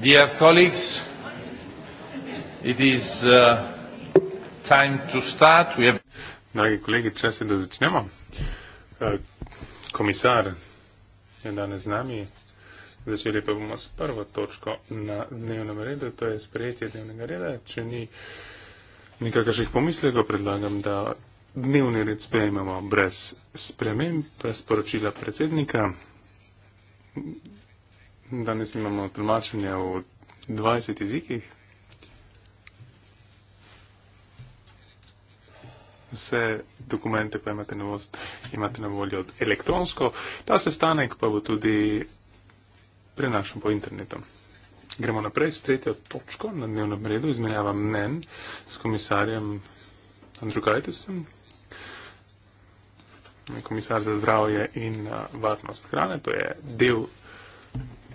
Dear colleagues, it is uh, time to start. We have Dragi kolegi, čas je, da začnemo. Uh, komisar je danes z nami. Začeli pa bomo s prvo točko na dnevnem redu, to je sprejetje dnevnega reda. Če ni nikakršnih pomislekov, predlagam, da dnevni red sprejmemo brez sprememb. To je sporočila predsednika. Danes imamo tlmačenje v 20 jezikih. Vse dokumente pa imate na, vost, imate na voljo elektronsko. Ta sestanek pa bo tudi prenašan po internetu. Gremo naprej s tretjo točko na dnevnem redu, izmenjava mnen s komisarjem Andrew Kajtesem. Komisar za zdravje in uh, varnost hrane, to je del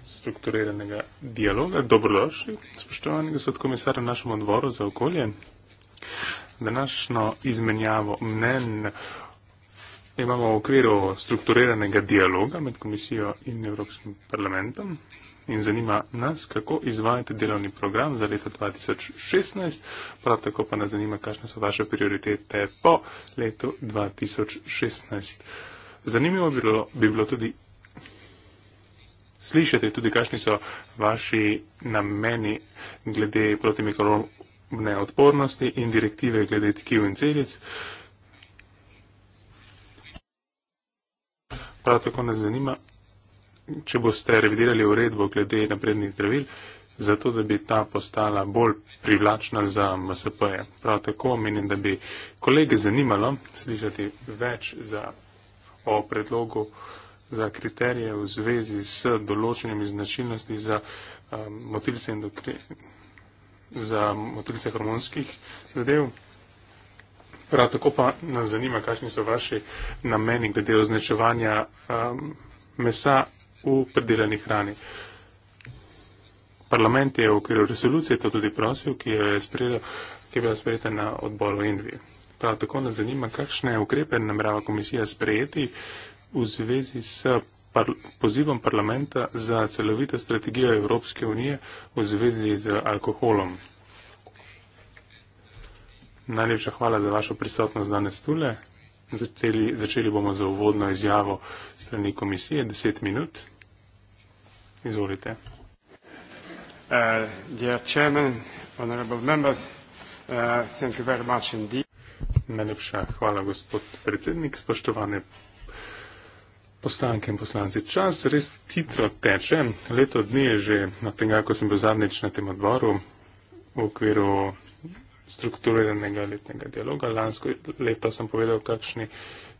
strukturiranega dialoga. Dobrodošli, spoštovani gospod komisar na našem odboru za okolje. Današnjo izmenjavo mnen imamo v okviru strukturiranega dialoga med komisijo in Evropskim parlamentom in zanima nas, kako izvajate delovni program za leto 2016, prav tako pa nas zanima, kakšne so vaše prioritete po letu 2016. Zanimivo bi bilo, bi bilo tudi slišati, tudi kakšni so vaši nameni glede protimikrobne odpornosti in direktive glede tkiv in celic. Prav tako nas zanima, če boste revidirali uredbo glede naprednih zdravil, zato da bi ta postala bolj privlačna za MSP-je. Prav tako menim, da bi kolege zanimalo slišati več za, o predlogu za kriterije v zvezi s določenimi značilnosti za um, motilce, za motilce hormonskih zadev. Prav tako pa nas zanima, kakšni so vaši nameni glede označevanja um, mesa v predelani hrani. Parlament je v okviru resolucije to tudi prosil, ki, je sprejel, ki je bila sprejeta na odboru Envi. Prav tako nas zanima, kakšne ukrepe namerava komisija sprejeti, v zvezi s par pozivom parlamenta za celovito strategijo Evropske unije v zvezi z alkoholom. Najlepša hvala za vašo prisotnost danes tule. Začeli, začeli bomo z uvodno izjavo strani komisije. Deset minut. Izvolite. Uh, members, uh, Najlepša hvala, gospod predsednik. Spoštovane poslanke in poslanci. Čas res hitro teče. Leto dni je že na tem, ko sem bil zadnjič na tem odboru v okviru strukturiranega letnega dialoga. Lansko leto sem povedal, kakšni,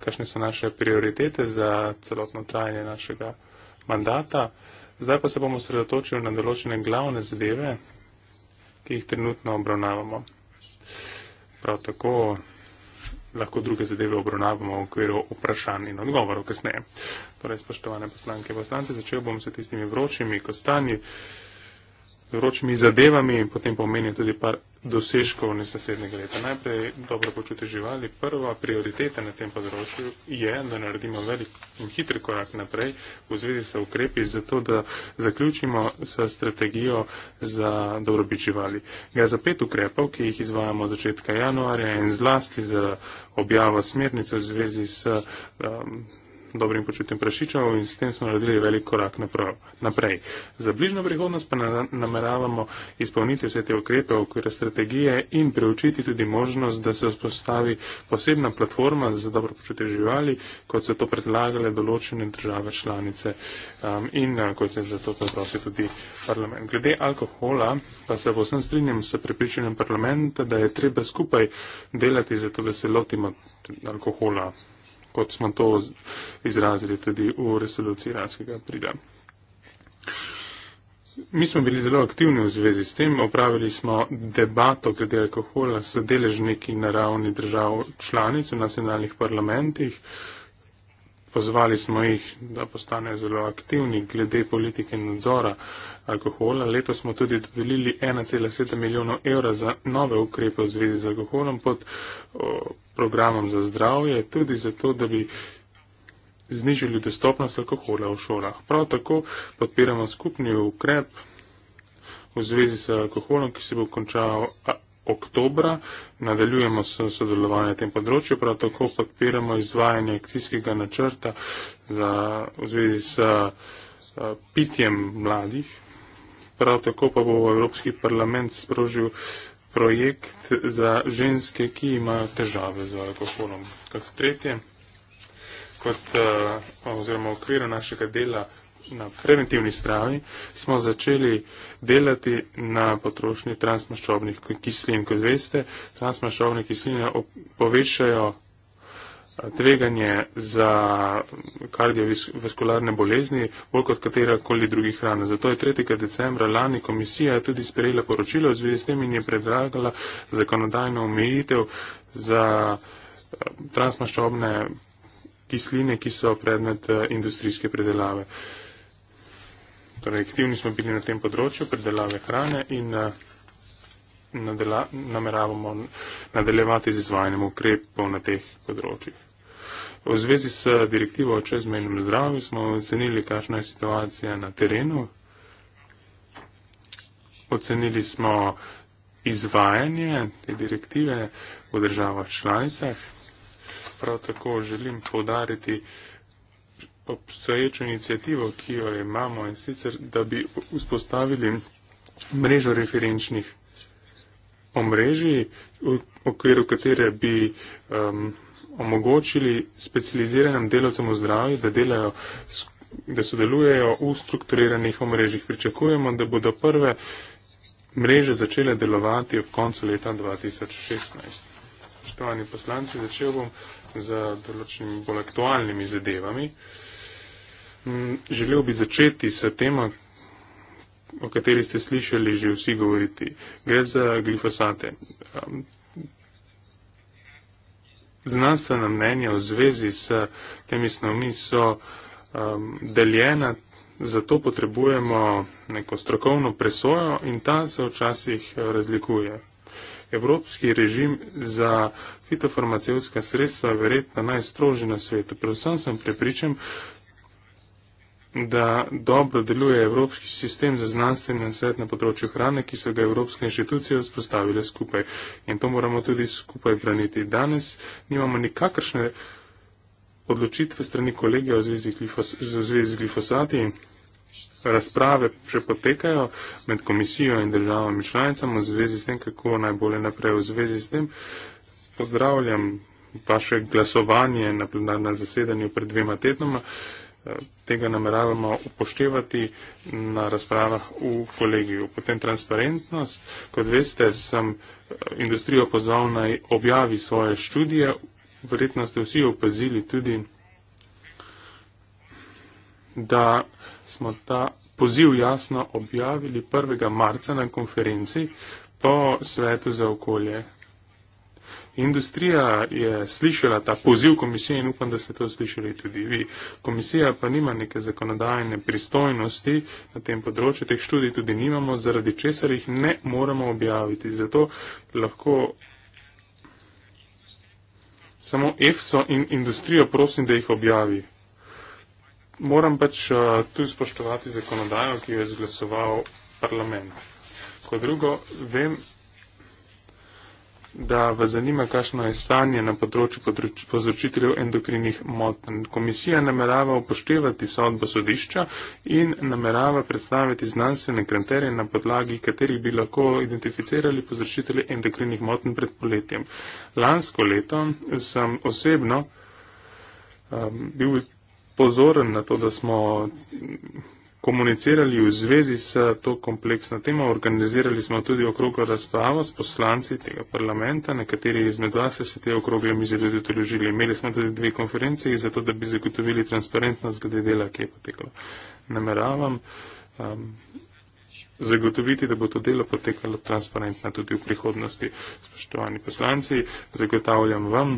kakšne so naše prioritete za celotno trajanje našega mandata. Zdaj pa se bomo sredotočili na določene glavne zadeve, ki jih trenutno obravnavamo. Prav tako lahko druge zadeve obravnavamo v okviru vprašanj in odgovorov kasneje. Torej, spoštovane poslanke in poslanci, začel bom s tistimi vročimi kostanji vročimi zadevami in potem pomeni tudi par dosežkov iz naslednjega leta. Najprej dobro počutje živali. Prva prioriteta na tem področju je, da naredimo velik in hitri korak naprej v zvezi s ukrepi, zato da zaključimo s strategijo za dobrobit živali. Gre za pet ukrepov, ki jih izvajamo od začetka januarja in zlasti za objavo smernice v zvezi s um, dobrim počutjem prašičev in s tem smo naredili velik korak naprej. Za bližno prihodnost pa nameravamo izpolniti vse te ukrepe okvira strategije in preučiti tudi možnost, da se vzpostavi posebna platforma za dobro počutje živali, kot so to predlagale določene države članice um, in uh, kot se za to poprosi tudi parlament. Glede alkohola pa se vsem strinjam s prepričanjem parlamenta, da je treba skupaj delati za to, da se lotimo alkohola kot smo to izrazili tudi v resoluciji Iranskega prida. Mi smo bili zelo aktivni v zvezi s tem, opravili smo debato glede alkohola s deležniki na ravni držav članic v nacionalnih parlamentih. Uh, Pozvali smo jih, da postanejo zelo aktivni glede politike nadzora alkohola. Letos smo tudi dodelili 1,7 milijonov evra za nove ukrepe v zvezi z alkoholom pod o, programom za zdravje, tudi zato, da bi znižili dostopnost alkohola v šolah. Prav tako podpiramo skupni ukrep v zvezi z alkoholom, ki se bo končal oktobra. Nadaljujemo s sodelovanjem na tem področju, prav tako podpiramo izvajanje akcijskega načrta za, v zvezi s eh, pitjem mladih. Prav tako pa bo Evropski parlament sprožil projekt za ženske, ki imajo težave z alkoholom. Kot tretje, kot, eh, oziroma v okviru našega dela na preventivni strani smo začeli delati na potrošnji transmaščobnih kislin. Kot veste, transmaščobne kisline povečajo eh, tveganje za kardiovaskularne bolezni bolj kot katerakoli drugi hrana. Zato je 3. decembra lani komisija tudi sprejela poročilo v zvezi s tem in je predlagala zakonodajno omejitev za eh, transmaščobne kisline, ki so predmet eh, industrijske predelave. Uh, Torej, aktivni smo bili na tem področju predelave hrane in eh, nadela, nameravamo nadaljevati z izvajanjem ukrepov na teh področjih. V zvezi s direktivo o čezmejnem zdravju smo ocenili, kakšna je situacija na terenu. Ocenili smo izvajanje te direktive v državah članicah. Prav tako želim povdariti, obstoječo inicijativo, ki jo imamo in sicer, da bi vzpostavili mrežo referenčnih omrežij, v okviru katere bi um, omogočili specializiranim delovcem v zdravju, da, delajo, da sodelujejo v strukturiranih omrežjih. Pričakujemo, da bodo prve mreže začele delovati ob koncu leta 2016. Štovani poslanci, začel bom z določenimi bolj aktualnimi zadevami. Mm, želel bi začeti s tema, o kateri ste slišali že vsi govoriti. Gre za glifosate. Um, znanstvena mnenja v zvezi s temi snovmi so um, deljena, zato potrebujemo neko strokovno presojo in ta se včasih eh, razlikuje. Evropski režim za fitofarmacevska sredstva je verjetno najstrožji na svetu. Predvsem sem prepričan, da dobro deluje evropski sistem za znanstveni nasvet na področju hrane, ki so ga evropske inštitucije vzpostavile skupaj. In to moramo tudi skupaj braniti. Danes nimamo nikakršne odločitve strani kolegija v zvezi z glifosati. Razprave še potekajo med komisijo in državami članicami v zvezi s tem, kako najbolje naprej v zvezi s tem. Pozdravljam vaše glasovanje na plenarnem zasedanju pred dvema tednoma tega nameravamo upoštevati na razpravah v kolegiju. Potem transparentnost. Kot veste, sem eh, industrijo pozval naj objavi svoje študije. Verjetno ste vsi opazili tudi, da smo ta poziv jasno objavili 1. marca na konferenci po svetu za okolje Industrija je slišala ta poziv komisije in upam, da ste to slišali tudi vi. Komisija pa nima neke zakonodajne pristojnosti na tem področju, teh študij tudi nimamo, zaradi česar jih ne moramo objaviti. Zato lahko samo EFSO in industrijo prosim, da jih objavi. Moram pač uh, tu spoštovati zakonodajo, ki jo je izglasoval parlament. Kot drugo, vem, da vas zanima, kakšno je stanje na področju povzročitev endokrinih motenj. Komisija namerava upoštevati sodbo sodišča in namerava predstaviti znanstvene kriterije, na podlagi katerih bi lahko identificirali povzročitev endokrinih motenj pred poletjem. Lansko leto sem osebno um, bil pozoren na to, da smo komunicirali v zvezi s to kompleksno temo. Organizirali smo tudi okroglo razpravo s poslanci tega parlamenta, nekateri izmed vas so se te okrogle mize tudi odložili. Imeli smo tudi dve konferenci, zato da bi zagotovili transparentnost glede dela, ki je potekalo. Nameravam um, zagotoviti, da bo to delo potekalo transparentno tudi v prihodnosti. Spoštovani poslanci, zagotavljam vam,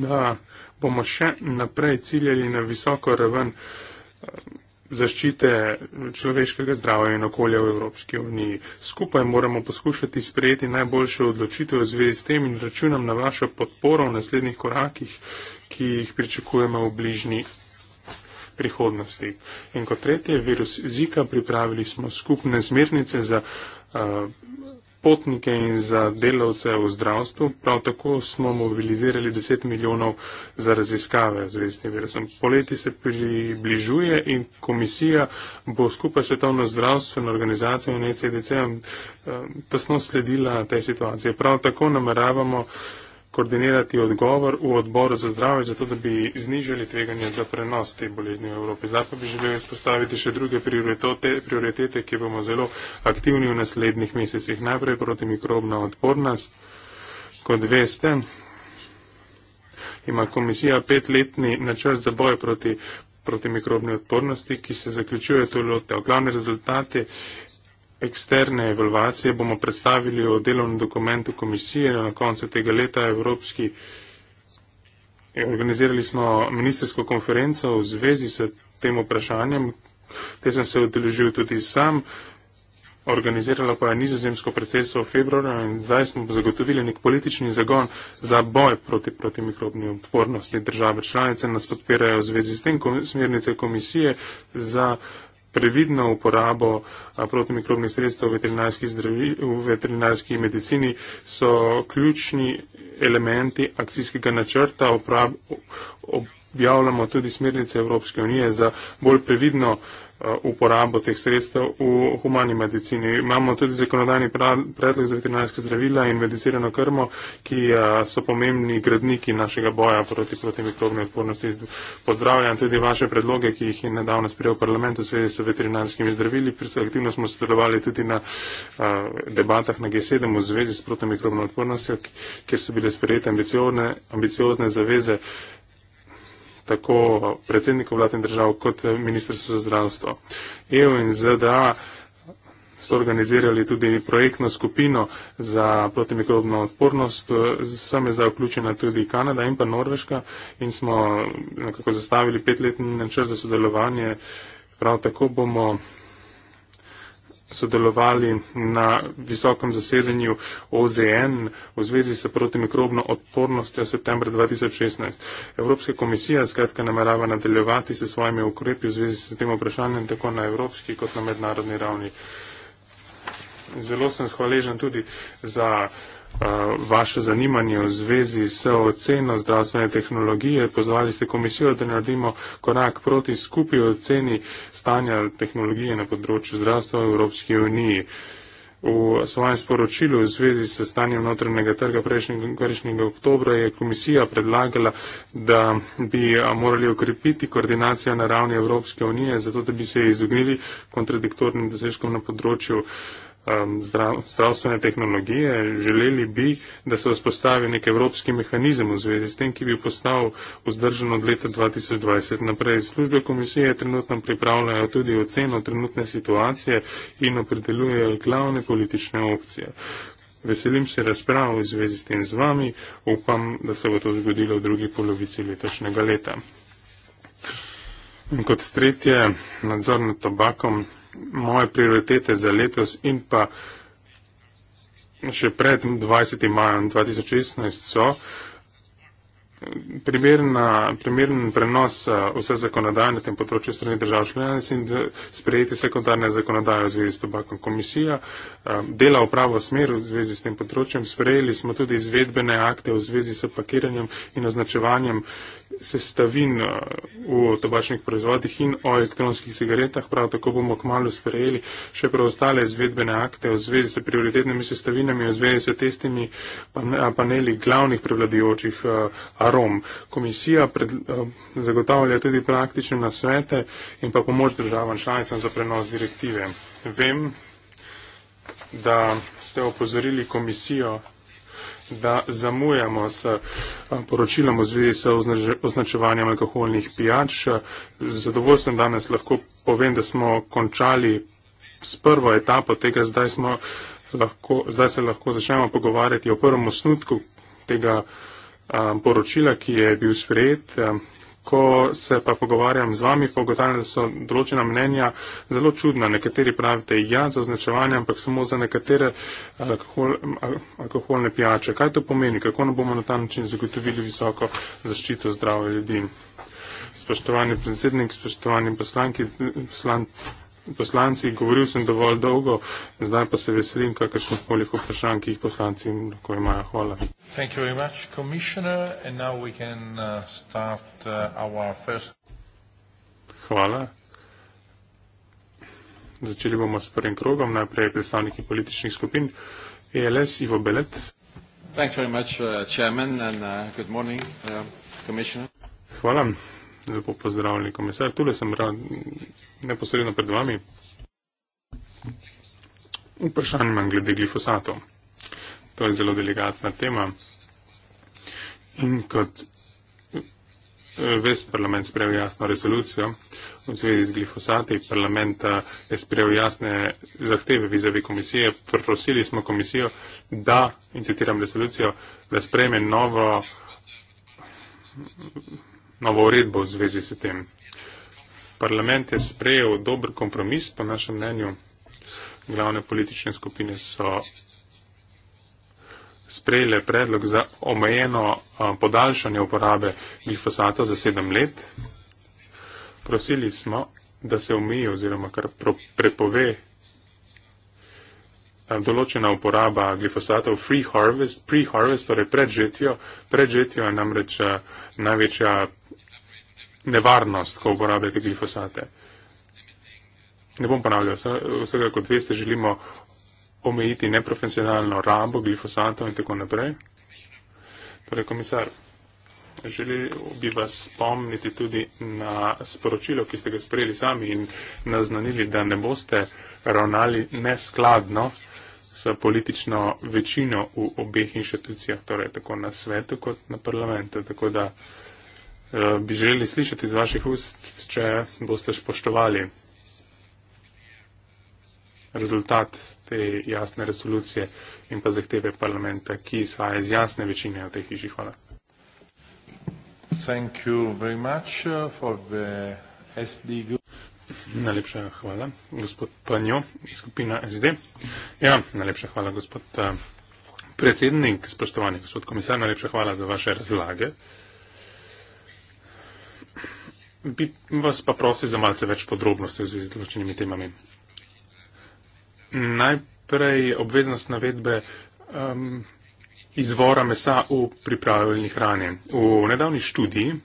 da bomo še naprej ciljali na visoko raven. Um, zaščite človeškega zdravja in okolja v Evropski uniji. Skupaj moramo poskušati sprejeti najboljše odločitev v zvezi s tem in računam na vašo podporo v naslednjih korakih, ki jih pričakujemo v bližnji prihodnosti. In kot tretje, virus Zika pripravili smo skupne zmernice za uh, potnike in za delavce v zdravstvu. Prav tako smo mobilizirali 10 milijonov za raziskave z resnim virusom. Poleti se približuje in komisija bo skupaj s Svetovno zdravstveno organizacijo in ECDC-om eh, tesno sledila tej situaciji. Prav tako nameravamo koordinirati odgovor v odboru za zdravje, zato da bi znižali tveganje za prenos te bolezni v Evropi. Zdaj pa bi želeli spostaviti še druge prioritete, prioritete, ki bomo zelo aktivni v naslednjih mesecih. Najprej protimikrobna odpornost. Kot veste, ima komisija petletni načrt za boj proti protimikrobni odpornosti, ki se zaključuje tudi od tega. Glavni rezultati eksterne evalvacije bomo predstavili v delovnem dokumentu komisije na koncu tega leta Evropski. Organizirali smo ministersko konferenco v zvezi s tem vprašanjem, te sem se odeležil tudi sam, organizirala pa je nizozemsko predsedstvo v februarju in zdaj smo zagotovili nek politični zagon za boj proti protimikrobni odpornosti. Države članice nas podpirajo v zvezi s tem smernice komisije za uh, previdno uporabo protimikrobnih sredstev v veterinarski, zdravi, v veterinarski medicini so ključni elementi akcijskega načrta. Objavljamo tudi smernice Evropske unije za bolj previdno uh, Eh, uporabo teh sredstev v humani medicini. Imamo tudi zakonodajni predlog za veterinarske zdravila in medicirano krmo, ki eh, so pomembni gradniki našega boja proti protimikrobni odpornosti. Pozdravljam tudi vaše predloge, ki jih je nedavno sprejel parlament v svezi s veterinarskimi zdravili. Aktivno smo sodelovali tudi na eh, debatah na G7 v zvezi s protimikrobno odpornostjo, kjer so bile sprejete ambiciozne, ambiciozne zaveze tako predsednikov vlad in držav kot Ministrstvo za zdravstvo. EU in ZDA so organizirali tudi projektno skupino za protimikrobno odpornost. Sam je zdaj vključena tudi Kanada in pa Norveška in smo nekako zastavili petletni načrt za sodelovanje. Prav tako bomo sodelovali na visokem zasedanju OZN v zvezi s protimikrobno odpornostjo v septembru 2016. Evropska komisija skratka namerava nadaljevati se svojimi ukrepi v zvezi s tem vprašanjem tako na evropski kot na mednarodni ravni. Zelo sem hvaležen tudi za uh, uh, vaše zanimanje v zvezi s oceno zdravstvene tehnologije. Pozvali ste komisijo, da naredimo korak proti skupi oceni stanja tehnologije na področju zdravstva v Evropski uniji. V svojem sporočilu v zvezi s stanjem notranjega trga prejšnjega oktobra je komisija predlagala, da bi morali okrepiti koordinacijo na ravni Evropske unije, zato da bi se izognili kontradiktornim dosežkom na področju uh, um, ehm, zdrav, zdravstvene tehnologije. Želeli bi, da se vzpostavi nek evropski mehanizem v zvezi s tem, ki bi postal vzdržen od leta 2020 naprej. Službe komisije trenutno pripravljajo tudi oceno trenutne situacije in opredeljujejo glavne politične opcije. Veselim se razprav v zvezi s tem z vami. Upam, da se bo to zgodilo v drugi polovici letošnjega leta. In kot tretje, nadzor nad tobakom moje prioritete za letos in pa še pred 20. majem 2016 so. Primerna, primern prenos eh, vse zakonodaje na tem področju strani držav članic in sprejeti sekundarne zakonodaje v zvezi s tobakom komisija, eh, dela v pravo smer v zvezi s tem področjem, sprejeli smo tudi izvedbene akte v zvezi s pakiranjem in označevanjem sestavin eh, v tobačnih proizvodih in o elektronskih cigaretah. Prav tako bomo kmalo sprejeli še preostale izvedbene akte v zvezi s prioritetnimi sestavinami, v zvezi s testimi paneli glavnih prevladijočih eh, arom. Komisija pred, eh, zagotavlja tudi praktične nasvete in pa pomoč državam članicam za prenos direktive. Vem, da ste opozorili komisijo da zamujamo s eh, poročilom v zvezi s označevanjem alkoholnih pijač. Zadovoljstvom danes lahko povem, da smo končali s prvo etapo tega, zdaj, smo, lahko, zdaj se lahko začnemo pogovarjati o prvem osnutku tega eh, poročila, ki je bil sprejet. Eh, Ko se pa pogovarjam z vami, pa ugotavljam, da so določena mnenja zelo čudna. Nekateri pravite ja za označevanje, ampak samo za nekatere eh, alkohol, eh, alkoholne pijače. Kaj to pomeni? Kako ne bomo na ta način zagotovili visoko zaščito zdravja ljudi? Spoštovani predsednik, spoštovani poslanki, poslanci poslanci, govoril sem dovolj dolgo, zdaj pa se veselim kakršnih koli vprašanj, ki jih poslanci lahko imajo. Hvala. Uh, uh, Hvala. Začeli bomo s prvim krogom, najprej predstavniki političnih skupin. ELS Ivo Belet. Uh, Hvala. Lepo pozdravljeni, komisar. Tule sem rad neposredno pred vami. Vprašanje imam glede glifosatov. To je zelo delikatna tema. In kot eh, veste, parlament sprejel jasno resolucijo v zvezi z glifosati. Parlamenta je sprejel jasne zahteve vizavi komisije. Prosili smo komisijo, da, in citiram resolucijo, da sprejme novo, novo uredbo v zvezi s tem. Parlament je sprejel dober kompromis, po našem mnenju. Glavne politične skupine so sprejele predlog za omejeno podaljšanje uporabe glifosata za sedem let. Prosili smo, da se omeji oziroma kar prepove določena uporaba glifosatov free harvest, pre-harvest, torej pred žetvijo. Pred žetvijo je namreč največja nevarnost, ko uporabljate glifosate. Ne bom ponavljal vsega, kot veste, želimo omejiti neprofesionalno rabo glifosatov in tako naprej. Torej, komisar, želel bi vas spomniti tudi na sporočilo, ki ste ga sprejeli sami in naznanili, da ne boste ravnali neskladno s politično večino v obeh inštitucijah, torej tako na svetu kot na parlamentu. Tako da, Eh, bi želeli slišati iz vaših ust, če boste spoštovali rezultat te jasne resolucije in pa zahteve parlamenta, ki izhaja iz jasne večine v tej hiši. Hvala. Uh, najlepša hvala, gospod Panjo iz skupina SD. Ja, najlepša hvala, gospod eh, predsednik, spoštovani gospod komisar, najlepša hvala za vaše razlage bi vas pa prosil za malce več podrobnosti v zvezi z določenimi temami. Najprej obveznost navedbe um, izvora mesa v pripravljeni hrani. V nedavni študiji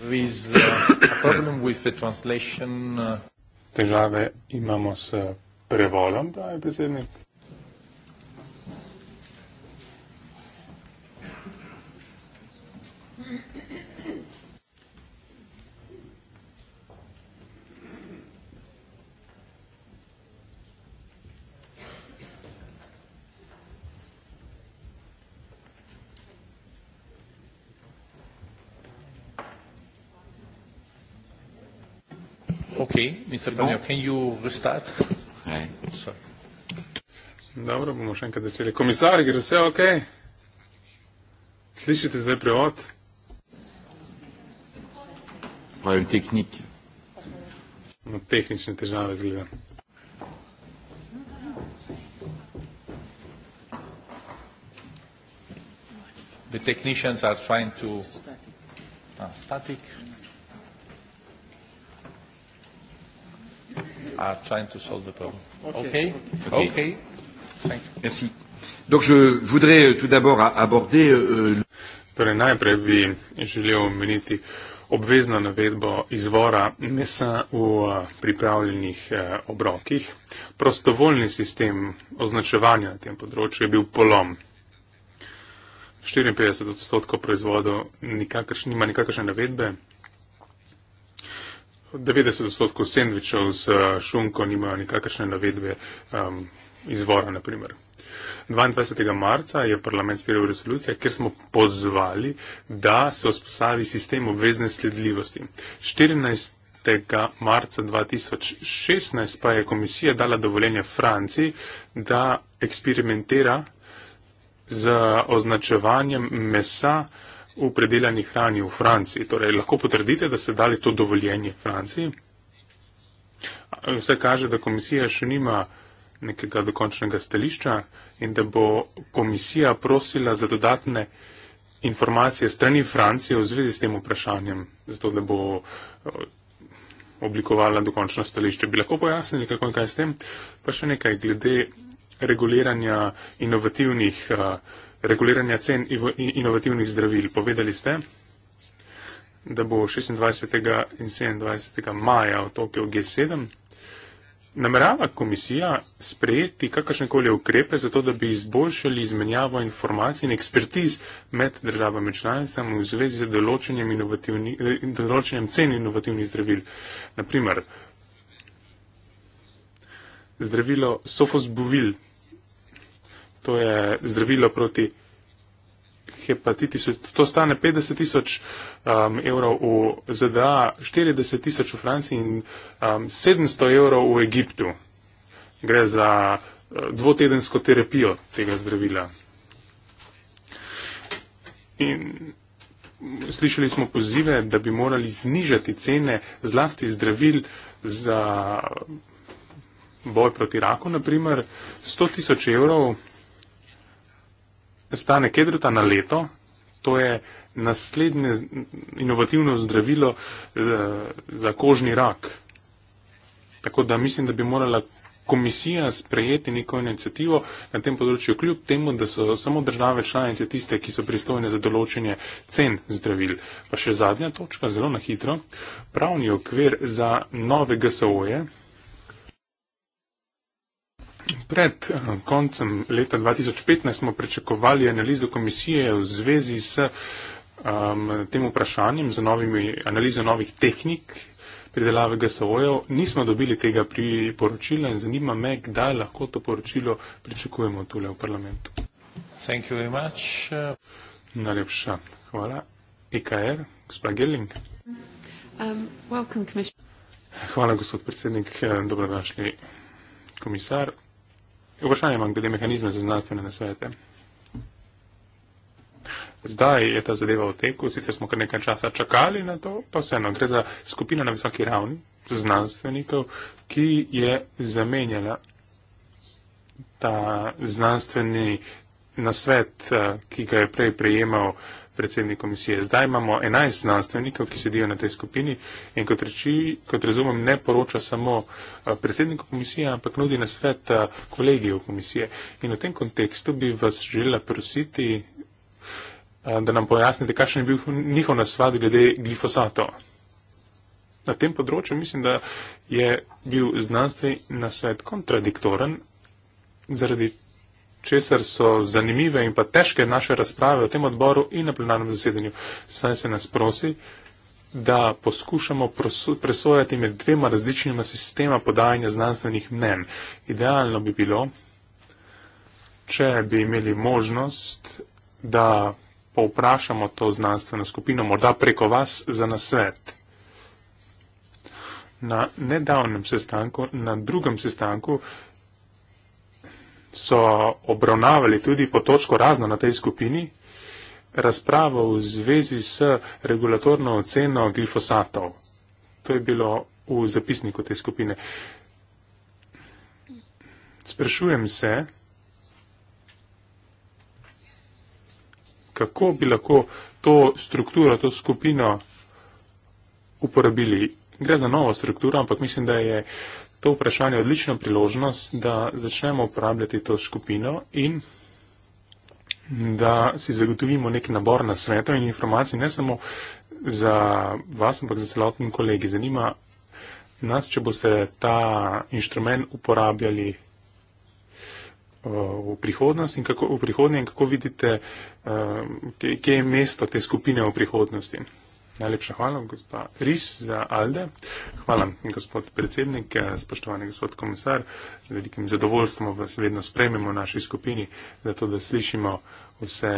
uh, uh, Težave imamo s prevodom, pravi predsednik. Ok, Mr. Banjo, no. can you restart? Dobro, bomo še enkrat začeli. Komisar, gre vse ok? Slišite zdaj prevod? Pa je v tehniki. No, tehnične težave zgleda. The technicians are trying to... Uh, static. Uh, static. are trying to solve the problem. Okay. Okay. okay. okay. Thank you. Merci. Donc je voudrais euh, tout d'abord aborder. Euh, euh torej, najprej bi želel omeniti obvezno navedbo izvora mesa v uh, pripravljenih uh, obrokih. Prostovoljni sistem označevanja na tem področju je bil polom. 54 odstotkov proizvodov nikakrš, nima nikakršne navedbe, 90 odstotkov sendvičev z eh, šunko nimajo nikakršne navedbe um, izvora, naprimer. 22. marca je parlament sprejel resolucijo, kjer smo pozvali, da se vzpostavi sistem obvezne sledljivosti. 14. marca 2016 pa je komisija dala dovoljenje Franciji, da eksperimentira z označevanjem mesa v predelani hrani v Franciji. Torej, lahko potrdite, da ste dali to dovoljenje Franciji. Vse kaže, da komisija še nima nekega dokončnega stališča in da bo komisija prosila za dodatne informacije strani Francije v zvezi s tem vprašanjem, zato da bo eh, oblikovala dokončno stališče. Bi lahko pojasnili, kako in kaj s tem? Pa še nekaj glede reguliranja inovativnih uh, reguliranja cen inovativnih zdravil. Povedali ste, da bo 26. in 27. maja v Tokiu G7. Namerava komisija sprejeti kakršnekoli ukrepe za to, da bi izboljšali izmenjavo informacij in ekspertiz med državami članicami v zvezi z določenjem, določenjem cen inovativnih zdravil. Naprimer, zdravilo Sofosbuvil, to je zdravilo proti hepatitisu. To stane 50 tisoč um, evrov v ZDA, 40 tisoč v Franciji in um, 700 evrov v Egiptu. Gre za uh, dvotedensko terapijo tega zdravila. In slišali smo pozive, da bi morali znižati cene zlasti zdravil za boj proti raku, naprimer 100 tisoč evrov stane kedruta na leto, to je naslednje inovativno zdravilo eh, za kožni rak. Tako da mislim, da bi morala komisija sprejeti neko inicijativo na tem področju, kljub temu, da so samo države članice tiste, ki so pristojne za določenje cen zdravil. Pa še zadnja točka, zelo na hitro, pravni okvir za nove GSO-je, Pred eh, koncem leta 2015 smo pričakovali analizo komisije v zvezi s um, tem vprašanjem, z novimi, analizo novih tehnik pridelave GSO-jev. Nismo dobili tega priporočila in zanima me, kdaj lahko to poročilo pričakujemo tule v parlamentu. Najlepša hvala. IKR, e gospod Gerling. Um, hvala, gospod predsednik. Dobrodošli, komisar. Vprašanje imam glede mehanizma za znanstvene nasvete. Zdaj je ta zadeva v teku, sicer smo kar nekaj časa čakali na to, pa vseeno gre za skupino na visoki ravni znanstvenikov, ki je zamenjala ta znanstveni nasvet, eh, ki ga je prej prejemal uh, predsednik komisije. Zdaj imamo 11 znanstvenikov, ki sedijo na tej skupini in kot, reči, kot razumem, ne poroča samo eh, predsedniku komisije, ampak nudi na svet eh, kolegijo komisije. In v tem kontekstu bi vas želela prositi, eh, da nam pojasnite, kakšen je bil njihov nasvad glede glifosato. Na tem področju mislim, da je bil znanstveni nasvet kontradiktoren zaradi česar so zanimive in pa težke naše razprave v tem odboru in na plenarnem zasedanju. Saj se nas prosi, da poskušamo presojati med dvema različnjima sistema podajanja znanstvenih mnen. Idealno bi bilo, če bi imeli možnost, da povprašamo to znanstveno skupino, morda preko vas za nasvet. Na nedavnem sestanku, na drugem sestanku, so obravnavali tudi po točko razno na tej skupini razpravo v zvezi s regulatorno oceno glifosatov. To je bilo v zapisniku te skupine. Sprašujem se, kako bi lahko to strukturo, to skupino uporabili. Gre za novo strukturo, ampak mislim, da je to vprašanje odlično priložnost, da začnemo uporabljati to skupino in da si zagotovimo nek nabor na svetov in informacij, ne samo za vas, ampak za celotni kolegi. Zanima nas, če boste ta inštrument uporabljali uh, v prihodnosti in kako, v prihodnje in kako vidite, uh, kje je mesto te skupine v prihodnosti. Najlepša hvala, gospa Ris, za Alde. Hvala, gospod predsednik, spoštovani gospod komisar. Z velikim zadovoljstvom vas vedno spremimo v naši skupini, zato da slišimo vse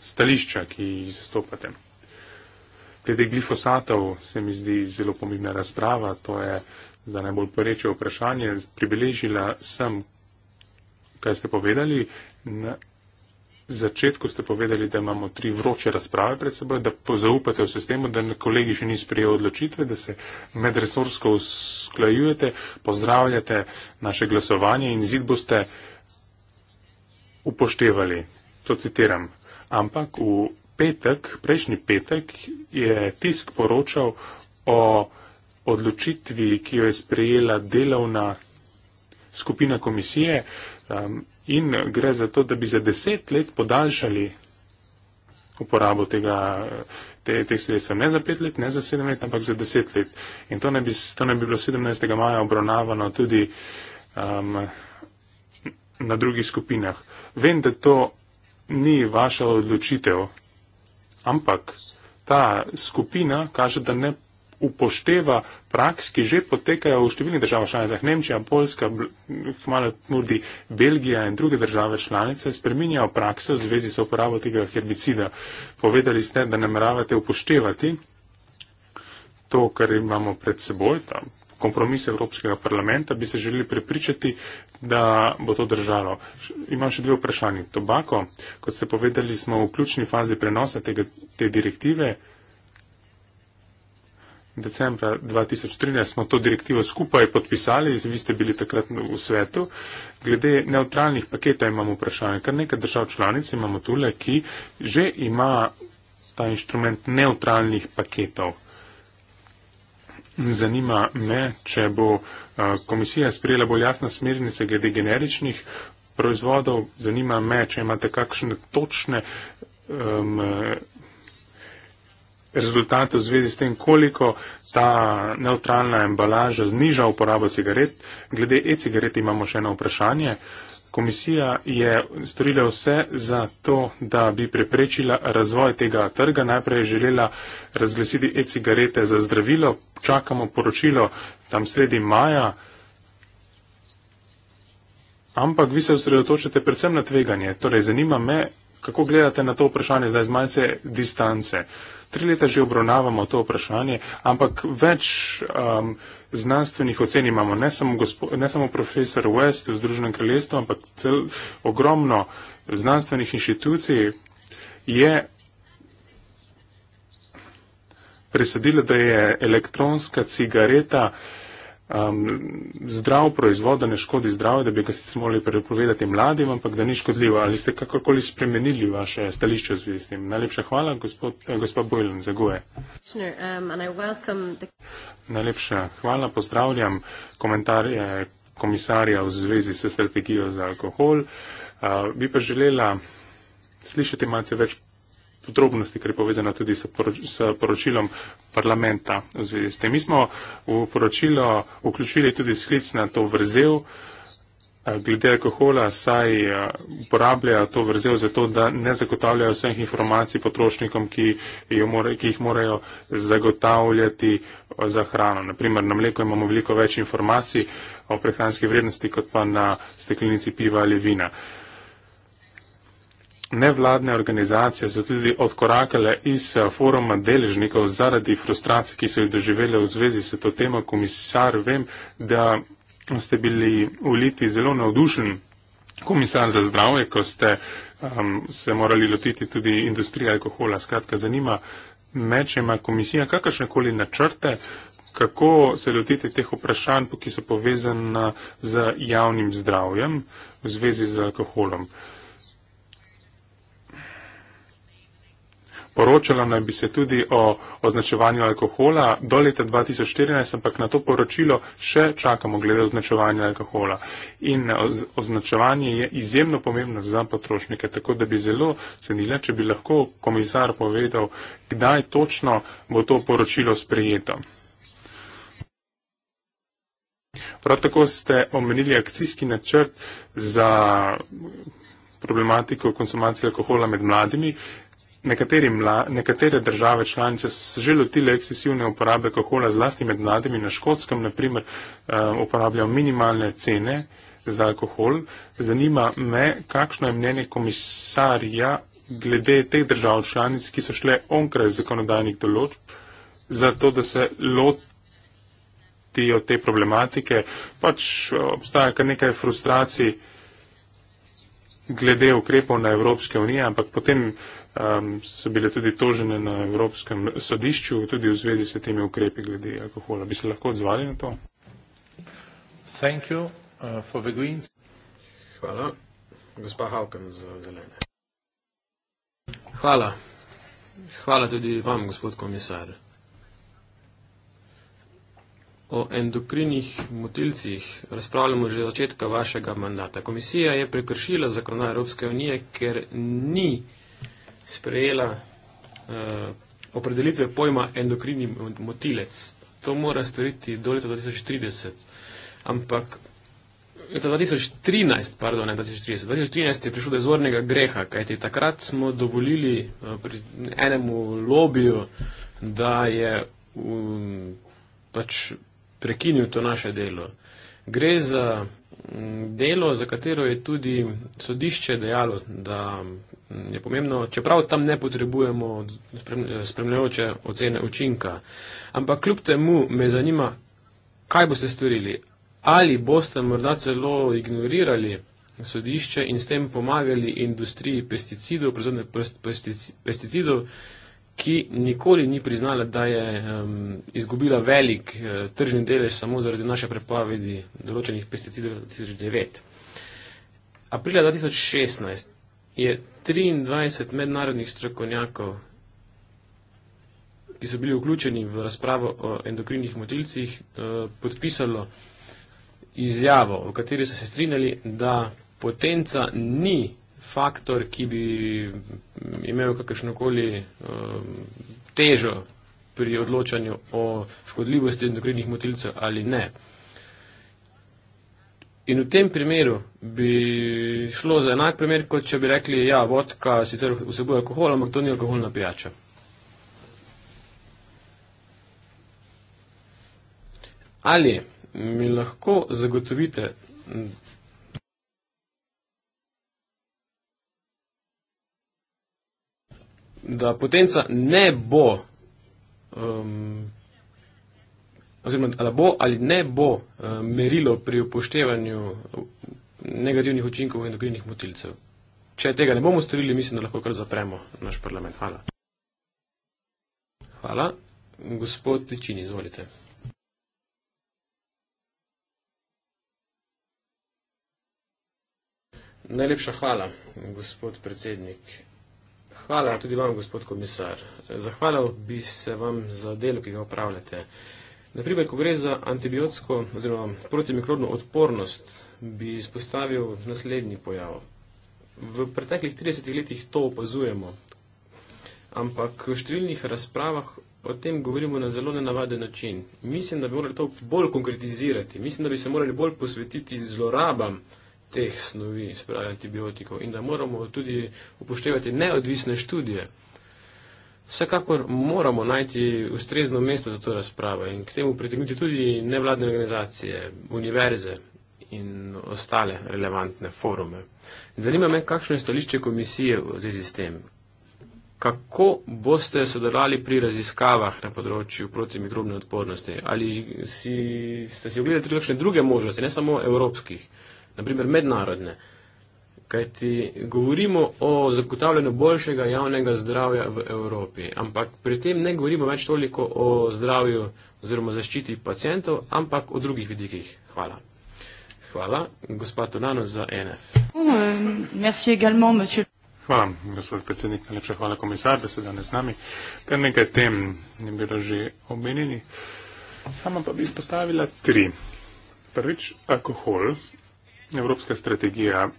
stališča, ki jih zastopate. Glede glifosatov se mi zdi zelo pomembna razprava. To je za najbolj poreče vprašanje. Pribeležila sem, kaj ste povedali. Na, začetku ste povedali, da imamo tri vroče razprave pred seboj, da zaupate v sistemu, da kolegi še ni sprijel odločitve, da se medresorsko usklajujete, pozdravljate naše glasovanje in zid boste upoštevali. To citiram. Ampak v petek, prejšnji petek, je tisk poročal o odločitvi, ki jo je sprijela delovna skupina komisije. Um, in gre za to, da bi za deset let podaljšali uporabo tega, te, teh sredstev. Ne za pet let, ne za sedem let, ampak za deset let. In to ne bi, to ne bi bilo 17. maja obravnavano tudi um, na drugih skupinah. Vem, da to ni vaša odločitev, ampak ta skupina kaže, da ne upošteva praks, ki že potekajo v številnih državah članicah. Nemčija, Poljska, hmalo tudi Belgija in druge države članice spreminjajo prakso v zvezi s uporabo tega herbicida. Povedali ste, da nameravate upoštevati to, kar imamo pred seboj tam kompromise Evropskega parlamenta, bi se želeli prepričati, da bo to držalo. Imam še dve vprašanje. Tobako, kot ste povedali, smo v ključni fazi prenosa tega, te direktive decembra 2013 smo to direktivo skupaj podpisali, vi ste bili takrat v svetu. Glede neutralnih paketov imamo vprašanje, kar nekaj držav članic imamo tule, ki že ima ta inštrument neutralnih paketov. Zanima me, če bo komisija sprejela bolj jasne smernice glede generičnih proizvodov. Zanima me, če imate kakšne točne um, rezultate v zvedi s tem, koliko ta neutralna embalaža zniža uporabo cigaret. Glede e-cigaret imamo še eno vprašanje. Komisija je storila vse za to, da bi preprečila razvoj tega trga. Najprej je želela razglasiti e-cigarete za zdravilo. Čakamo poročilo tam sredi maja. Ampak vi se osredotočate predvsem na tveganje. Torej, zanima me, kako gledate na to vprašanje zdaj z malce distance. Uh, tri leta že obravnavamo to vprašanje, ampak več um, znanstvenih ocen imamo, ne samo, gospo, ne samo profesor West v Združenem kraljestvu, ampak cel, ogromno znanstvenih inštitucij je presodilo, da je elektronska cigareta uh, um, zdrav proizvod, da ne škodi zdravje, da bi ga sicer morali prepovedati mladim, ampak da ni škodljivo. Ali ste kakorkoli spremenili vaše stališče v zvezi s tem? Najlepša hvala, gospod, eh, gospod Bojlen, za goje. Um, Najlepša hvala, pozdravljam komentarje komisarja v zvezi s strategijo za alkohol. Uh, bi pa želela slišati malce več podrobnosti, ker je povezana tudi s poročilom parlamenta v zvezi s tem. Mi smo v poročilo vključili tudi sklic na to vrzel eh, glede alkohola, saj eh, uporabljajo to vrzel zato, da ne zagotavljajo vseh informacij potrošnikom, ki, more, ki jih morajo zagotavljati eh, za hrano. Naprimer, na mleko imamo veliko več informacij o prehranski vrednosti, kot pa na steklenici piva ali vina nevladne organizacije so tudi odkorakale iz eh, foruma deležnikov zaradi frustracij, ki so jih doživele v zvezi s to temo. Komisar, vem, da ste bili v Litvi zelo navdušen, komisar za zdravje, ko ste um, se morali lotiti tudi industrije alkohola. Skratka, zanima me, če ima komisija kakršnekoli načrte, kako se lotiti teh vprašanj, ki so povezana z javnim zdravjem v zvezi z alkoholom. Poročalo naj bi se tudi o označevanju alkohola do leta 2014, ampak na to poročilo še čakamo glede označevanja alkohola. In e, označevanje je izjemno pomembno za potrošnike, tako da bi zelo cenila, če bi lahko komisar povedal, kdaj točno bo to poročilo sprejeto. Prav tako ste omenili akcijski načrt za problematiko konsumacije alkohola med mladimi nekateri mla, nekatere države članice so že lotile ekscesivne uporabe alkohola, zlasti med mladimi na škotskem, naprimer eh, uporabljajo minimalne cene za alkohol. Zanima me, kakšno je mnenje komisarja glede teh držav članic, ki so šle onkraj zakonodajnih določb, zato da se lotijo te problematike. Pač eh, obstaja kar nekaj frustracij glede ukrepov na Evropske unije, ampak potem um, so bile tudi tožene na Evropskem sodišču, tudi v zvezi s temi ukrepi glede alkohola. Bi se lahko odzvali na to? You, uh, Hvala. Gospa Havkan za zelene. Hvala. Hvala tudi vam, gospod komisar. O endokrinih motilcih razpravljamo že od začetka vašega mandata. Komisija je prekršila zakonodajo Evropske unije, ker ni sprejela uh, opredelitve pojma endokrini motilec. To mora storiti do leta 2030. Ampak leta 2013, pardon, ne 2030, 2013 je prišlo do izvornega greha, kajti takrat smo dovolili uh, pri enemu lobiju, da je um, pač prekinil to naše delo. Gre za delo, za katero je tudi sodišče dejalo, da je pomembno, čeprav tam ne potrebujemo spremljajoče ocene učinka. Ampak kljub temu me zanima, kaj boste storili. Ali boste morda celo ignorirali sodišče in s tem pomagali industriji pesticidov, proizvodne pesticidov, pesticidov ki nikoli ni priznala, da je um, izgubila velik uh, tržni delež samo zaradi naše prepovedi določenih pesticidov 2009. Aprila 2016 je 23 mednarodnih strokovnjakov, ki so bili vključeni v razpravo o endokrinih motilcih, uh, podpisalo izjavo, v kateri so se strinjali, da potenca ni faktor, ki bi imel kakršnokoli um, težo pri odločanju o škodljivosti endokrinih motilcev ali ne. In v tem primeru bi šlo za enak primer, kot če bi rekli, ja, vodka sicer vsebuje alkohol, ampak to ni alkoholna pijača. Ali mi lahko zagotovite, da potenca ne bo, um, oziroma da bo ali ne bo um, merilo pri upoštevanju negativnih učinkov endokrinih motilcev. Če tega ne bomo storili, mislim, da lahko kar zapremo naš parlament. Hvala. Hvala. Gospod Tičin, izvolite. Najlepša hvala, gospod predsednik. Hvala tudi vam, gospod komisar. Zahvalil bi se vam za delo, ki ga upravljate. Naprimer, ko gre za antibiotsko oziroma protimikrobno odpornost, bi izpostavil naslednji pojav. V preteklih 30 letih to opazujemo, ampak v številnih razpravah o tem govorimo na zelo nenavaden način. Mislim, da bi morali to bolj konkretizirati, mislim, da bi se morali bolj posvetiti zlorabam teh snovi, se pravi antibiotikov, in da moramo tudi upoštevati neodvisne študije. Vsekakor moramo najti ustrezno mesto za to razpravo in k temu pritegniti tudi nevladne organizacije, univerze in ostale relevantne forume. Zanima me, kakšno je stališče komisije v zvezi s tem. Kako boste sodelovali pri raziskavah na področju protimikrobne odpornosti? Ali si, ste si ogledali tudi kakšne druge možnosti, ne samo evropskih? naprimer mednarodne. Kajti govorimo o zagotavljanju boljšega javnega zdravja v Evropi, ampak pri tem ne govorimo več toliko o zdravju oziroma zaščiti pacijentov, ampak o drugih vidikih. Hvala. Hvala, gospod Tonano, za e NF. Hvala, gospod predsednik, najlepša hvala, komisar, da ste danes z nami. Kar nekaj tem je bilo že omenjeni. Sama pa bi izpostavila tri. Prvič, alkohol evropska strategija,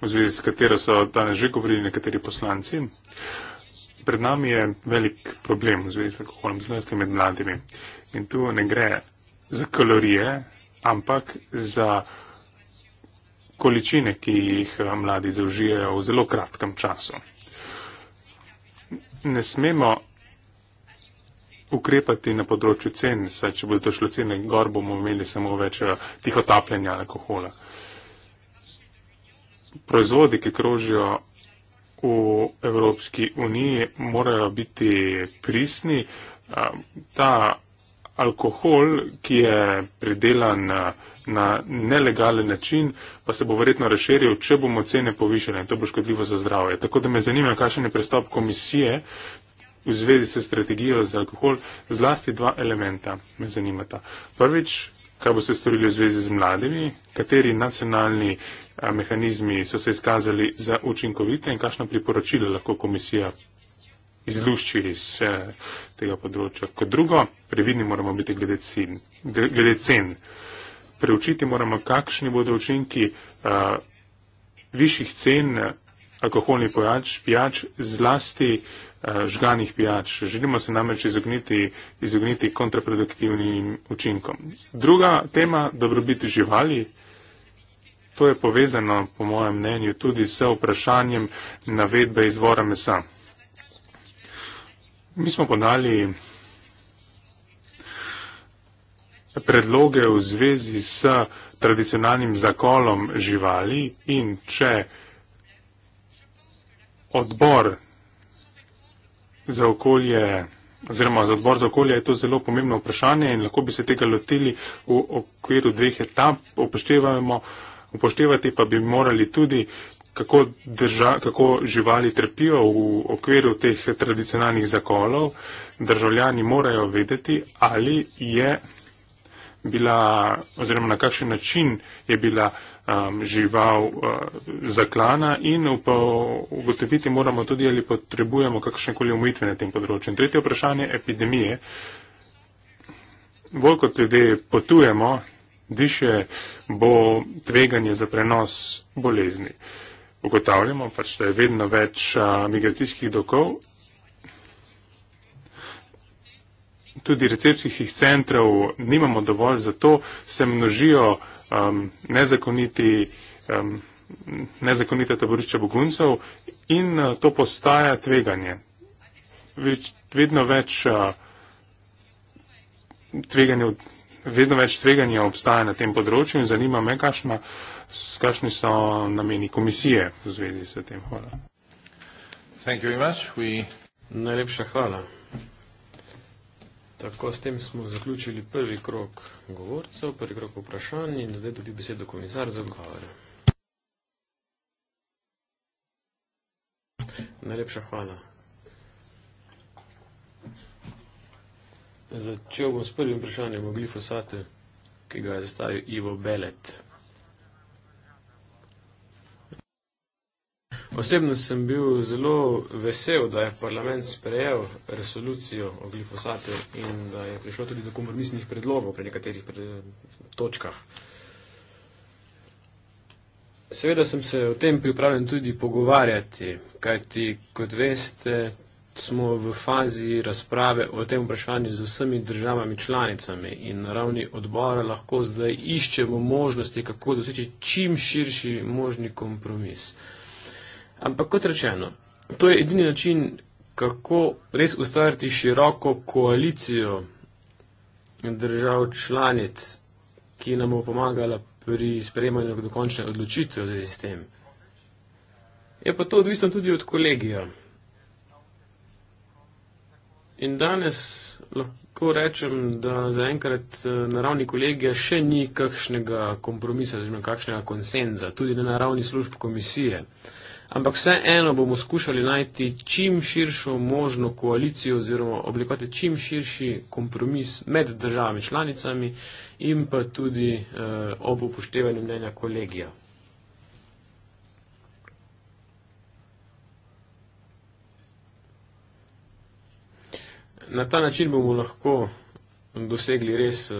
v zvezi s katero so danes že govorili nekateri poslanci. Pred nami je velik problem v zvezi z alkoholom, zlasti med mladimi. In tu ne gre za kalorije, ampak za količine, ki jih eh, mladi zaužijajo v zelo kratkem času. Ne smemo ukrepati na področju cen, saj če bodo šlo cene gor, bomo imeli samo več eh, tihotapljanja alkohola. Proizvodi, ki krožijo v Evropski uniji, morajo biti prisni. Eh, ta alkohol, ki je pridelan eh, na nelegalen način, pa se bo verjetno razširil, če bomo cene povišene. To bo škodljivo za zdravje. Tako da me zanima, kakšen je pristop komisije, v zvezi s strategijo za alkohol, zlasti dva elementa me zanimata. Prvič, kaj boste storili v zvezi z mladimi, kateri nacionalni mehanizmi so se izkazali za učinkovite in kakšna priporočila lahko komisija izlušči iz tega področja. Kot drugo, previdni moramo biti glede, cin, glede cen. Preučiti moramo, kakšni bodo učinki uh, višjih cen alkoholnih pijač, zlasti uh, Eh, žganih pijač. Želimo se namreč izogniti, izogniti kontraproduktivnim učinkom. Druga tema, dobrobiti živali. To je povezano, po mojem mnenju, tudi s vprašanjem navedbe izvora mesa. Mi smo podali predloge v zvezi s tradicionalnim zakolom živali in če odbor za okolje, oziroma za odbor za okolje je to zelo pomembno vprašanje in lahko bi se tega lotili v okviru dveh etap. Upoštevamo, upoštevati pa bi morali tudi, kako, drža, kako živali trpijo v okviru teh tradicionalnih zakolov. Državljani morajo vedeti, ali je bila, oziroma na kakšen način je bila um, žival uh, zaklana in ugotoviti moramo tudi, ali potrebujemo kakšnekoli umitve na tem področju. In tretje vprašanje epidemije. Bolj kot ljudje potujemo, diše bo tveganje za prenos bolezni. Ugotavljamo pač, da je vedno več a, uh, migracijskih dokov tudi recepcijskih centrov nimamo dovolj, zato se množijo um, nezakoniti, um, nezakonite taborišča beguncev in uh, to postaja tveganje. Več, vedno več uh, tveganja. Vedno več tveganja obstaja na tem področju in zanima me, kakšna, kakšni so nameni komisije v zvezi s tem. Hvala. Najlepša hvala. Tako, s tem smo zaključili prvi krok govorcev, prvi krok vprašanj in zdaj dobi besedo komisar za govore. Najlepša hvala. Začel bom s prvim vprašanjem o glifosate, ki ga je zastavil Ivo Belet. Osebno sem bil zelo vesel, da je parlament sprejel resolucijo o glifosatu in da je prišlo tudi do kompromisnih predlogov pri nekaterih točkah. Seveda sem se o tem pripravljen tudi pogovarjati, kajti kot veste, smo v fazi razprave o tem vprašanju z vsemi državami članicami in na ravni odbora lahko zdaj iščemo možnosti, kako doseči čim širši možni kompromis. Ampak kot rečeno, to je edini način, kako res ustvariti široko koalicijo držav članic, ki nam bo pomagala pri sprejemanju dokončne odločitve za sistem. Je pa to odvisno tudi od kolegija. In danes lahko rečem, da zaenkrat eh, na ravni kolegija še ni kakšnega kompromisa, oziroma kakšnega konsenza, tudi ne na ravni služb komisije ampak vseeno bomo skušali najti čim širšo možno koalicijo oziroma oblikovati čim širši kompromis med državami članicami in pa tudi eh, ob upoštevanju mnenja kolegija. Na ta način bomo lahko dosegli res eh,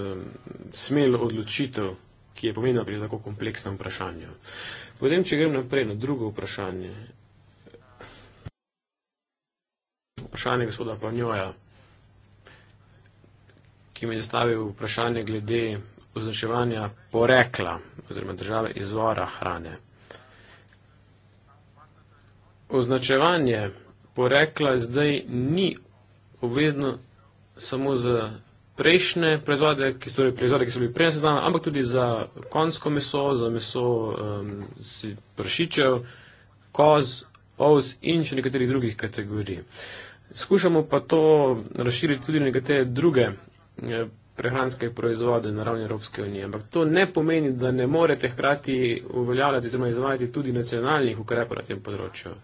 smelo odločitev, ki je pomembna pri tako kompleksnem vprašanju. Eh, Potem, če grem naprej na drugo vprašanje. Vprašanje gospoda Panjoja, ki mi je zastavil vprašanje glede označevanja porekla oziroma države izvora hrane. Označevanje porekla zdaj ni obvezno samo za prejšnje proizvode, ki, torej proizvode, ki so bili prej seznanjeni, ampak tudi za konjsko meso, za meso um, pršičev, koz, ovc in še nekaterih drugih kategorij. Skušamo pa to razširiti tudi na nekatere druge eh, prehranske proizvode na ravni Evropske unije. Ampak to ne pomeni, da ne morete hkrati uveljavljati, torej izvajati tudi nacionalnih ukrepov na tem področju.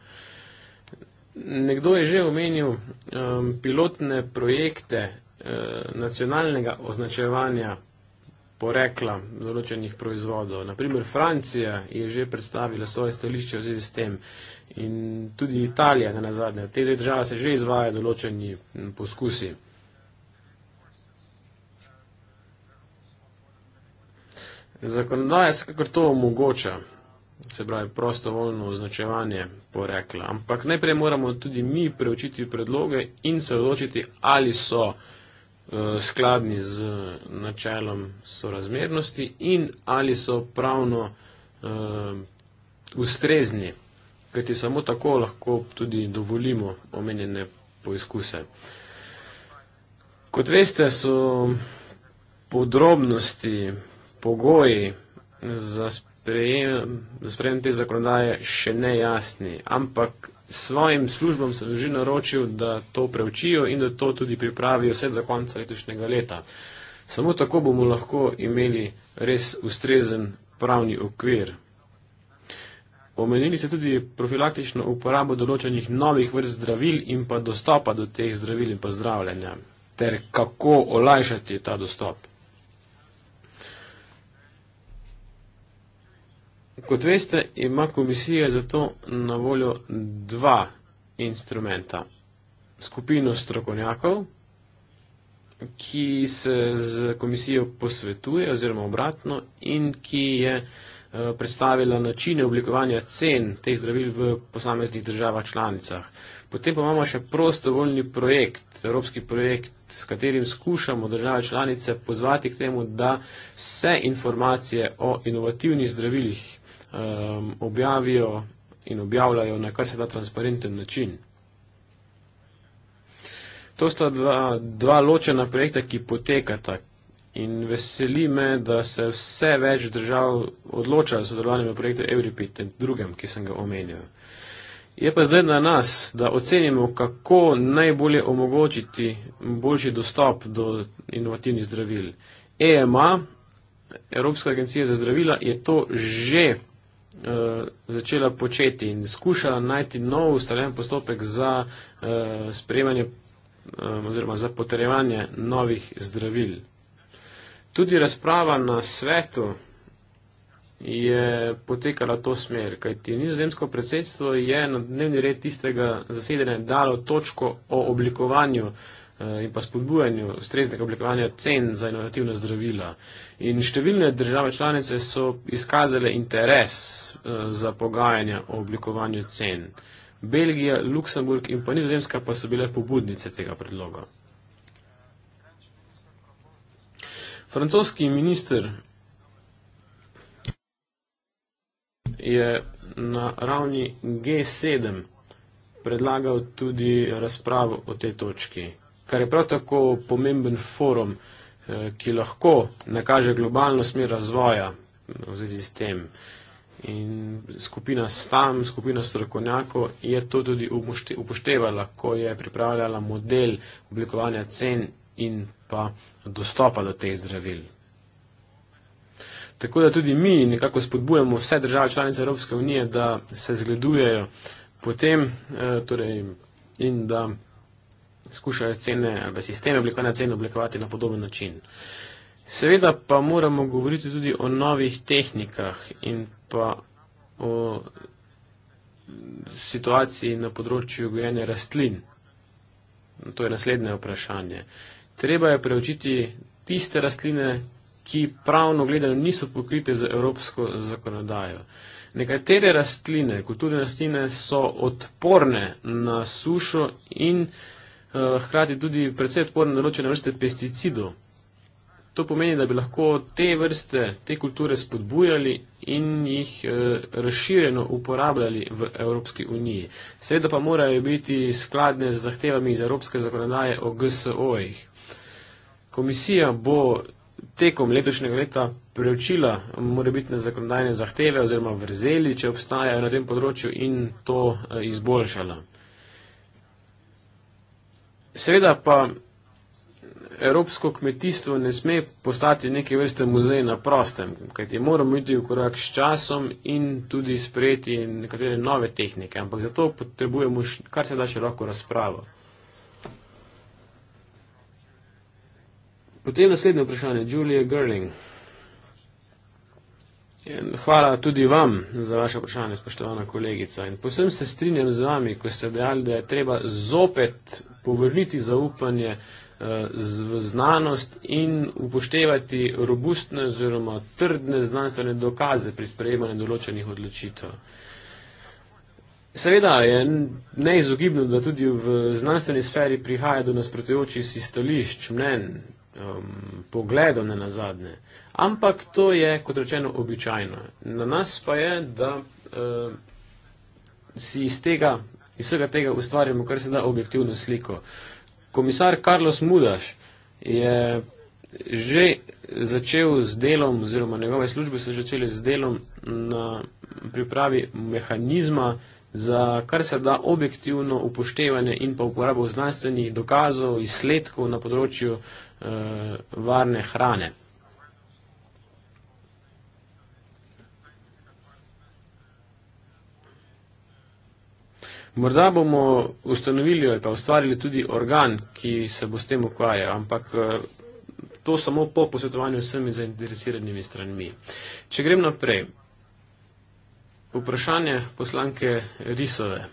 Nekdo je že omenil um, pilotne projekte Eh, nacionalnega označevanja porekla določenih proizvodov. Naprimer, Francija je že predstavila svoje stališče v zvezi s tem in tudi Italija, ne nazadnje. Te dve države se že izvajajo določeni poskusi. Zakonodaja se kakor to omogoča, se pravi prostovoljno označevanje porekla, ampak najprej moramo tudi mi preučiti predloge in se odločiti, ali so Eh, skladni z načelom sorazmernosti in ali so pravno eh, ustrezni, kajti samo tako lahko tudi dovolimo omenjene poizkuse. Kot veste, so podrobnosti, pogoji za sprejem te zakonodaje še nejasni, ampak svojim službam sem že naročil, da to preučijo in da to tudi pripravijo vse do konca letošnjega leta. Samo tako bomo lahko imeli res ustrezen pravni okvir. Omenili ste tudi profilaktično uporabo določenih novih vrst zdravil in pa dostopa do teh zdravil in pa zdravljenja, ter kako olajšati ta dostop. Kot veste, ima komisija zato na voljo dva instrumenta. Skupino strokovnjakov, ki se z komisijo posvetuje oziroma obratno in ki je eh, predstavila načine oblikovanja cen teh zdravil v posameznih državah članicah. Potem pa imamo še prostovoljni projekt, evropski projekt, s katerim skušamo države članice pozvati k temu, da vse informacije o inovativnih zdravilih, um, objavijo in objavljajo na kar se da transparenten način. To sta dva, dva ločena projekta, ki potekata in veseli me, da se vse več držav odloča za sodelovanje v projektu Evripit in drugem, ki sem ga omenil. Je pa zdaj na nas, da ocenimo, kako najbolje omogočiti boljši dostop do inovativnih zdravil. EMA, Evropska agencija za zdravila, je to že Eh, začela početi in skušala najti nov ustaljen postopek za uh, sprejemanje um, oziroma za potrejevanje novih zdravil. Tudi razprava na svetu je potekala to smer, kajti nizozemsko predsedstvo je na dnevni red tistega zasedanja dalo točko o oblikovanju uh, Eh, in pa spodbujanju ustreznega oblikovanja cen za inovativna zdravila. In številne države članice so izkazale interes eh, za pogajanja o oblikovanju cen. Belgija, Luksemburg in pa Nizozemska pa so bile pobudnice tega predloga. Francoski minister je na ravni G7 predlagal tudi razpravo o tej točki kar je prav tako pomemben forum, eh, ki lahko nakaže globalno smer razvoja eh, v zvezi s tem. In skupina STAM, skupina strokovnjakov je to tudi upoštevala, ko je pripravljala model oblikovanja cen in pa dostopa do teh zdravil. Tako da tudi mi nekako spodbujamo vse države članice Evropske unije, da se zgledujejo potem, eh, torej, in da skušajo cene ali sisteme oblikovanja cen oblikovati na podoben način. Seveda pa moramo govoriti tudi o novih tehnikah in pa o situaciji na področju gojenja rastlin. To je naslednje vprašanje. Treba je preučiti tiste rastline, ki pravno gledano niso pokrite z evropsko zakonodajo. Nekatere rastline, kulturne rastline, so odporne na sušo in Eh, hkrati tudi predvsej odporne na ločene vrste pesticidov. To pomeni, da bi lahko te vrste, te kulture spodbujali in jih e, razširjeno uporabljali v Evropski uniji. Seveda pa morajo biti skladne z zahtevami iz Evropske zakonodaje o GSO-jih. Komisija bo tekom letošnjega leta preučila morebitne zakonodajne zahteve oziroma vrzeli, če obstajajo na tem področju in to e, izboljšala. Seveda pa evropsko kmetijstvo ne sme postati neke vrste muzej na prostem, kajti moramo iti v korak s časom in tudi sprejeti nekatere nove tehnike, ampak zato potrebujemo kar se da še lahko razpravo. Potem naslednje vprašanje, Julia Gerling. Hvala tudi vam za vaše vprašanje, spoštovana kolegica. In posebno se strinjam z vami, ko ste dejali, da je treba zopet povrniti zaupanje eh, z, v znanost in upoštevati robustne oziroma trdne znanstvene dokaze pri sprejemanju določenih odločitev. Seveda je neizogibno, da tudi v znanstveni sferi prihaja do nasprotujočih si stališč, mnen, um, ehm, pogledov ne nazadnje. Ampak to je, kot rečeno, običajno. Na nas pa je, da uh, si iz tega iz vsega tega ustvarjamo kar se da objektivno sliko. Komisar Carlos Mudaš je že začel z delom, oziroma njegove službe so začele z delom na pripravi mehanizma za kar se da objektivno upoštevanje in pa uporabo znanstvenih dokazov, izsledkov na področju uh, varne hrane. Morda bomo ustanovili ali pa ustvarili tudi organ, ki se bo s tem ukvarjal, ampak eh, to samo po posvetovanju s vsemi zainteresiranimi stranmi. Če grem naprej, vprašanje poslanke Risove.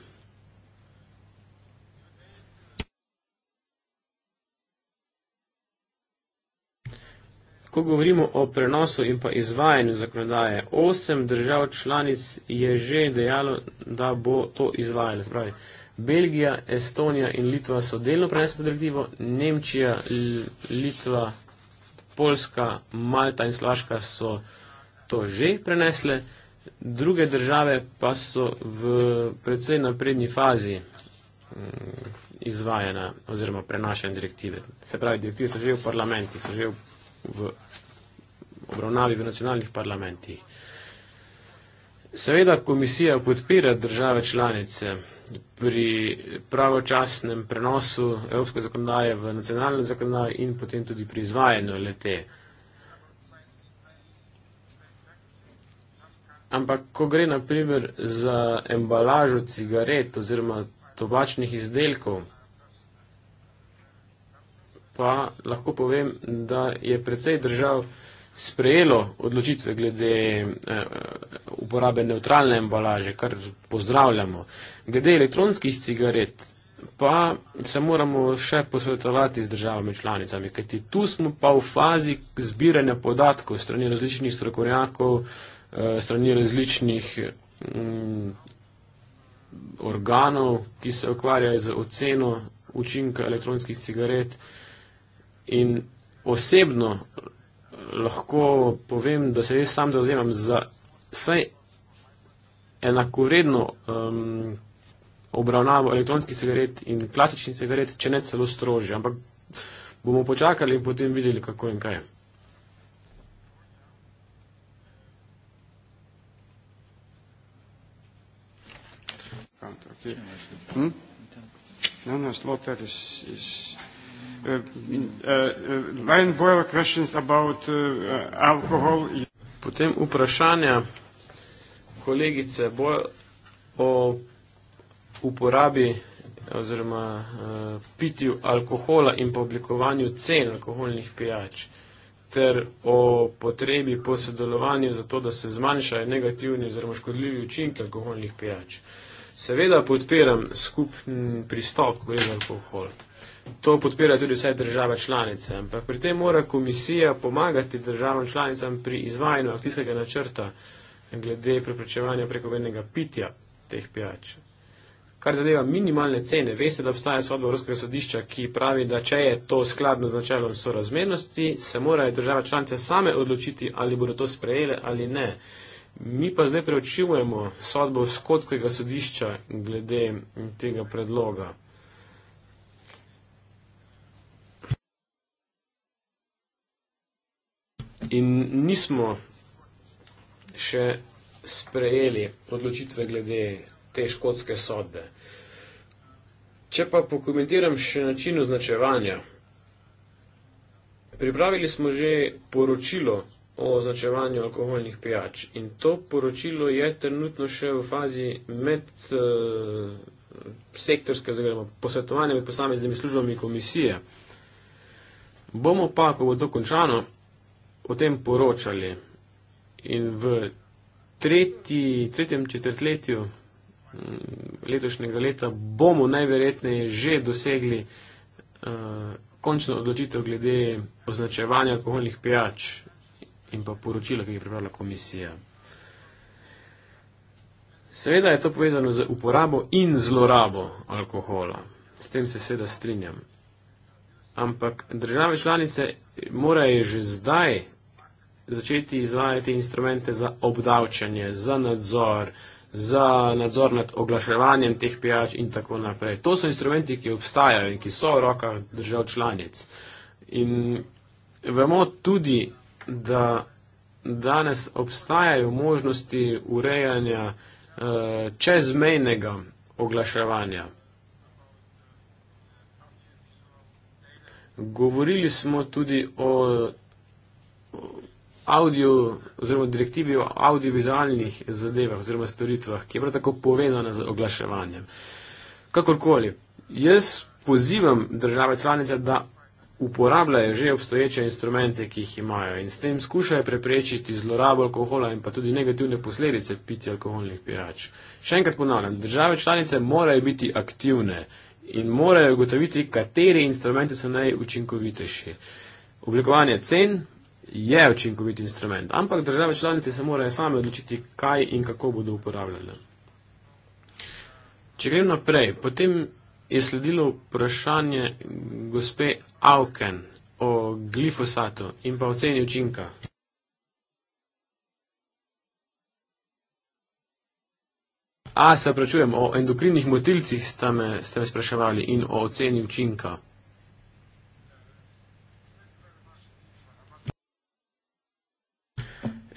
ko govorimo o prenosu in pa izvajanju zakonodaje, osem držav članic je že dejalo, da bo to izvajalo. Pravi, Belgija, Estonija in Litva so delno prenesli direktivo, Nemčija, Litva, Poljska, Malta in Slovaška so to že prenesle, druge države pa so v predvsej napredni fazi mm, izvajanja oziroma prenašanja direktive. Se pravi, direktive so že v parlamentih, so že v obravnavi v nacionalnih parlamentih. Seveda komisija podpira države članice pri pravočasnem prenosu evropske zakonodaje v nacionalne zakonodaje in potem tudi pri izvajanju lete. Ampak, ko gre naprimer za embalažo cigaret oziroma tobačnih izdelkov, pa lahko povem, da je precej držav sprejelo odločitve glede eh, uporabe neutralne embalaže, kar pozdravljamo. Glede elektronskih cigaret pa se moramo še posvetovati z državami članicami, kajti tu smo pa v fazi zbiranja podatkov strani različnih strokovnjakov, eh, strani različnih mm, organov, ki se ukvarjajo z oceno učinka elektronskih cigaret in osebno lahko povem, da se jaz sam zauzemam za vsaj enakovredno um, obravnavo elektronskih cigaret in klasičnih cigaret, če ne celo strožje. Ampak bomo počakali in potem videli, kako in kaj. Okay. Hmm? No, no, slaughter is, is... Uh, uh, uh, Potem vprašanja kolegice bolj o uporabi oziroma uh, pitju alkohola in po oblikovanju cen alkoholnih pijač ter o potrebi po sodelovanju za to, da se zmanjšajo negativni oziroma škodljivi učinki alkoholnih pijač. Seveda podpiram skupni pristop, ko je alkohol. To podpira tudi vse države članice, ampak pri tem mora komisija pomagati državam članicam pri izvajanju akcijskega načrta glede preprečevanja prekomernega pitja teh pijač. Kar zadeva minimalne cene, veste, da obstaja sodba Evropskega sodišča, ki pravi, da če je to skladno z načelom sorazmernosti, se morajo države članice same odločiti, ali bodo to sprejele ali ne. Mi pa zdaj preučujemo sodbo Skotskega sodišča glede tega predloga. In nismo še sprejeli odločitve glede te škotske sodbe. Če pa pokomentiram še način označevanja. Pripravili smo že poročilo o označevanju alkoholnih pijač in to poročilo je trenutno še v fazi med uh, sektorske, oziroma posvetovanja med posameznimi službami komisije. Bomo pa, ko bo to končano, o tem poročali. In v tretji, tretjem četrtletju mm, letošnjega leta bomo najverjetneje že dosegli uh, končno odločitev glede označevanja alkoholnih pijač in pa poročila, ki jih pripravlja komisija. Seveda je to povezano z uporabo in zlorabo alkohola. S tem se seveda strinjam. Ampak države članice morajo že zdaj začeti izvajati instrumente za obdavčanje, za nadzor, za nadzor nad oglaševanjem teh pijač in tako naprej. To so instrumenti, ki obstajajo in ki so v rokah držav članic. In vemo tudi, da danes obstajajo možnosti urejanja uh, čezmejnega oglaševanja. Govorili smo tudi o, o audio, oziroma direktivi o audiovizualnih zadevah oziroma storitvah, ki je prav tako povezana z oglaševanjem. Kakorkoli, jaz pozivam države članice, da uporabljajo že obstoječe instrumente, ki jih imajo in s tem skušajo preprečiti zlorabo alkohola in pa tudi negativne posledice piti alkoholnih pijač. Še enkrat ponavljam, države članice morajo biti aktivne in morajo ugotoviti, kateri instrumenti so najučinkovitejši. Oblikovanje cen, je učinkovit instrument. Ampak države članice se morajo same odločiti, kaj in kako bodo uporabljali. Če grem naprej, potem je sledilo vprašanje gospe Auken o glifosatu in pa oceni učinka. A, se pravčujem, o endokrinnih motilcih ste me, ste me spraševali in o oceni učinka.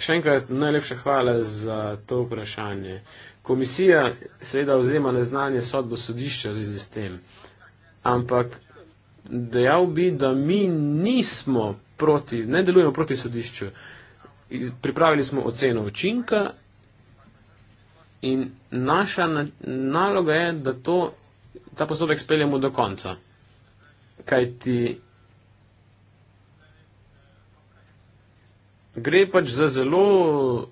Še enkrat najlepša hvala za to vprašanje. Komisija seveda vzema neznanje sodbo sodišča v zvezi s tem, ampak dejal bi, da mi nismo proti, ne delujemo proti sodišču. Pripravili smo oceno učinka in naša naloga je, da to, ta postopek speljemo do konca. Kaj ti Gre pač za zelo eh,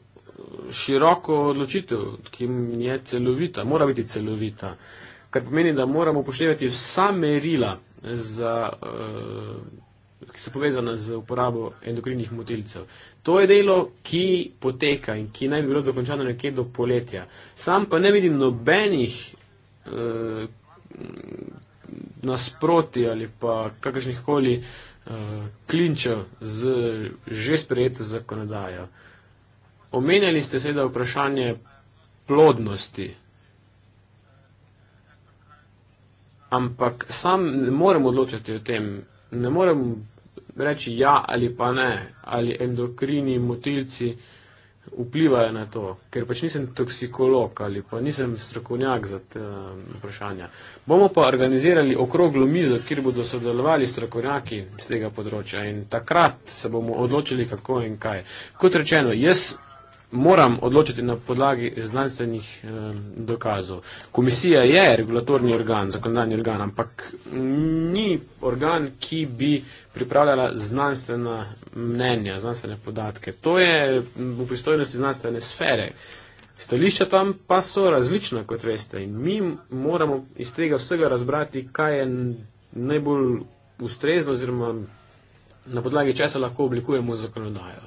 široko odločitev, ki je celovita, mora biti celovita, kar pomeni, da moramo upoštevati vsa merila, za, uh, ki so povezana z uporabo endokrinih motilcev. To je delo, ki poteka in ki naj bi bilo dokončano nekje do poletja. Sam pa ne vidim nobenih uh, eh, nasproti ali pa kakršnih koli uh, Eh, klinča z že sprejeto zakonodajo. Omenjali ste seveda vprašanje plodnosti. Ampak sam ne morem odločati o tem, ne morem reči ja ali pa ne, ali endokrini, motilci uh, vplivajo na to, ker pač nisem toksikolog ali pa nisem strokovnjak za te um, vprašanja. Bomo pa organizirali okroglo mizo, kjer bodo sodelovali strokovnjaki z tega področja in takrat se bomo odločili, kako in kaj. Kot rečeno, jaz moram odločiti na podlagi znanstvenih eh, dokazov. Komisija je regulatorni organ, zakonodajni organ, ampak ni organ, ki bi pripravljala znanstvena mnenja, znanstvene podatke. To je v pristojnosti znanstvene sfere. Stališča tam pa so različna, kot veste, in mi moramo iz tega vsega razbrati, kaj je najbolj ustrezno oziroma na podlagi česa lahko oblikujemo zakonodajo.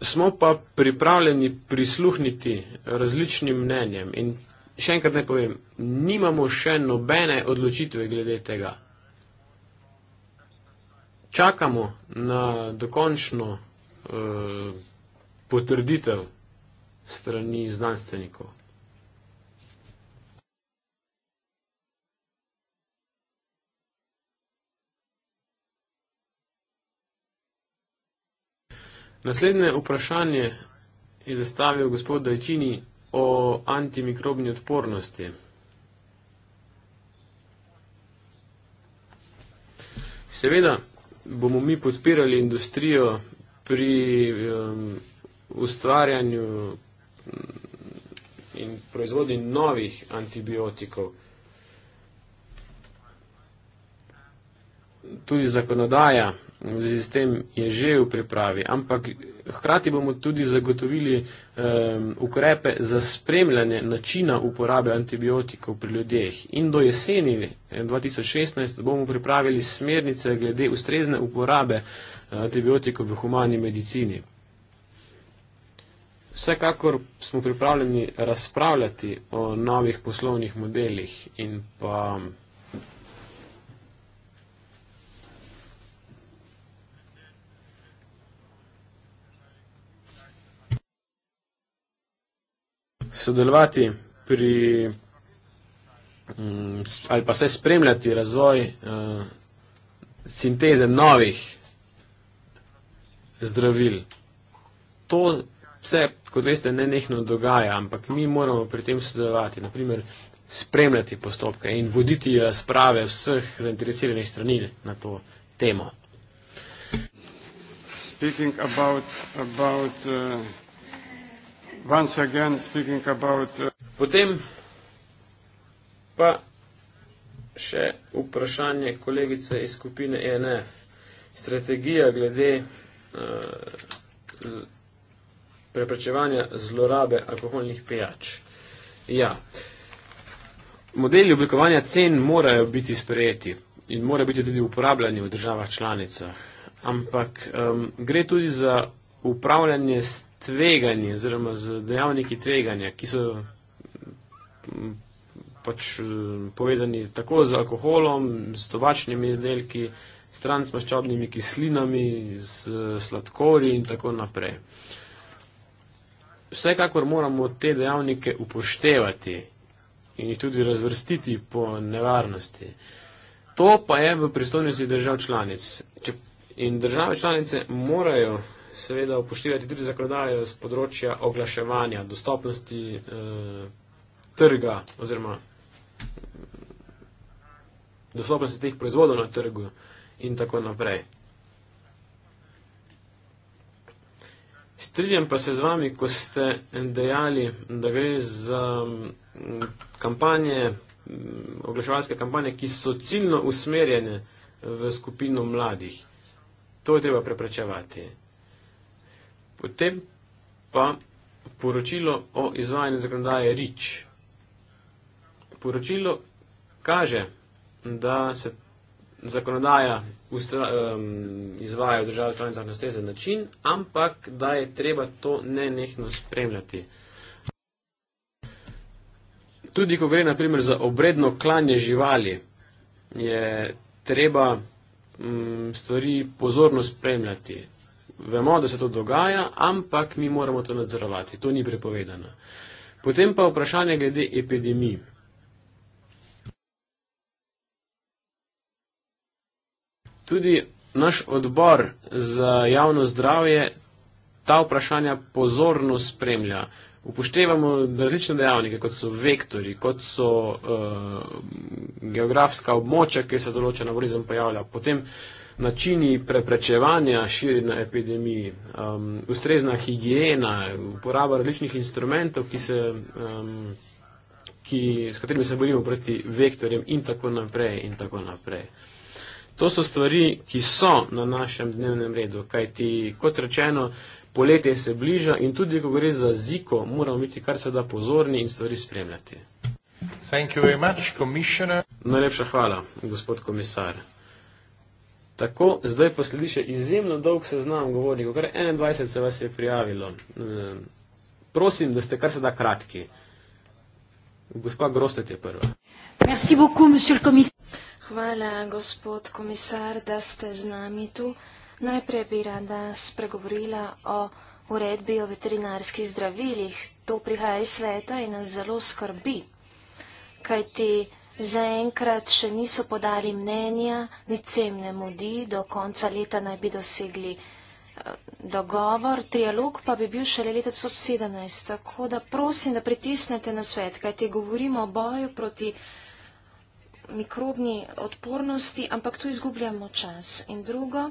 Smo pa pripravljeni prisluhniti različnim mnenjem in še enkrat ne povem, nimamo še nobene odločitve glede tega. Čakamo na dokončno uh, potrditev strani znanstvenikov. Naslednje vprašanje je zastavil gospod Dajčini o antimikrobni odpornosti. Seveda bomo mi podpirali industrijo pri um, ustvarjanju mm, in proizvodnji novih antibiotikov. Tudi zakonodaja v zvezi s tem je že v pripravi, ampak hkrati bomo tudi zagotovili um, ukrepe za spremljanje načina uporabe antibiotikov pri ljudeh. In do jeseni 2016 eh, bomo pripravili smernice glede ustrezne uporabe eh, antibiotikov v humani medicini. Vsekakor smo pripravljeni razpravljati o novih poslovnih modelih in pa sodelovati pri mm, ali pa vse spremljati razvoj eh, sinteze novih zdravil. To vse, kot veste, ne nehno dogaja, ampak mi moramo pri tem sodelovati, naprimer spremljati postopke in voditi razprave vseh zainteresiranih strani na to temo. Speaking about, about uh... Once again speaking about. Uh, Potem pa še vprašanje kolegice iz skupine ENF. Strategija glede uh, preprečevanja zlorabe alkoholnih pijač. Ja, modeli oblikovanja cen morajo biti sprejeti in morajo biti tudi uporabljeni v državah članicah. Ampak um, gre tudi za upravljanje s tveganji oziroma z dejavniki tveganja, ki so pač eh, povezani tako z alkoholom, s tobačnimi izdelki, s transmaščobnimi kislinami, s eh, sladkorji in tako naprej. Vsekakor moramo te dejavnike upoštevati in jih tudi razvrstiti po nevarnosti. To pa je v pristojnosti držav članic. In države članice morajo seveda upoštevati tudi zakonodajo z področja oglaševanja, dostopnosti eh, trga oziroma dostopnosti teh proizvodov na trgu in tako naprej. Strinjam pa se z vami, ko ste dejali, da gre za mm, kampanje, mm, oglaševalske kampanje, ki so ciljno usmerjene v skupino mladih. To je treba preprečevati. Potem pa poročilo o izvajanju zakonodaje REACH. Poročilo kaže, da se zakonodaja ustra, um, izvaja v državi članicah na ustrezen način, ampak da je treba to nenehno spremljati. Tudi, ko gre naprimer za obredno klanje živali, je treba um, stvari pozorno spremljati. Vemo, da se to dogaja, ampak mi moramo to nadzorovati. To ni prepovedano. Potem pa vprašanje glede epidemij. Tudi naš odbor za javno zdravje ta vprašanja pozorno spremlja. Upoštevamo različne dejavnike, kot so vektori, kot so uh, geografska območja, ki se določena vrizem pojavlja. Potem uh, načini preprečevanja širjenja epidemije, um, ustrezna higiena, uporaba različnih instrumentov, se, um, ki, s katerimi se borimo proti vektorjem in tako naprej. In tako naprej. To so stvari, ki so na našem dnevnem redu, kajti, kot rečeno, poletje se bliža in tudi, ko gre za ziko, moramo biti kar se da pozorni in stvari spremljati. Much, Najlepša hvala, gospod komisar. Tako, zdaj pa sledi še izjemno dolg seznam govornikov, kar 21 se vas je prijavilo. Ehm, prosim, da ste kar se da kratki. Gospa Grostet je prva. Merci beaucoup, monsieur le commissaire. Hvala, gospod komisar, da ste z nami tu. Najprej bi rada spregovorila o uredbi o veterinarskih zdravilih. To prihaja iz sveta in nas zelo skrbi, kajti Zaenkrat še niso podali mnenja, nicem ne mudi, do konca leta naj bi dosegli eh, dogovor, trialog pa bi bil šele leta 2017. Tako da prosim, da pritisnete na svet, kajte govorimo o boju proti mikrobni odpornosti, ampak tu izgubljamo čas. In drugo,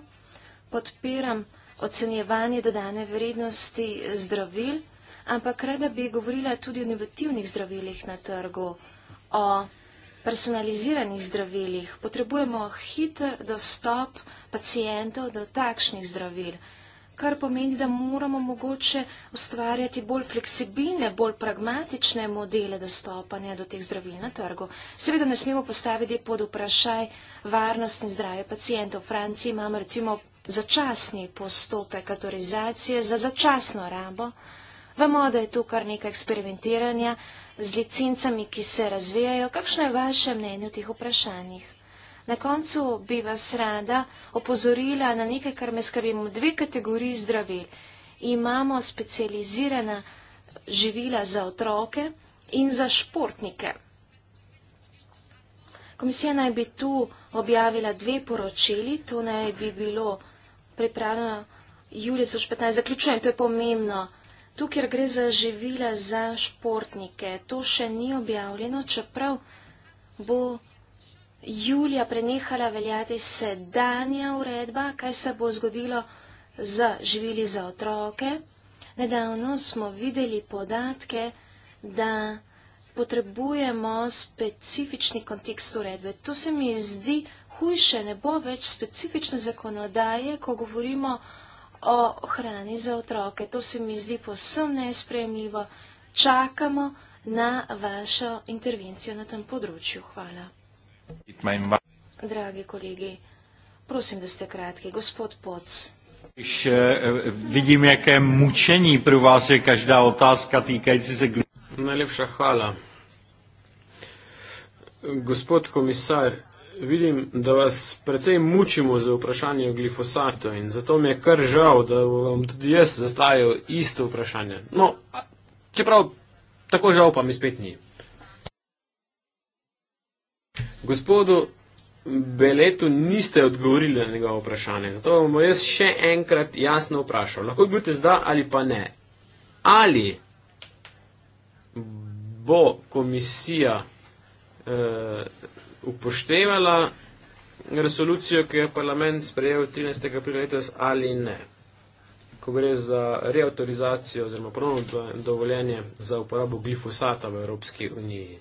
podpiram ocenjevanje dodane vrednosti zdravil, ampak rada bi govorila tudi o inovativnih zdravilih na trgu, o personaliziranih zdravilih potrebujemo hiter dostop pacijentov do takšnih zdravil, kar pomeni, da moramo mogoče ustvarjati bolj fleksibilne, bolj pragmatične modele dostopanja do teh zdravil na trgu. Seveda ne smemo postaviti pod vprašaj varnost in zdravje pacijentov. V Franciji imamo recimo začasni postopek katorizacije za začasno rabo. Vemo, da je tu kar nekaj eksperimentiranja z licencami, ki se razvijajo, kakšno je vaše mnenje o teh vprašanjih? Na koncu bi vas rada opozorila na nekaj, kar me skrbi v dve kategoriji zdravil. Imamo specializirana živila za otroke in za športnike. Komisija naj bi tu objavila dve poročili, to naj bi bilo pripravljeno julija 2015, zaključujem, to je pomembno. Tukaj gre za živila za športnike. To še ni objavljeno, čeprav bo julija prenehala veljati sedanja uredba, kaj se bo zgodilo z živili za otroke. Nedavno smo videli podatke, da potrebujemo specifični kontekst uredbe. To se mi zdi hujše, ne bo več specifične zakonodaje, ko govorimo o o hrani za otroke. To se mi zdi posebno nespremljivo. Čakamo na vašo intervencijo na tem področju. Hvala. Dragi kolegi, prosim, da ste kratki. Gospod Poc. Když uh, vidím, jaké mučení pro vás je každá otázka týkající se... Najlepša hvala. Gospod komisar, vidim, da vas precej mučimo z vprašanjem o glifosatu in zato mi je kar žal, da vam tudi jaz zastavil isto vprašanje. No, čeprav tako žal pa mi spet ni. Gospodu Beletu niste odgovorili na njegovo vprašanje, zato vam bom jaz še enkrat jasno vprašal. Lahko odgovorite zdaj ali pa ne. Ali bo komisija eh, upoštevala resolucijo, ki jo je parlament sprejel 13. aprila letos ali ne. Ko gre za reautorizacijo oziroma ponovno dovoljenje za uporabo glifosata v Evropski uniji.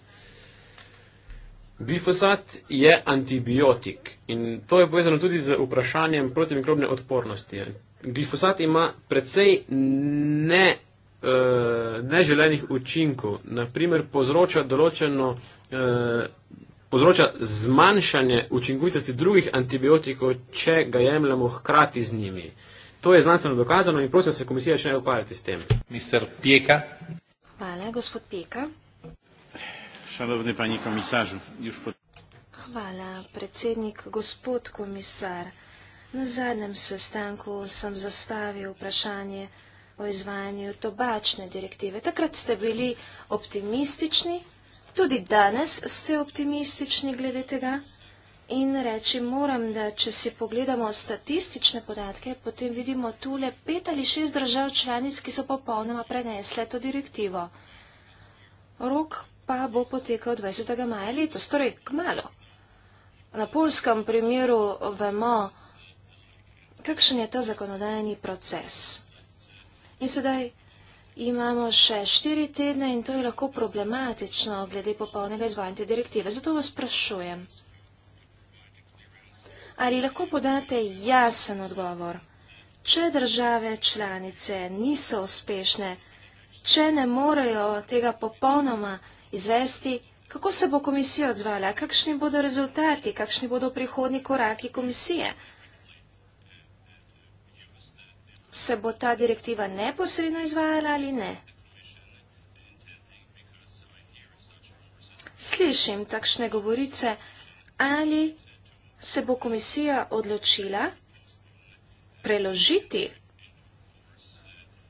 Glifosat je antibiotik in to je povezano tudi z vprašanjem protimikrobne odpornosti. Glifosat ima precej ne, uh, neželenih učinkov, naprimer povzroča določeno uh, povzroča zmanjšanje učinkovitosti drugih antibiotikov, če ga jemljemo hkrati z njimi. To je znanstveno dokazano in prosim se komisija še ne ukvarjati s tem. Mister Pjeka. Hvala, gospod Pjeka. Šalovni pani komisar, už pod. Hvala, predsednik, gospod komisar. Na zadnjem sestanku sem zastavil vprašanje o izvajanju tobačne direktive. Takrat ste bili optimistični, Tudi danes ste optimistični glede tega in reči moram, da če si pogledamo statistične podatke, potem vidimo tule pet ali šest držav članic, ki so popolnoma prenesle to direktivo. Rok pa bo potekal 20. maja letos, torej kmalo. Na polskem primeru vemo, kakšen je ta zakonodajni proces. In sedaj imamo še štiri tedne in to je lahko problematično glede popolnega izvajanja te direktive. Zato vas sprašujem, ali lahko podate jasen odgovor, če države članice niso uspešne, če ne morejo tega popolnoma izvesti, kako se bo komisija odzvala, kakšni bodo rezultati, kakšni bodo prihodni koraki komisije se bo ta direktiva neposredno izvajala ali ne. Slišim takšne govorice, ali se bo komisija odločila preložiti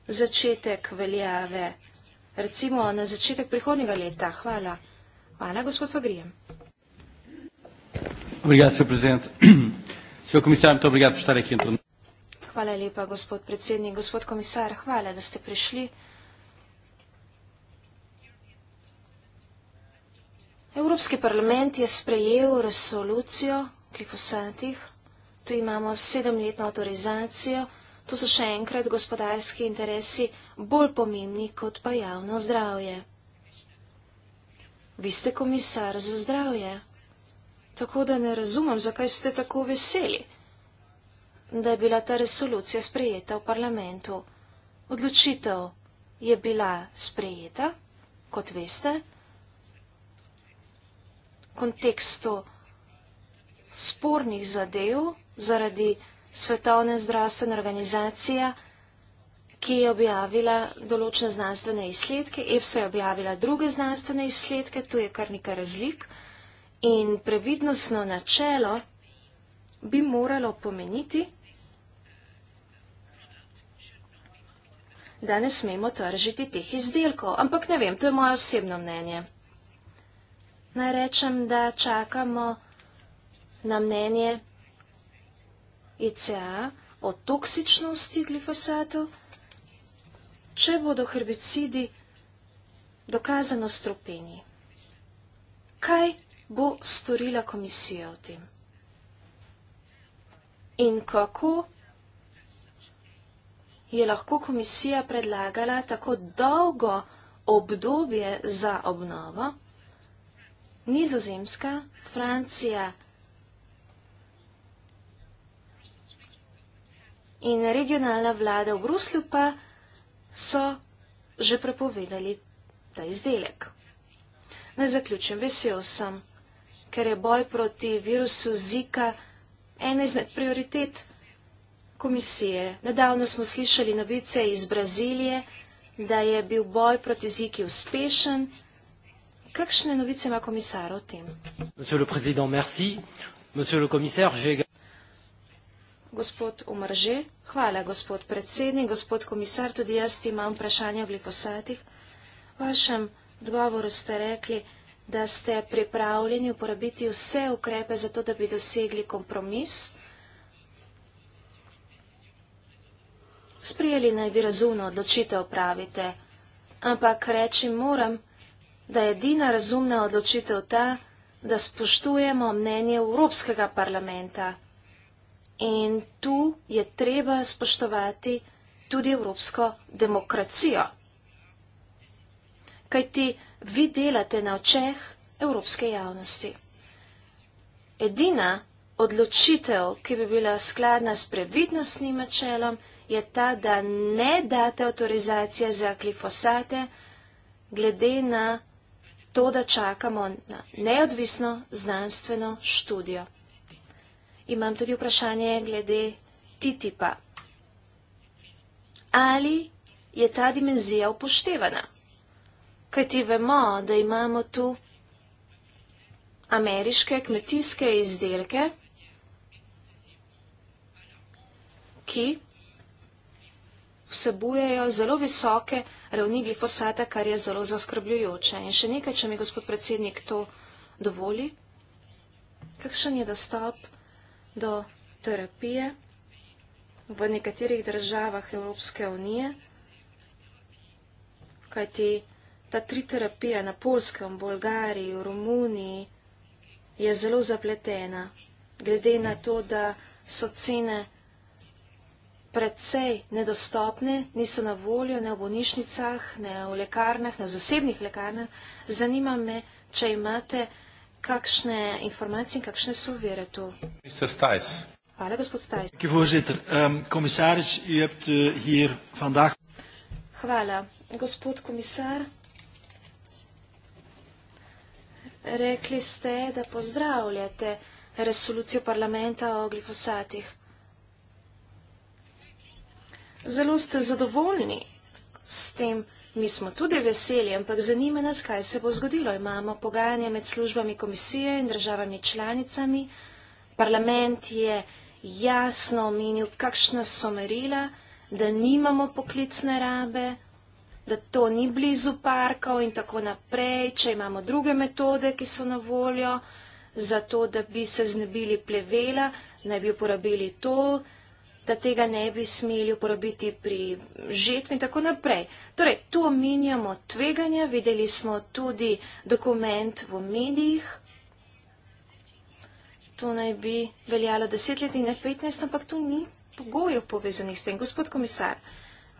začetek veljave, recimo na začetek prihodnjega leta. Hvala. Hvala, gospod Pagrijem. Obrigado, Sr. Presidente. Sr. Comissário, muito obrigado por estar aqui entre nós. Hvala lepa, gospod predsednik. Gospod komisar, hvala, da ste prišli. Evropski parlament je sprejel resolucijo o glifosatih. Tu imamo sedemletno autorizacijo. Tu so še enkrat gospodarski interesi bolj pomembni kot pa javno zdravje. Vi ste komisar za zdravje. Tako da ne razumem, zakaj ste tako veseli da je bila ta resolucija sprejeta v parlamentu. Odločitev je bila sprejeta, kot veste, v kontekstu spornih zadev zaradi Svetovne zdravstvene organizacije, ki je objavila določene znanstvene izsledke, EFSA je objavila druge znanstvene izsledke, tu je kar nekaj razlik in previdnostno načelo bi moralo pomeniti, da ne smemo tržiti teh izdelkov, ampak ne vem, to je moje osebno mnenje. Naj rečem, da čakamo na mnenje ICA o toksičnosti glifosatu, če bodo herbicidi dokazano stropeni. Kaj bo storila komisija o tem? In kako je lahko komisija predlagala tako dolgo obdobje za obnovo, nizozemska, Francija in regionalna vlada v Bruslju pa so že prepovedali ta izdelek. Naj zaključim, vesel sem, ker je boj proti virusu Zika ena izmed prioritet komisije. Nedavno smo slišali novice iz Brazilije, da je bil boj proti Ziki uspešen. Kakšne novice ima komisar o tem? Gospod Umrže, hvala gospod predsednik, gospod komisar, tudi jaz imam vprašanje o glifosatih. V vašem odgovoru ste rekli, da ste pripravljeni uporabiti vse ukrepe za to, da bi dosegli kompromis. Sprijeli naj bi razumno odločitev, pravite. Ampak reči moram, da je edina razumna odločitev ta, da spoštujemo mnenje Evropskega parlamenta. In tu je treba spoštovati tudi evropsko demokracijo. Kaj ti vi delate na očeh evropske javnosti? Edina odločitev, ki bi bila skladna s previdnostnim načelom, je ta, da ne date avtorizacije za glifosate, glede na to, da čakamo na neodvisno znanstveno študijo. Imam tudi vprašanje glede TTIP-a. Ali je ta dimenzija upoštevana? Kaj ti vemo, da imamo tu ameriške kmetijske izdelke, ki vsebujejo zelo visoke ravni glifosata, kar je zelo zaskrbljujoče. In še nekaj, če mi gospod predsednik to dovoli, kakšen je dostop do terapije v nekaterih državah Evropske unije, kajti ta tri terapije na Polskem, Bolgariji, Romuniji je zelo zapletena, glede na to, da so cene predvsej nedostopne, niso na voljo ne v bolnišnicah, ne v lekarnah, ne v zasebnih lekarnah. Zanima me, če imate kakšne informacije in kakšne so vere tu. Hvala, gospod Stajs. Ehm, eh, Hvala, gospod komisar. Rekli ste, da pozdravljate resolucijo parlamenta o glifosatih zelo ste zadovoljni s tem. Mi smo tudi veseli, ampak zanima nas, kaj se bo zgodilo. Imamo pogajanje med službami komisije in državami članicami. Parlament je jasno omenil, kakšna so merila, da nimamo poklicne rabe, da to ni blizu parkov in tako naprej, če imamo druge metode, ki so na voljo, zato da bi se znebili plevela, naj bi uporabili to, da tega ne bi smeli uporabiti pri žetvi in tako naprej. Torej, tu omenjamo tveganja, videli smo tudi dokument v medijih. To naj bi veljalo deset let in ne petnajst, ampak tu ni pogojev povezanih s tem. Gospod komisar,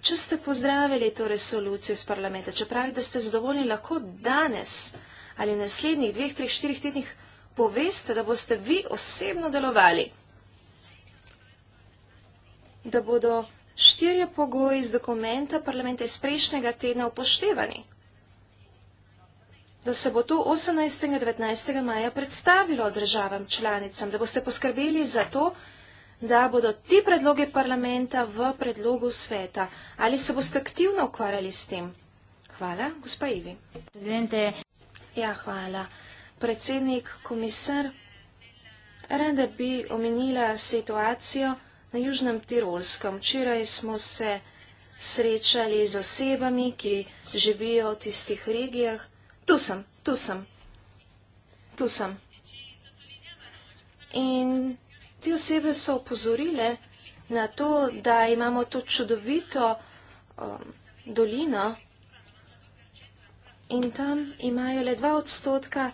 če ste pozdravili to resolucijo iz parlamenta, če pravi, da ste zadovoljni, lahko danes ali v naslednjih dveh, treh, štirih tednih poveste, da boste vi osebno delovali da bodo štirje pogoji iz dokumenta parlamenta iz prejšnjega tedna upoštevani. Da se bo to 18. in 19. maja predstavilo državam članicam, da boste poskrbeli za to, da bodo ti predloge parlamenta v predlogu sveta. Ali se boste aktivno ukvarjali s tem? Hvala, gospa Ivi. Prezidente. Ja, hvala. Predsednik, komisar, rada bi omenila situacijo, na Južnem Tirolskem. Včeraj smo se srečali z osebami, ki živijo v tistih regijah. Tu sem, tu sem, tu sem. In te osebe so opozorile na to, da imamo to čudovito um, dolino in tam imajo le dva odstotka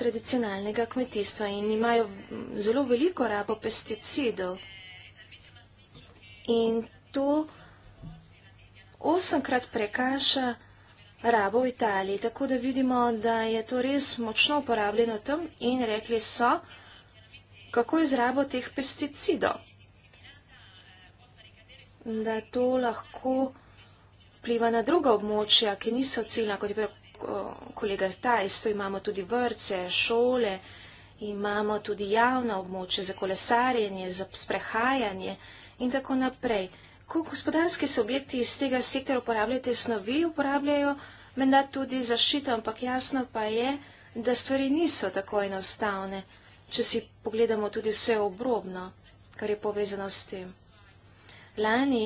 tradicionalnega kmetijstva in imajo zelo veliko rabo pesticidov in tu osemkrat prekaša rabo v Italiji. Tako da vidimo, da je to res močno uporabljeno tam in rekli so, kako je z rabo teh pesticidov. Da to lahko pliva na druga območja, ki niso ciljna, kot je prav kolega Tajs, tu imamo tudi vrce, šole, imamo tudi javna območja za kolesarjenje, za sprehajanje in tako naprej. Ko gospodarski subjekti iz tega sektora uporabljajo te snovi, uporabljajo menda tudi zaščito, ampak jasno pa je, da stvari niso tako enostavne, če si pogledamo tudi vse obrobno, kar je povezano s tem. Lani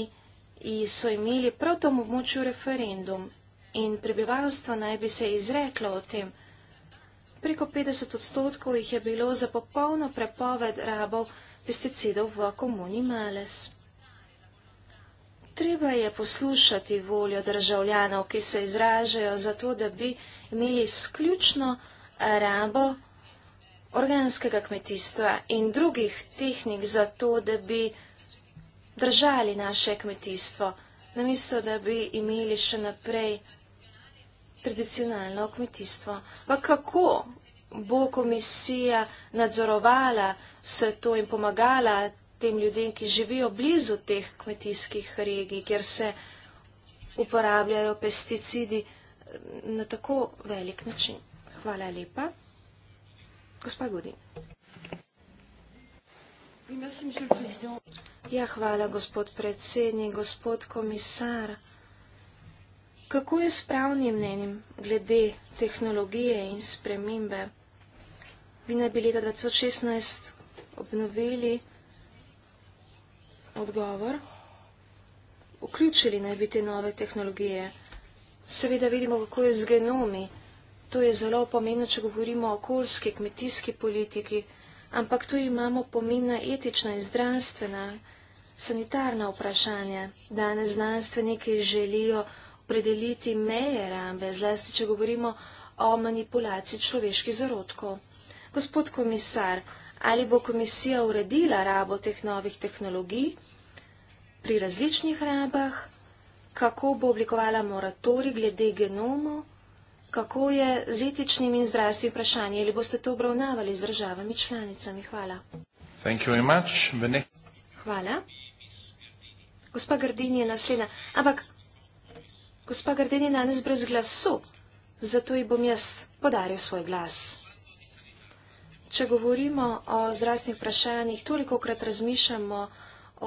so imeli prav tom območju referendum in prebivalstvo naj bi se izreklo o tem. Preko 50 odstotkov jih je bilo za popolno prepoved rabov pesticidov v komuni Males. Treba je poslušati voljo državljanov, ki se izražajo zato, da bi imeli sključno rabo organskega kmetijstva in drugih tehnik za to, da bi držali naše kmetijstvo, namesto da bi imeli še naprej tradicionalno kmetijstvo. Pa kako bo komisija nadzorovala vse to in pomagala tem ljudem, ki živijo blizu teh kmetijskih regij, kjer se uporabljajo pesticidi eh, na tako velik način. Hvala lepa. Gospa Godin. Ja, hvala, gospod predsednik, gospod komisar. Kako je s pravnim mnenjem glede tehnologije in spremembe? Vi naj bi leta 2016 obnovili odgovor. Vključili naj bi te nove tehnologije. Seveda vidimo, kako je z genomi. To je zelo pomembno, če govorimo o okoljski, kmetijski politiki, ampak tu imamo pomembna etična in zdravstvena, sanitarna vprašanja. Danes znanstveniki želijo predeliti meje rambe, zlasti, če govorimo o manipulaciji človeških zarodkov. Gospod komisar, Ali bo komisija uredila rabo teh novih tehnologij pri različnih rabah, kako bo oblikovala moratori glede genomu, kako je z etičnim in zdravstvim vprašanjem, ali boste to obravnavali z državami članicami? Hvala. Hvala. Gospa Gardini je naslednja, ampak gospa Gardini je danes brez glasu, zato ji bom jaz podaril svoj glas. Če govorimo o zdravstvenih vprašanjih, toliko krat razmišljamo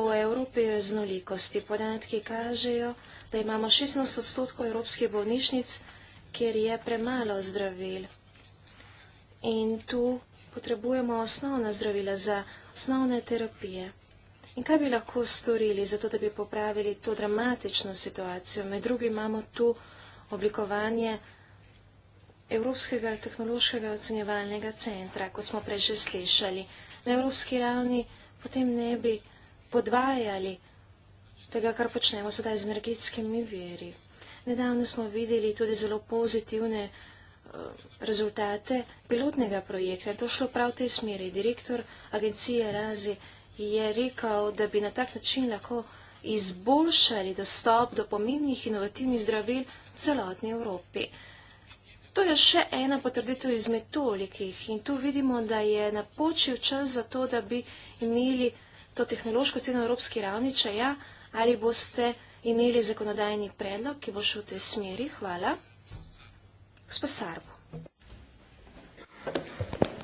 o Evropi raznolikosti. Podatki kažejo, da imamo 16 odstotkov evropskih bolnišnic, kjer je premalo zdravil. In tu potrebujemo osnovna zdravila za osnovne terapije. In kaj bi lahko storili, zato da bi popravili to dramatično situacijo? Med drugim imamo tu oblikovanje Evropskega tehnološkega ocenjevalnega centra, kot smo prej že slišali, na evropski ravni potem ne bi podvajali tega, kar počnemo sedaj z energetskimi veri. Nedavno smo videli tudi zelo pozitivne eh, rezultate pilotnega projekta. To šlo prav v tej smeri. Direktor agencije Razi je rekel, da bi na tak način lahko izboljšali dostop do pomembnih inovativnih zdravil celotni Evropi. To je še ena potrditev izmed tolikih in tu vidimo, da je napočil čas za to, da bi imeli to tehnološko ceno evropski ravni, če ja, ali boste imeli zakonodajni predlog, ki bo šel v tej smeri. Hvala. Gospa Sarbo.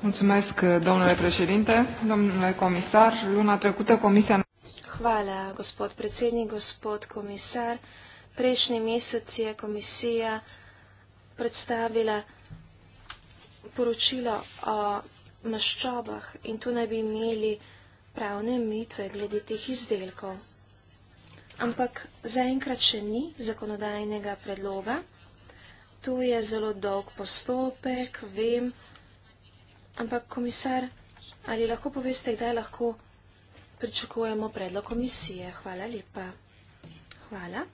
Mulțumesc, domnule președinte, domnule comisar, luna trecută Comisia... Hvala, gospod predsednik, gospod komisar. Prejšnji mesec je komisija predstavila poročilo o maščobah in tu naj bi imeli pravne mitve glede teh izdelkov. Ampak zaenkrat še ni zakonodajnega predloga. Tu je zelo dolg postopek, vem. Ampak komisar, ali lahko poveste, kdaj lahko pričakujemo predlog komisije? Hvala lepa. Hvala.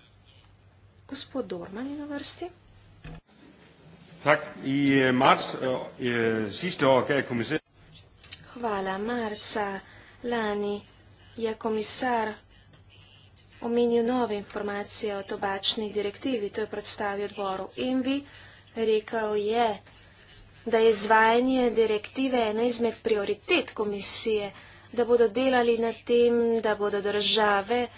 Gospod Dorman je na vrsti. Tak. I eh, mars øh, eh, eh, sidste år gav kommissæren... Hvala marca lani je komisar omenil nove informacije o tobačni direktivi, to je predstavil odboru Envi, rekel je, da je izvajanje direktive ena izmed prioritet komisije, da bodo delali na tem, da bodo države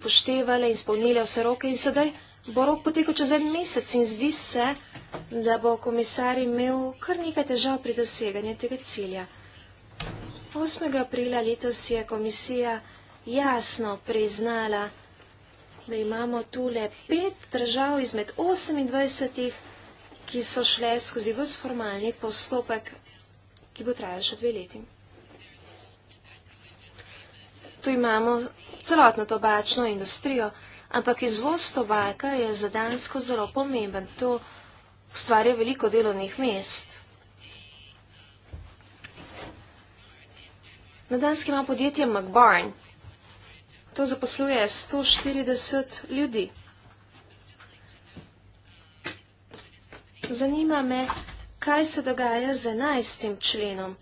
poštevale in spolnile vse roke in sedaj bo rok potekel čez en mesec in zdi se, da bo komisar imel kar nekaj težav pri doseganju tega cilja. 8. aprila letos je komisija jasno priznala, da imamo tu le pet držav izmed 28, ki so šle skozi vse formalni postopek, ki bo trajal še dve leti. Tu imamo celotno tobačno industrijo, ampak izvoz tobaka je za Dansko zelo pomemben. To ustvarja veliko delovnih mest. Na Danski ima podjetje McBarn. To zaposluje 140 ljudi. Zanima me, kaj se dogaja z enajstim členom.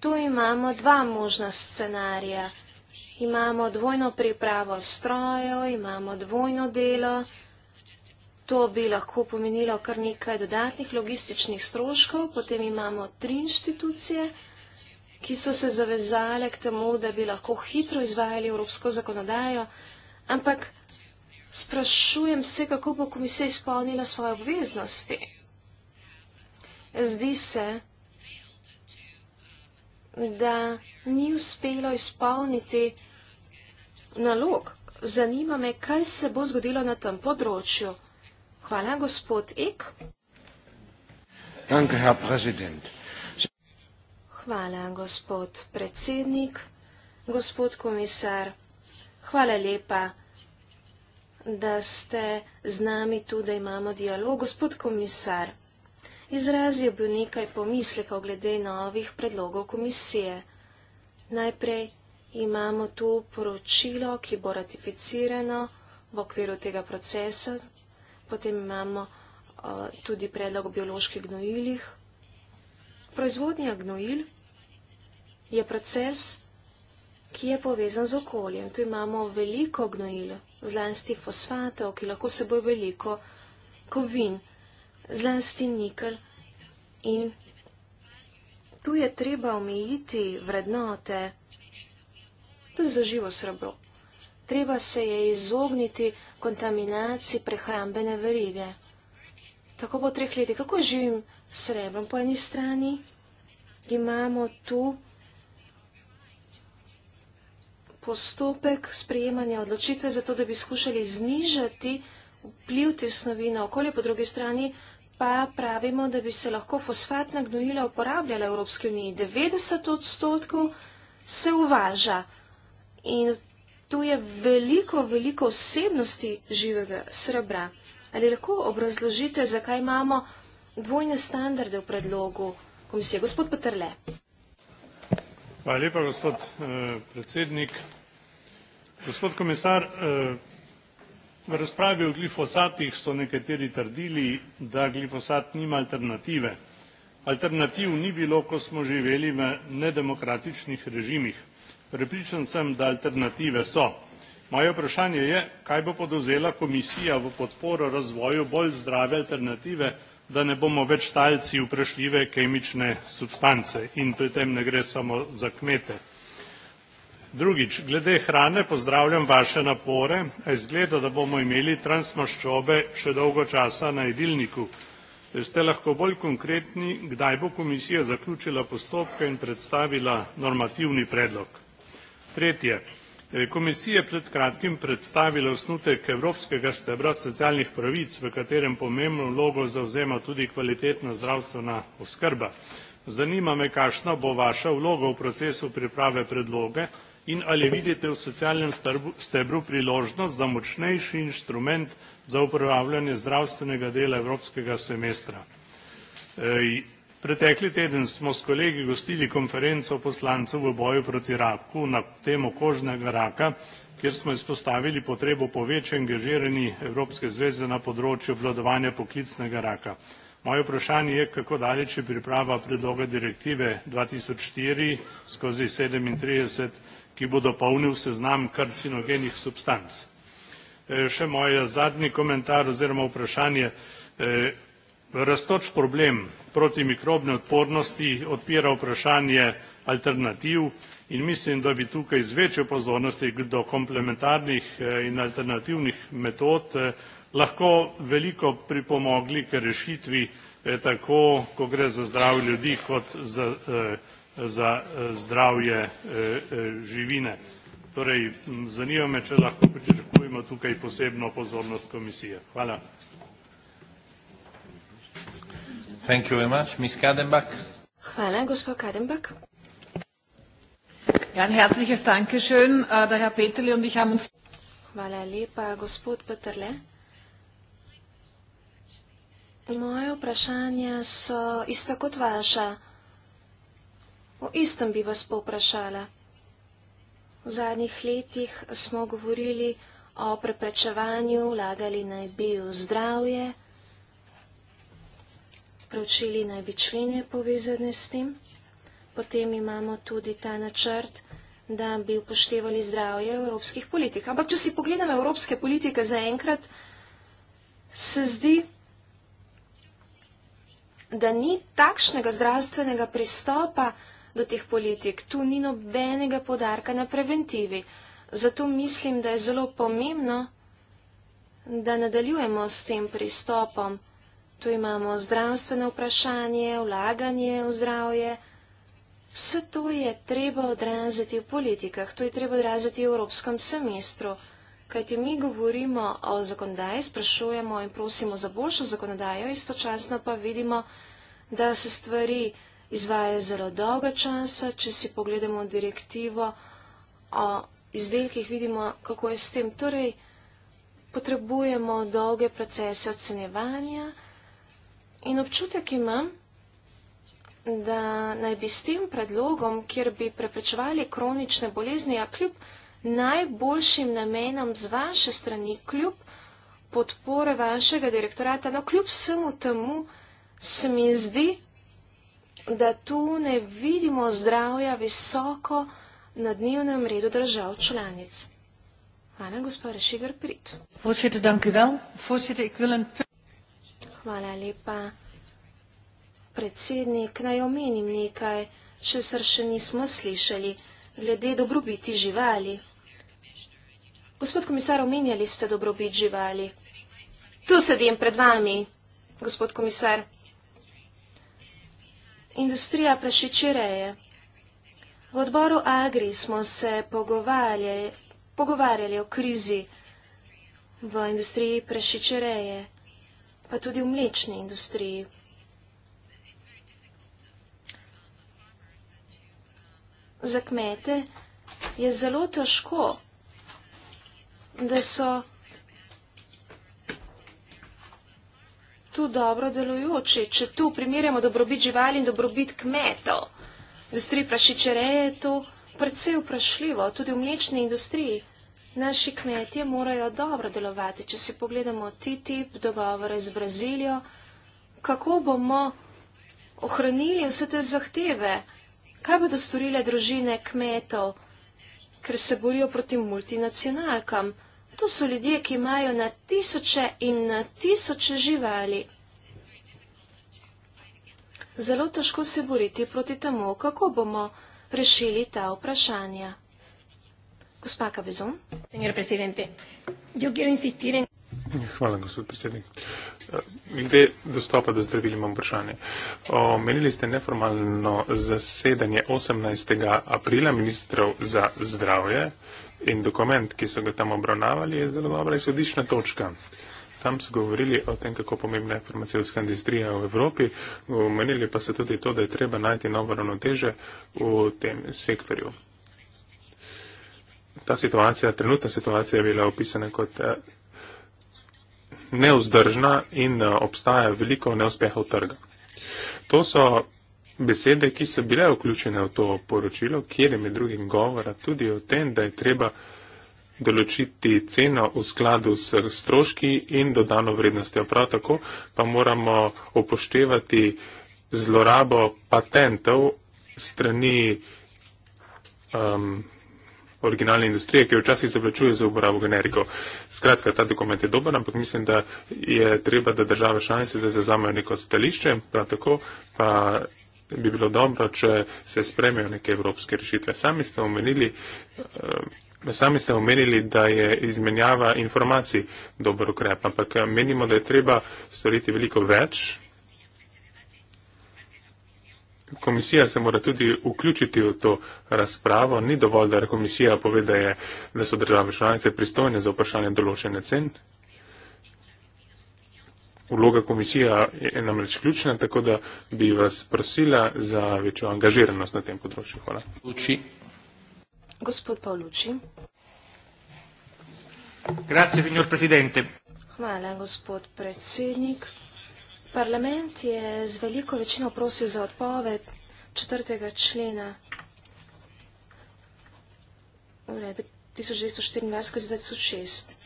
Tu imamo dva možna scenarija. Imamo dvojno pripravo strojev, imamo dvojno delo. To bi lahko pomenilo kar nekaj dodatnih logističnih stroškov. Potem imamo tri inštitucije, ki so se zavezale k temu, da bi lahko hitro izvajali evropsko zakonodajo. Ampak sprašujem se, kako bo komisija izpolnila svoje obveznosti. Zdi se, da ni uspelo izpolniti nalog. Zanima me, kaj se bo zgodilo na tem področju. Hvala, gospod Ek. Danke, herr Präsident. Hvala, gospod predsednik, gospod komisar. Hvala lepa, da ste z nami tu, da imamo dialog. Gospod komisar, izrazil bi nekaj pomislekov glede novih predlogov komisije. Najprej imamo tu poročilo, ki bo ratificirano v okviru tega procesa, Potem imamo uh, tudi predlog o bioloških gnojilih. Proizvodnja gnojil je proces, ki je povezan z okoljem. Tu imamo veliko gnojil, zlasti fosfatov, ki lahko seboj veliko kovin, zlasti nikl. In tu je treba omejiti vrednote, tudi za živo srebro treba se je izogniti kontaminaciji prehrambene verige. Tako po treh letih, kako živim s srebrom po eni strani, imamo tu postopek sprejemanja odločitve, zato da bi skušali znižati vpliv te snovi na okolje, po drugi strani pa pravimo, da bi se lahko fosfatna gnojila uporabljala v Evropski uniji. 90 odstotkov se uvaža in tu je veliko, veliko vsebnosti živega srebra. Ali lahko obrazložite, zakaj imamo dvojne standarde v predlogu komisije? Gospod Petrle. Hvala lepa, gospod eh, predsednik. Gospod komisar, eh, v razpravi o glifosatih so nekateri trdili, da glifosat nima alternative alternativ ni bilo ko smo živeli v nedemokratičnih režimih prepričan sem da alternative so moje vprašanje je kaj bo podozela komisija v podporo razvoju bolj zdrave alternative da ne bomo več talci vprašljive kemične substance in pri tem ne gre samo za kmete Drugič, glede hrane pozdravljam vaše napore, a izgleda, da bomo imeli transmaščobe še dolgo časa na jedilniku. Ste lahko bolj konkretni, kdaj bo komisija zaključila postopke in predstavila normativni predlog? Tretje. Eh, komisija je pred kratkim predstavila osnutek evropskega stebra socialnih pravic, v katerem pomembno vlogo zavzema tudi kvalitetna zdravstvena oskrba. Zanima me, kakšna bo vaša vloga v procesu priprave predloge in ali vidite v socialnem stebru priložnost za močnejši inštrument za upravljanje zdravstvenega dela evropskega semestra. Pretekli teden smo s kolegi gostili konferenco poslancev v boju proti raku na temo kožnega raka, kjer smo izpostavili potrebo po večjem angažiranju Evropske zveze na področju obvladovanja poklicnega raka. Moje vprašanje je, kako daleč je priprava predloga direktive dva tisoč štiri skozi sedemintrideset ki bo dopolnil seznam karcinogenih substanc. E, še moj zadnji komentar oziroma vprašanje. E, Rastoč problem protimikrobne odpornosti odpira vprašanje alternativ in mislim, da bi tukaj z večjo pozornosti do komplementarnih e, in alternativnih metod lahko veliko pripomogli k rešitvi tako, ko gre za zdravje ljudi kot za za eh, zdravje eh, eh, živine. Torej zanima me, če lahko pričakujemo tukaj posebno pozornost komisije. Hvala. Thank you very much. Ms. Kadenbach. Hvala, gospod Kadenbach. Ja, ein herzliches Dankeschön, uh, der Herr Peterle und ich haben uns... Hvala lepa, gospod Peterle. Moje vprašanje so isto kot vaša. O istem bi vas povprašala. V zadnjih letih smo govorili o preprečevanju, vlagali naj bi v zdravje, preučili naj bi člene povezane s tem. Potem imamo tudi ta načrt, da bi upoštevali zdravje evropskih politik. Ampak, če si pogledamo evropske politike zaenkrat, se zdi, da ni takšnega zdravstvenega pristopa, do teh politik. Tu ni nobenega podarka na preventivi. Zato mislim, da je zelo pomembno, da nadaljujemo s tem pristopom. Tu imamo zdravstveno vprašanje, vlaganje v zdravje. Vse to je treba odraziti v politikah, to je treba odraziti v evropskem semestru. Kajti mi govorimo o zakonodaji, sprašujemo in prosimo za boljšo zakonodajo, istočasno pa vidimo, da se stvari izvaja zelo dolga časa. Če si pogledamo direktivo o izdelkih, vidimo, kako je s tem. Torej, potrebujemo dolge procese ocenjevanja in občutek imam, da naj bi s tem predlogom, kjer bi preprečevali kronične bolezni, a kljub najboljšim namenom z vaše strani, kljub podpore vašega direktorata, no kljub vsemu temu, se mi zdi, da tu ne vidimo zdravja visoko na dnevnem redu držav članic. Hvala, gospa Rešigar Prit. Hvala lepa. Predsednik, naj omenim nekaj, še sr še nismo slišali, glede dobrobiti živali. Gospod komisar, omenjali ste dobrobit živali. Tu sedim pred vami, gospod komisar industrija prašičireje. V odboru Agri smo se pogovarjali, pogovarjali o krizi v industriji prašičireje, pa tudi v mlečni industriji. Za kmete je zelo težko, da so tu dobro delujoče, če tu primerjamo dobrobit živali in dobrobit kmetov. Industrija prašičereje je to predvsej vprašljivo, tudi v mlečni industriji. Naši kmetje morajo dobro delovati. Če si pogledamo TTIP, dogovore z Brazilijo, kako bomo ohranili vse te zahteve, kaj bodo storile družine kmetov, ker se borijo proti multinacionalkam. To so ljudje, ki imajo na tisoče in na tisoče živali. Zelo težko se boriti proti temu, kako bomo rešili ta vprašanja. Gospa Kavezon. Hvala, gospod predsednik. Glede dostopa do zdravil imam vprašanje. Omenili ste neformalno zasedanje 18. aprila ministrov za zdravje, in dokument, ki so ga tam obravnavali, je zelo dobra izhodišna točka. Tam so govorili o tem, kako pomembna je farmacijska industrija v Evropi, omenili pa so tudi to, da je treba najti novo ravnoteže v tem sektorju. Ta situacija, trenutna situacija je bila opisana kot eh, neuzdržna in eh, obstaja veliko neuspehov trga. To so besede, ki so bile vključene v to poročilo, kjer je med drugim govora tudi o tem, da je treba določiti ceno v skladu s stroški in dodano vrednostjo. Prav tako pa moramo upoštevati zlorabo patentov strani um, originalne industrije, ki včasih zaplačuje za uporabo generikov. Skratka, ta dokument je dober, ampak mislim, da je treba, da države članice zauzamejo neko stališče, prav tako pa bi bilo dobro, če se spremejo neke evropske rešitve. Sami ste omenili, eh, sami ste omenili da je izmenjava informacij dober ukrep, ampak eh, menimo, da je treba storiti veliko več. Komisija se mora tudi vključiti v to razpravo. Ni dovolj, da komisija pove, da, je, da so države članice pristojne za vprašanje določene cen vloga komisija je namreč ključna, tako da bi vas prosila za večjo angažiranost na tem področju. Hvala. Luči. Gospod Pavluči. Grazie, signor Presidente. Hvala, gospod predsednik. Parlament je z veliko večino prosil za odpoved četrtega člena uredbe 1924-2006,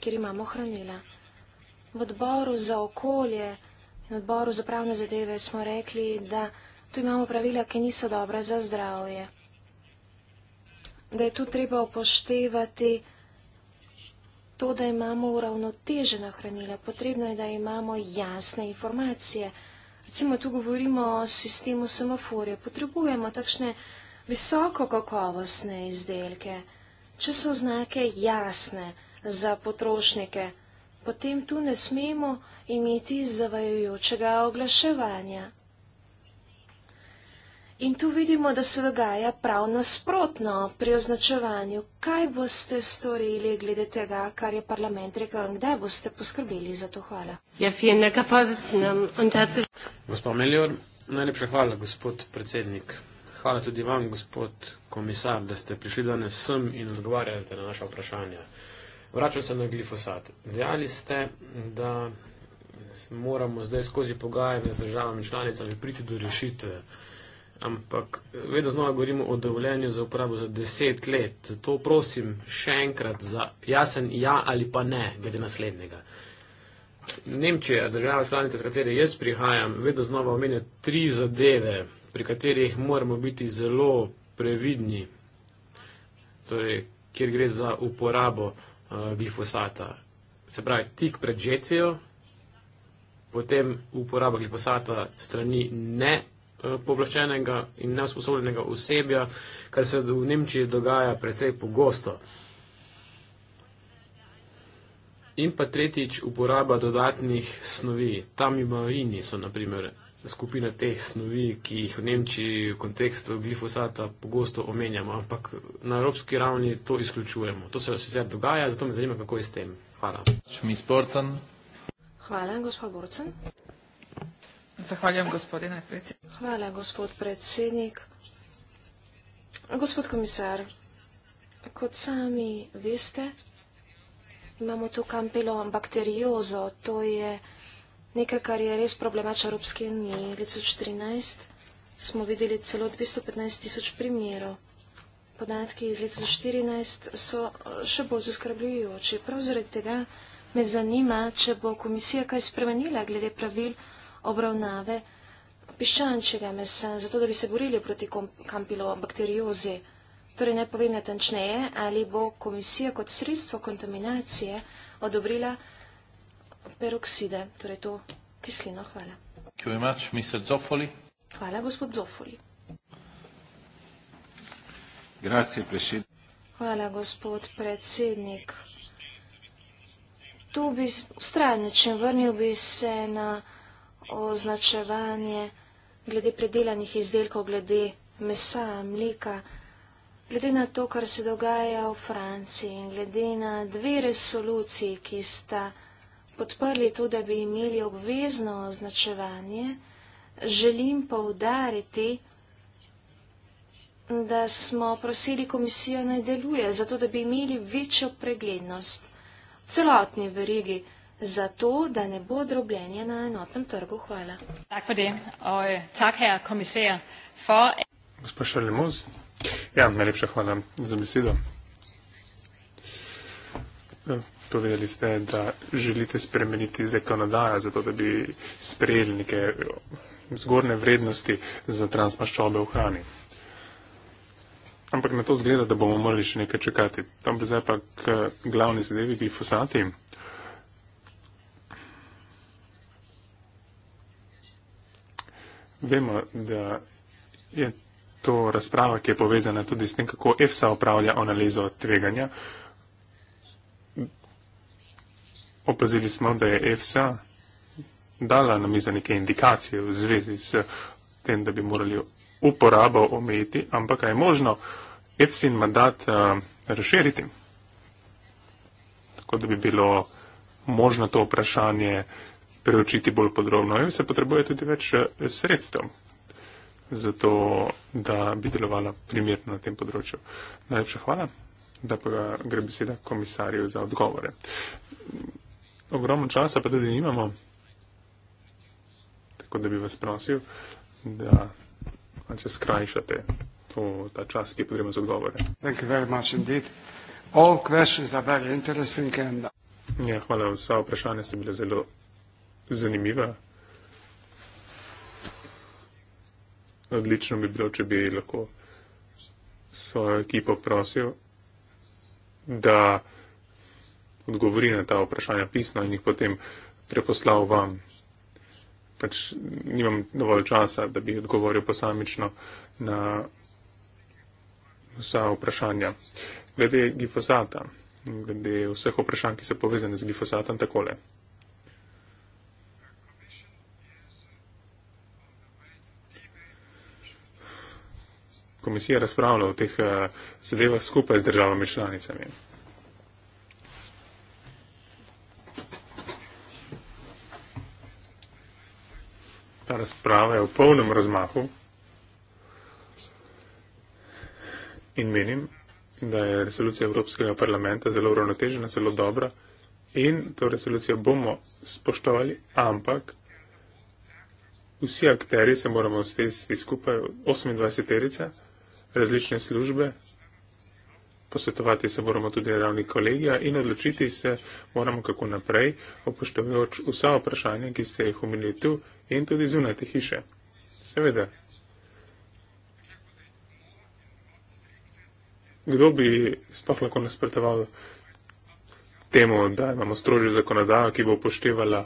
kjer imamo hranila v odboru za okolje in odboru za pravne zadeve smo rekli, da tu imamo pravila, ki niso dobra za zdravje. Da je tu treba upoštevati to, da imamo uravnotežena hranila. Potrebno je, da imamo jasne informacije. Recimo tu govorimo o sistemu semaforja. Potrebujemo takšne visoko kakovostne izdelke. Če so znake jasne za potrošnike – potem tu ne smemo imeti zavajojočega oglaševanja. In tu vidimo, da se dogaja prav nasprotno pri označevanju, kaj boste storili glede tega, kar je parlament rekel in kdaj boste poskrbeli za to. Hvala. Ja, gospod Melior, najlepša hvala, gospod predsednik. Hvala tudi vam, gospod komisar, da ste prišli danes sem in odgovarjate na naša vprašanja. Vračam se na glifosat. Dejali ste, da moramo zdaj skozi pogajanje z državami članicami priti do rešitve. Ampak vedno znova govorimo o dovoljenju za uporabo za deset let. To prosim še enkrat za jasen ja ali pa ne, glede naslednjega. Nemčija, država članica, z katere jaz prihajam, vedno znova omenja tri zadeve, pri katerih moramo biti zelo previdni, torej, kjer gre za uporabo Eh, glifosata. Se pravi, tik pred žetvijo, potem uporaba glifosata strani ne eh, pooblaščenega in neusposobljenega osebja, kar se v Nemčiji dogaja precej pogosto. In pa tretjič, uporaba dodatnih snovi, tamimaini so naprimer skupina teh snovi, ki jih v Nemčiji v kontekstu glifosata pogosto omenjamo, ampak na evropski ravni to izključujemo. To se sicer dogaja, zato me zanima, kako je s tem. Hvala. Hvala, gospod Borcen. Zahvaljujem, gospodine predsednik. Hvala, gospod predsednik. Gospod komisar, kot sami veste, imamo tu kampilo bakteriozo, to je nekaj, kar je res problemač Evropske unije. Leto 2014 smo videli celo 215 tisoč primerov. Podatki iz leta 2014 so eh, še bolj zaskrbljujoči. Prav zaradi tega me zanima, če bo komisija kaj spremenila glede pravil obravnave piščančega mesa, zato da bi se borili proti kampilobakteriozi. Torej ne povem natančneje, ali bo komisija kot sredstvo kontaminacije odobrila peroksida, torej to kislino. Hvala. Much, hvala, gospod Zofoli. Grazie, hvala, gospod predsednik. Tu bi ustrajničen, vrnil bi se na označevanje glede predelanih izdelkov, glede mesa, mlika, glede na to, kar se dogaja v Franciji in glede na dve resoluciji, ki sta podprli to, da bi imeli obvezno označevanje, želim pa udariti, da smo prosili komisijo naj deluje, zato da bi imeli večjo preglednost celotni verigi, zato da ne bo drobljenje na enotnem trgu. Hvala. Tak for det. O, øh, tak, her, komisija, for... Gospod Šalimuz, ja, najlepša hvala za besedo. Povedali ste, da želite spremeniti zakonodajo, zato da bi sprejeli neke zgorne vrednosti za transmaščobe v hrani. Ampak na to zgleda, da bomo morali še nekaj čakati. Tam bi zdaj pa k glavni zadevi glifosati. Vemo, da je to razprava, ki je povezana tudi s tem, kako EFSA upravlja analizo tveganja. Uh, opazili smo, da je EFSA dala na mizo neke indikacije v zvezi s tem, da bi morali uporabo omejiti, ampak je možno EFSA-in mandat razširiti. Tako da bi bilo možno to vprašanje preučiti bolj podrobno. EFSA potrebuje tudi več sredstev za to, da bi delovala primerno na tem področju. Najlepša hvala, da pa gre beseda komisarju za odgovore ogromno časa, pa tudi nimamo. Tako da bi vas prosil, da se skrajšate to, ta čas, ki je potreben za odgovore. Ja, hvala, vsa vprašanja so bila zelo zanimiva. Odlično bi bilo, če bi lahko svojo ekipo prosil, da odgovori na ta vprašanja pisno in jih potem preposlal vam. Pač nimam dovolj časa, da bi odgovoril posamično na vsa vprašanja. Glede glifosata, glede vseh vprašanj, ki so povezane z glifosatom, takole. Komisija razpravlja o teh eh, zadevah skupaj z državami članicami. ta razprava je v polnem razmahu in menim, da je resolucija Evropskega parlamenta zelo uravnotežena, zelo dobra in to resolucijo bomo spoštovali, ampak vsi akteri se moramo stesti skupaj, 28 terice, različne službe, posvetovati se moramo tudi ravni kolegija in odločiti se moramo kako naprej, opoštevajoč vsa vprašanja, ki ste jih umili tu in tudi zunaj te hiše. Seveda. Kdo bi sploh lahko nasprotoval temu, da imamo strožjo zakonodajo, ki bo upoštevala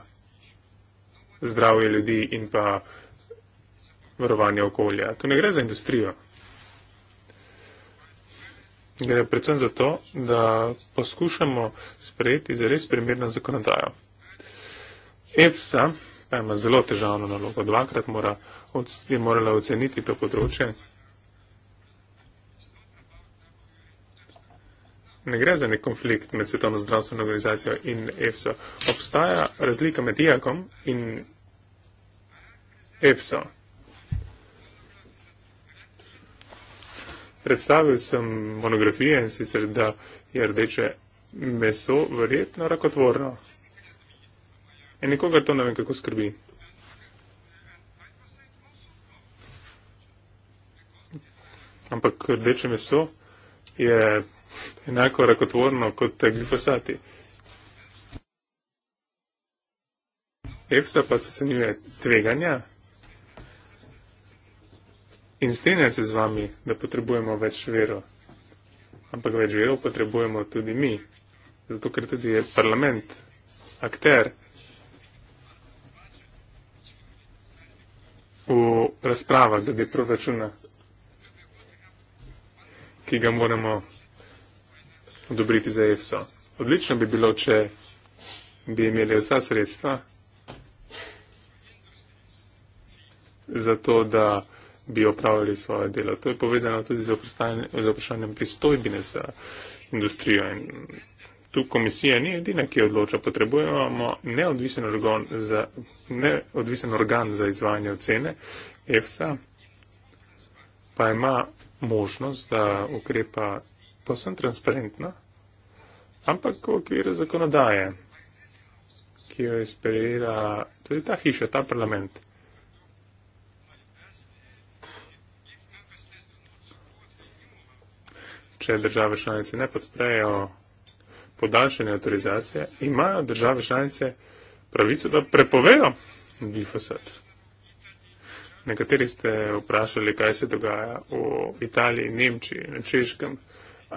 zdravje ljudi in pa varovanje okolja? Tu ne gre za industrijo gre predvsem za to, da poskušamo sprejeti zares primerno zakonodajo. EFSA pa ima zelo težavno nalogo. Dvakrat mora, je morala oceniti to področje. Ne gre za nek konflikt med Svetovno zdravstveno organizacijo in EFSA. Obstaja razlika med IAKOM in EFSA. Predstavil sem monografije in sicer, da je rdeče meso verjetno rakotvorno. In nikogar to ne vem, kako skrbi. Ampak rdeče meso je enako rakotvorno kot glifosati. EFSA pa se senjuje tveganja. In strinjam se z vami, da potrebujemo več vero. Ampak več vero potrebujemo tudi mi. Zato, ker tudi je parlament akter v razprava glede proračuna, ki ga moramo odobriti za EFSO. Odlično bi bilo, če bi imeli vsa sredstva za to, da bi opravljali svoje delo. To je povezano tudi z vprašanjem pristojbine za industrijo. In tu komisija ni edina, ki odloča. Potrebujemo neodvisen organ za, neodvisen organ za izvajanje ocene. EFSA pa ima možnost, da ukrepa posem transparentno, ampak v okviru zakonodaje, ki jo je sprejela tudi ta hiša, ta parlament. če države članice ne podprejo podaljšanje avtorizacije, imajo države članice pravico, da prepovejo glifosat. Nekateri ste vprašali, kaj se dogaja v Italiji, Nemčiji, na Češkem,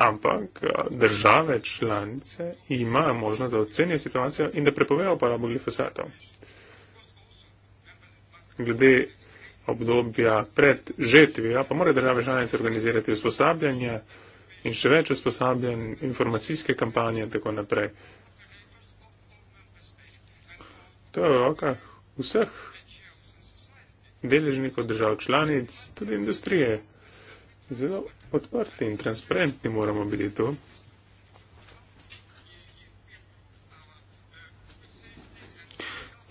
ampak eh, države članice imajo možnost, da ocenijo situacijo in da prepovejo uporabo glifosatov. Glede obdobja pred žetvijo, pa mora država članice organizirati usposabljanje, in še več usposabljanj, informacijske kampanje in tako naprej. To je v rokah vseh deležnikov držav članic, tudi industrije. Zelo odprti in transparentni moramo biti tu.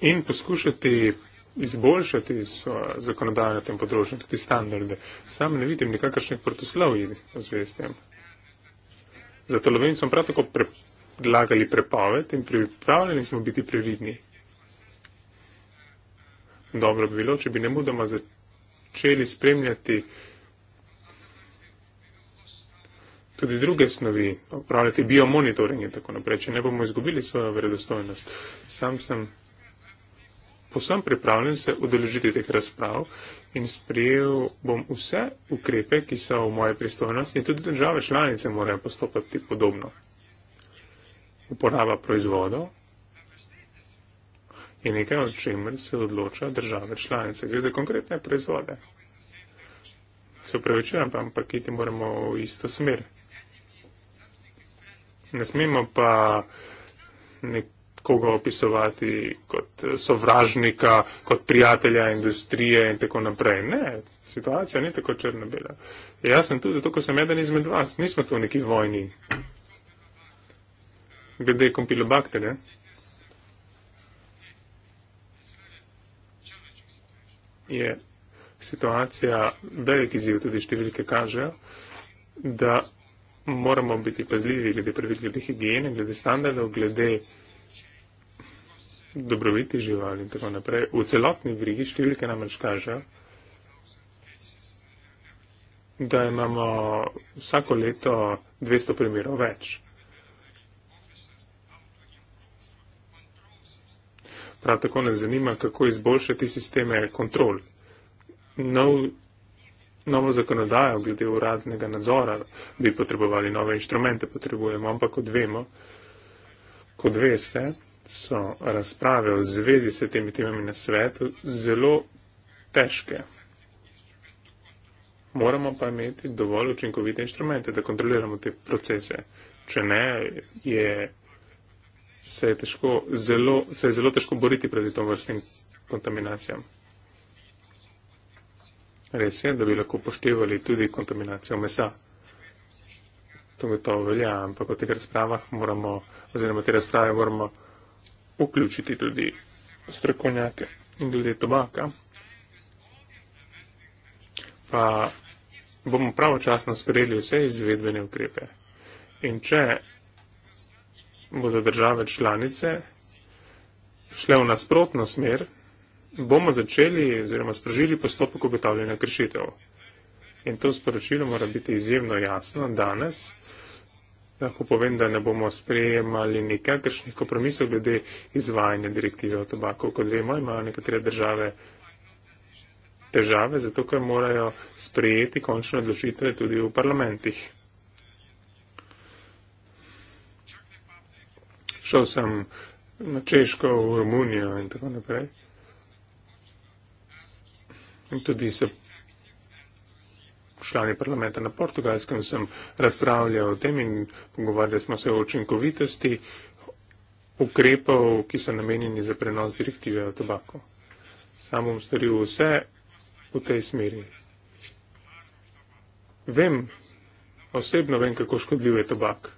In poskušati izboljšati svoje zakonodaje na tem področju, tudi standarde. Sam ne vidim nekakršnih protislovij v zvezi s tem. Za telovin smo prav tako predlagali prepoved in pripravljeni smo biti previdni. Dobro bi bilo, če bi ne mudoma začeli spremljati tudi druge snovi, upravljati biomonitoring in tako naprej, če ne bomo izgubili svojo verodostojnost. Sam sem posem pripravljen se udeležiti teh razprav in sprijel bom vse ukrepe, ki so v moje pristojnosti in tudi države članice morajo postopati podobno. Uporaba proizvodov je nekaj, o čemer se odloča države članice. Gre za konkretne proizvode. Se upravičujem, ampak iti moramo v isto smer. Ne smemo pa nek koga opisovati kot eh, sovražnika, kot prijatelja industrije in tako naprej. Ne, situacija ni tako črno-bela. Jaz sem tu zato, ker sem eden izmed vas. Nismo tu v neki vojni. Glede kompilobakterja. Je situacija velik izziv, tudi številke kažejo, da moramo biti pazljivi glede pravil, glede higiene, glede standardov, glede dobrobiti živali in tako naprej. V celotni vrigi številke nam reč kažejo, da imamo vsako leto 200 primerov več. Prav tako nas zanima, kako izboljšati sisteme kontrol. Nov, novo zakonodajo glede uradnega nadzora bi potrebovali, nove inštrumente potrebujemo, ampak kot vemo, kot veste, so razprave v zvezi s temi temami na svetu zelo težke. Moramo pa imeti dovolj učinkovite inštrumente, da kontroliramo te procese. Če ne, je, se, je težko, zelo, se je zelo težko boriti proti tom vrstnim kontaminacijam. Res je, da bi lahko poštevali tudi kontaminacijo mesa. To gotovo velja, ampak v teh razpravah moramo, oziroma te razprave moramo vključiti tudi strokovnjake glede tobaka. Pa bomo pravočasno sprejeli vse izvedbene ukrepe. In če bodo države članice šle v nasprotno smer, bomo začeli oziroma sprožili postopek ugotavljanja kršitev. In to sporočilo mora biti izjemno jasno danes lahko povem, da ne bomo sprejemali nekakršnih kompromisov glede izvajanja direktive o tobaku. Kot vemo, imajo nekatere države težave, zato ker morajo sprejeti končno odločitve tudi v parlamentih. Šel sem na Češko, v Romunijo in tako naprej. In tudi se člani parlamenta na portugalskem, sem razpravljal o tem in pogovarjali smo se o učinkovitosti ukrepov, ki so namenjeni za prenos direktive o tobaku. Sam bom storil vse v tej smeri. Vem, osebno vem, kako škodljiv je tobak.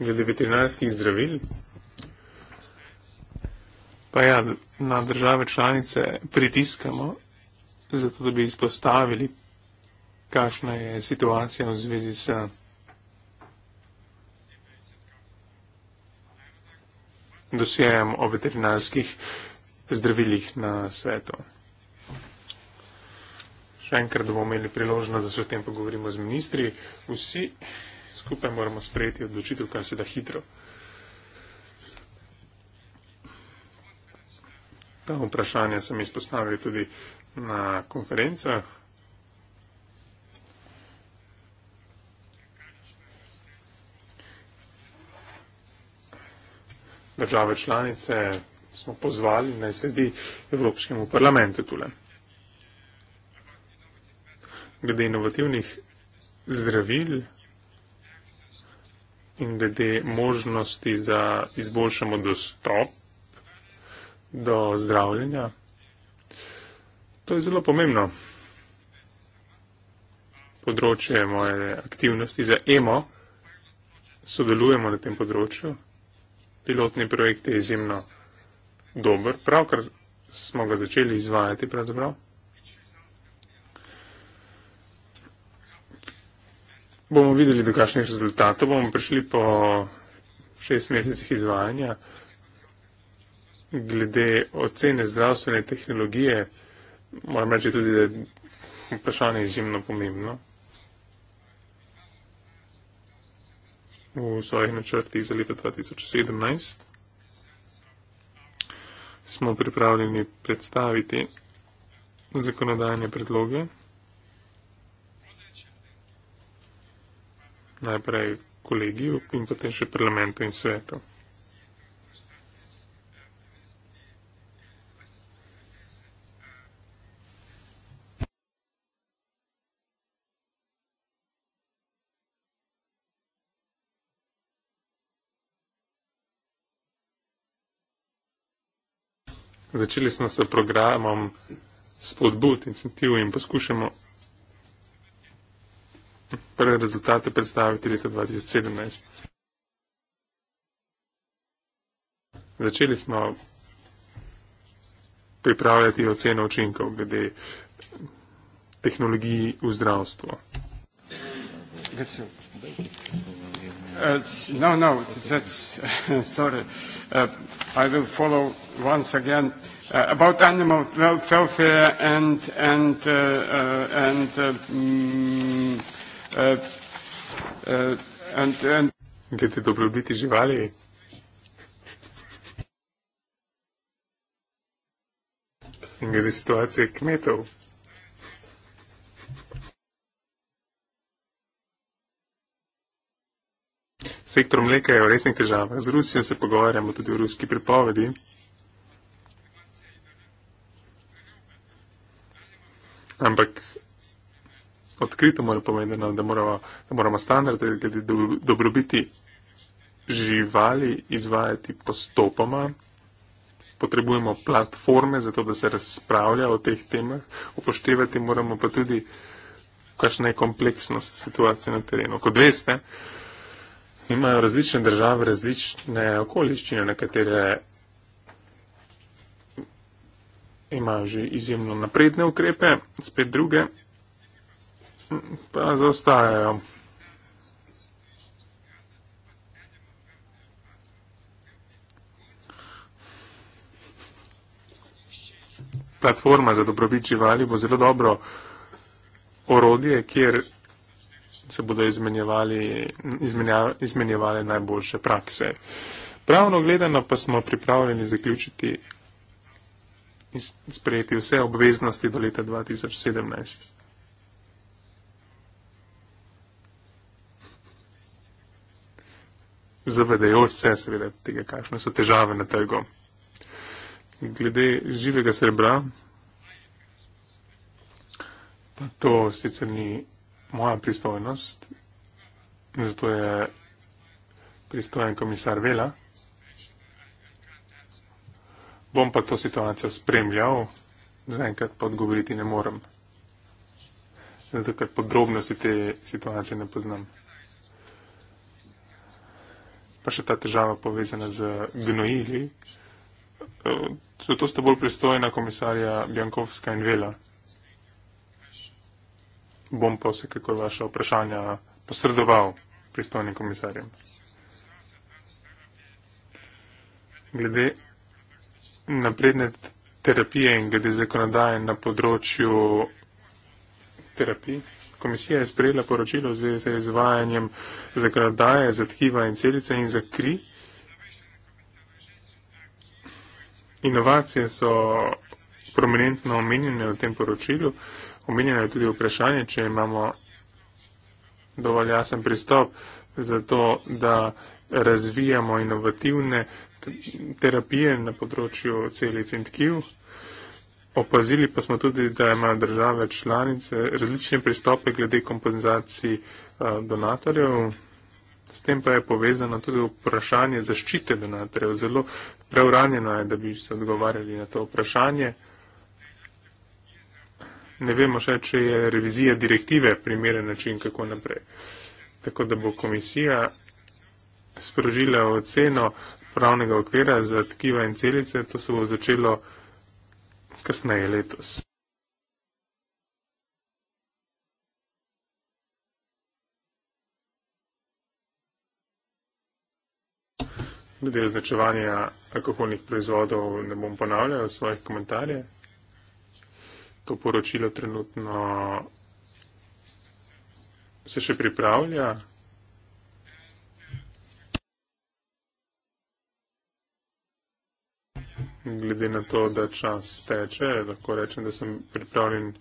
glede veterinarskih zdravil. Pa ja, na države članice pritiskamo, zato da bi izpostavili, kakšna je situacija v zvezi s. dosjejem o veterinarskih zdravilih na svetu. Še enkrat bomo imeli priložnost, da se o tem pogovorimo z ministri. Vsi skupaj moramo sprejeti odločitev, kar se da hitro. Ta vprašanja sem izpostavil tudi na konferencah. Države članice smo pozvali naj sledi Evropskemu parlamentu tule. Glede inovativnih zdravil in glede možnosti za izboljšamo dostop do zdravljenja. To je zelo pomembno področje moje aktivnosti za EMO. Sodelujemo na tem področju. Pilotni projekt je izjemno dober, pravkar smo ga začeli izvajati pravzaprav. bomo videli, do kakšnih rezultatov bomo prišli po šest mesecih izvajanja. Glede ocene zdravstvene tehnologije, moram reči tudi, da je vprašanje izjemno pomembno. V svojih načrtih za leto 2017 smo pripravljeni predstaviti zakonodajne predloge. najprej kolegiju in potem še parlamentu in svetu. Začeli smo s programom spodbud, incentivov in poskušamo prve rezultate predstaviti leta 2017. Začeli smo pripravljati oceno učinkov glede tehnologiji v zdravstvu. Uh, no, no, that's uh, sorry. Uh, I will follow once again uh, about animal welfare and and uh, uh, and. Uh, mm, Uh, uh, Gre te dobrobiti živali? In glede situacije kmetov. Sektor mleka je v resnih težavah. Z Rusijo se pogovarjamo tudi o ruski prepovedi. Ampak odkrito mora povedano, da moramo, da moramo standarde glede dobrobiti živali izvajati postopoma. Potrebujemo platforme za to, da se razpravlja o teh temah. Upoštevati moramo pa tudi, kakšna je kompleksnost situacije na terenu. Kot veste, imajo različne države različne okoliščine, na katere imajo že izjemno napredne ukrepe, spet druge pa zaostajajo. Platforma za dobrobit živali bo zelo dobro orodje, kjer se bodo izmenjevali najboljše prakse. Pravno gledano pa smo pripravljeni zaključiti in sprejeti vse obveznosti do leta 2017. zavedajoč se seveda tega, kakšne so težave na trgu. Glede živega srebra, pa to sicer ni moja pristojnost, zato je pristojen komisar Vela. Bom pa to situacijo spremljal, zaenkrat pa odgovoriti ne morem, zato ker podrobnosti te situacije ne poznam pa še ta težava povezana z gnojili. Eh, Zato sta bolj pristojna komisarja Bjankovska in Vela. Bom pa vse kako vaše vprašanja posredoval pristojnim komisarjem. Glede napredne terapije in glede zakonodaje na področju terapije. Komisija je sprejela poročilo v zvezi z izvajanjem zakonodaje za tkiva in celice in za kri. Inovacije so prominentno omenjene v tem poročilu. Omenjeno je tudi vprašanje, če imamo dovolj jasen pristop za to, da razvijamo inovativne terapije na področju celic in tkiv opazili pa smo tudi, da imajo države članice različne pristope glede kompenzacij eh, donatorjev. S tem pa je povezano tudi vprašanje zaščite donatorjev. Zelo preuranjeno je, da bi se odgovarjali na to vprašanje. Ne vemo še, če je revizija direktive primeren način, kako naprej. Tako da bo komisija sprožila oceno pravnega okvira za tkiva in celice. To se bo začelo kasneje letos. Glede označevanja alkoholnih proizvodov ne bom ponavljal svojih komentarjev. To poročilo trenutno se še pripravlja. glede na to, da čas teče, lahko rečem, da sem pripravljen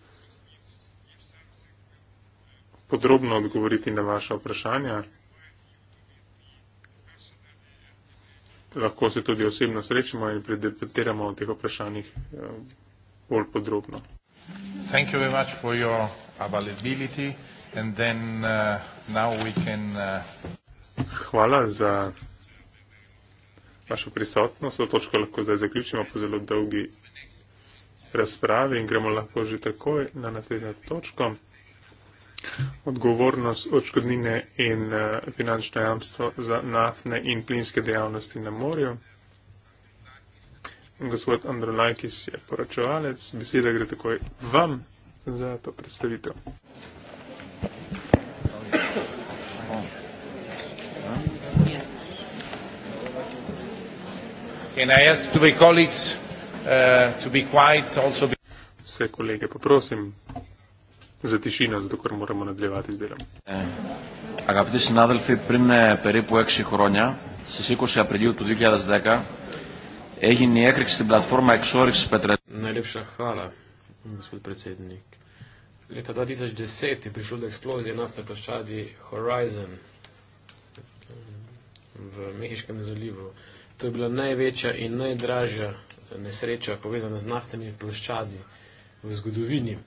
podrobno odgovoriti na vaše vprašanja. Lahko se tudi osebno srečimo in predepetiramo o teh vprašanjih eh, bolj podrobno. Thank you very much for your availability and then uh, now we can uh... Hvala za vašo prisotnost. To točko lahko zdaj zaključimo po zelo dolgi razpravi in gremo lahko že takoj na naslednjo točko. Odgovornost odškodnine in eh, finančno jamstvo za naftne in plinske dejavnosti na morju. Gospod Androlajkis je poročevalec. Beseda gre takoj vam za to predstavitev. Uh, Vse kolege pa prosim za tišino, zato ker moramo nadaljevati z delom. Αγαπητοί συνάδελφοι, πριν περίπου έξι χρόνια, στις 20 Απριλίου του 2010, έγινε η έκρηξη στην πλατφόρμα εξόρυξης πετρελαίου. Horizon в Мехичском заливу. To je bila največja in najdražja nesreča, povezana z naftnimi ploščadi v zgodovini.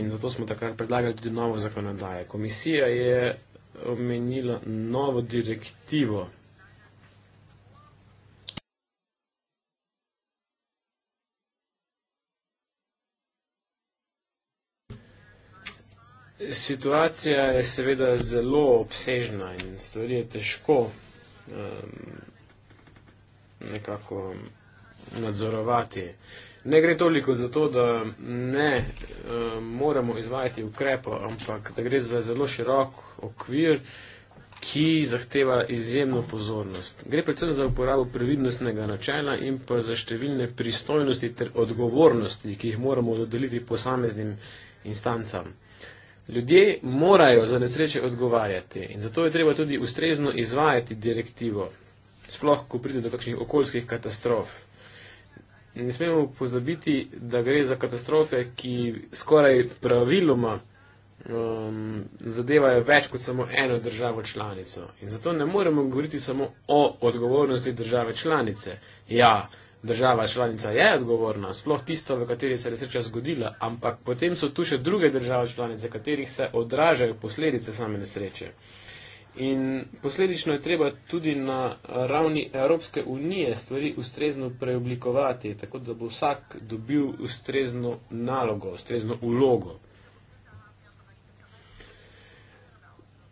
In zato smo takrat predlagali tudi novo zakonodajo. Komisija je omenila novo direktivo. Situacija je seveda zelo obsežna in stvari je težko um, nekako nadzorovati. Ne gre toliko za to, da ne eh, moramo izvajati ukrepo, ampak da gre za zelo širok okvir, ki zahteva izjemno pozornost. Gre predvsem za uporabo previdnostnega načela in pa za številne pristojnosti ter odgovornosti, ki jih moramo dodeliti posameznim instancam. Ljudje morajo za nesreče odgovarjati in zato je treba tudi ustrezno izvajati direktivo sploh, ko pride do kakšnih okoljskih katastrof. Ne smemo pozabiti, da gre za katastrofe, ki skoraj praviloma um, zadevajo več kot samo eno državo članico. In zato ne moremo govoriti samo o odgovornosti države članice. Ja, država članica je odgovorna, sploh tisto, v kateri se je nesreča zgodila, ampak potem so tu še druge države članice, katerih se odražajo posledice same nesreče. In posledično je treba tudi na ravni Evropske unije stvari ustrezno preoblikovati, tako da bo vsak dobil ustrezno nalogo, ustrezno ulogo.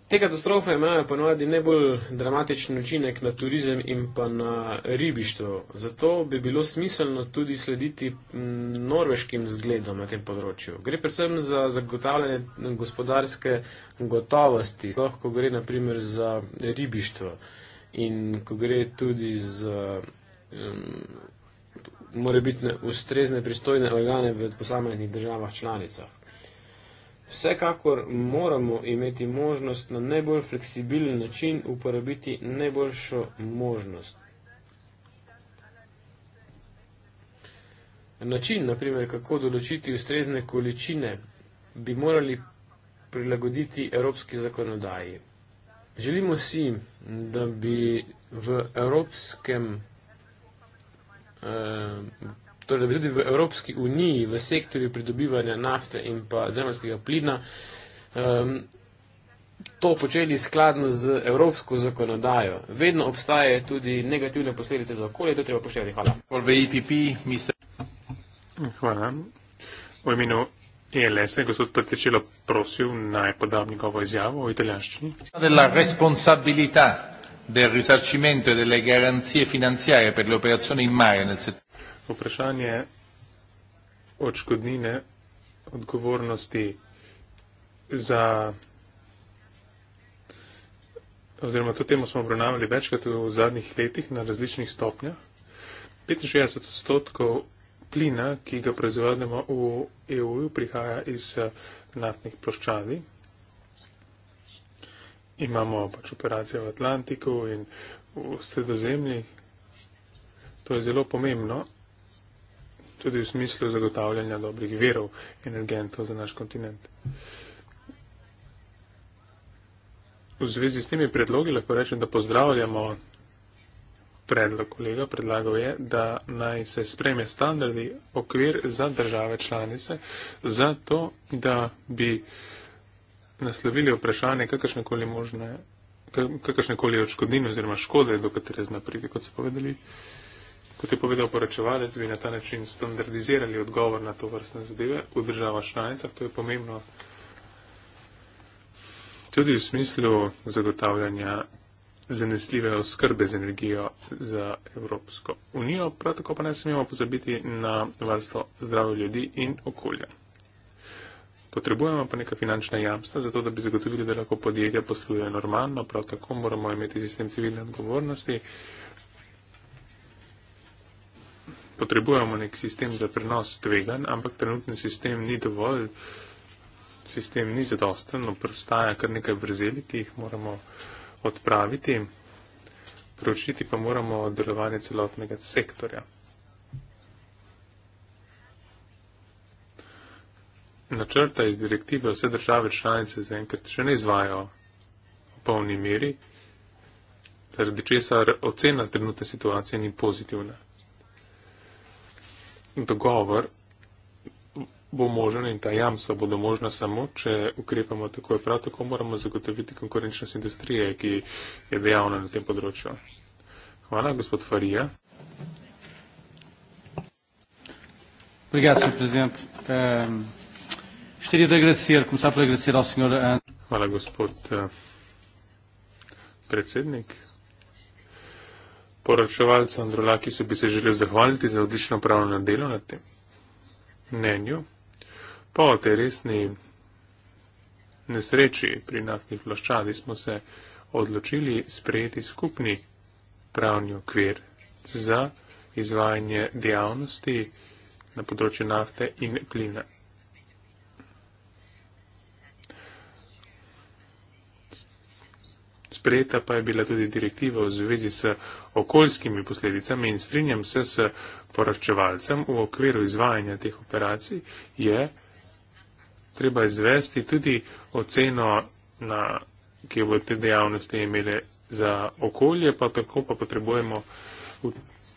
Te katastrofe imajo ponovadi najbolj dramatičen učinek na turizem in pa na ribištvo. Zato bi bilo smiselno tudi slediti norveškim zgledom na tem področju. Gre predvsem za zagotavljanje gospodarske gotovosti, lahko gre naprimer za ribištvo in ko gre tudi za um, morebitne ustrezne pristojne organe v posameznih državah članicah. Vsekakor moramo imeti možnost na najbolj fleksibilen način uporabiti najboljšo možnost. Način, naprimer, kako določiti ustrezne količine, bi morali prilagoditi evropski zakonodaji. Želimo si, da bi v evropskem eh, torej, da bi tudi v Evropski uniji v sektorju pridobivanja nafte in pa zemljskega plina um, to počeli skladno z evropsko zakonodajo. Vedno obstajajo tudi negativne posledice za okolje, to treba poštevati. Hvala. E Hvala. V imenu ELS je gospod Petričilo prosil naj podam njegovo izjavo v italijanščini. Della responsabilità del risarcimento e delle garanzie finanziarie per le operazioni in mare nel settore vprašanje odškodnine, odgovornosti za. Oziroma, to temo smo obravnavali večkrat v zadnjih letih na različnih stopnjah. 65 odstotkov plina, ki ga proizvodimo v EU, prihaja iz eh, naftnih ploščadi. Imamo pač operacije v Atlantiku in v sredozemlji. To je zelo pomembno, tudi v smislu zagotavljanja dobrih verov energentov za naš kontinent. V zvezi s temi predlogi lahko rečem, da pozdravljamo predlog kolega, predlagal je, da naj se spreme standardi okvir za države članice, zato da bi naslovili vprašanje kakršnekoli možne kakršnekoli odškodnine oziroma škode, do katere zna priti, kot so povedali. Kot je povedal poročevalec, bi na ta način standardizirali odgovor na to vrstne zadeve v državah članicah. To je pomembno tudi v smislu zagotavljanja zanesljive oskrbe z energijo za Evropsko unijo, prav tako pa ne smemo pozabiti na varstvo zdravja ljudi in okolja. Potrebujemo pa neka finančna jamstva, zato da bi zagotovili, da lahko podjetja poslujejo normalno, prav tako moramo imeti sistem civilne odgovornosti, potrebujemo nek sistem za prenos tvegan, ampak trenutni sistem ni dovolj, sistem ni zadosten, oprostaja kar nekaj brzeli, ki jih moramo odpraviti, preučiti pa moramo delovanje celotnega sektorja. Načrta iz direktive vse države članice zaenkrat še ne izvajo v polni meri, zaradi česar ocena trenutne situacije ni pozitivna dogovor bo možen in ta jamstva bodo možna samo, če ukrepamo tako. Prav tako moramo zagotoviti konkurenčnost industrije, ki je dejavna na tem področju. Hvala, gospod Farija. Ehm, eh, Hvala, gospod eh, predsednik poročevalcu Androlakisu bi se želel zahvaliti za odlično upravljeno delo na tem mnenju. Po tej resni nesreči pri naftnih ploščadi smo se odločili sprejeti skupni pravni okvir za izvajanje dejavnosti na področju nafte in plina. Sprejeta pa je bila tudi direktiva v zvezi s okoljskimi posledicami in strinjam se s poročevalcem v okviru izvajanja teh operacij, je treba izvesti tudi oceno, na, ki jo bo te dejavnosti imele za okolje, pa tako pa potrebujemo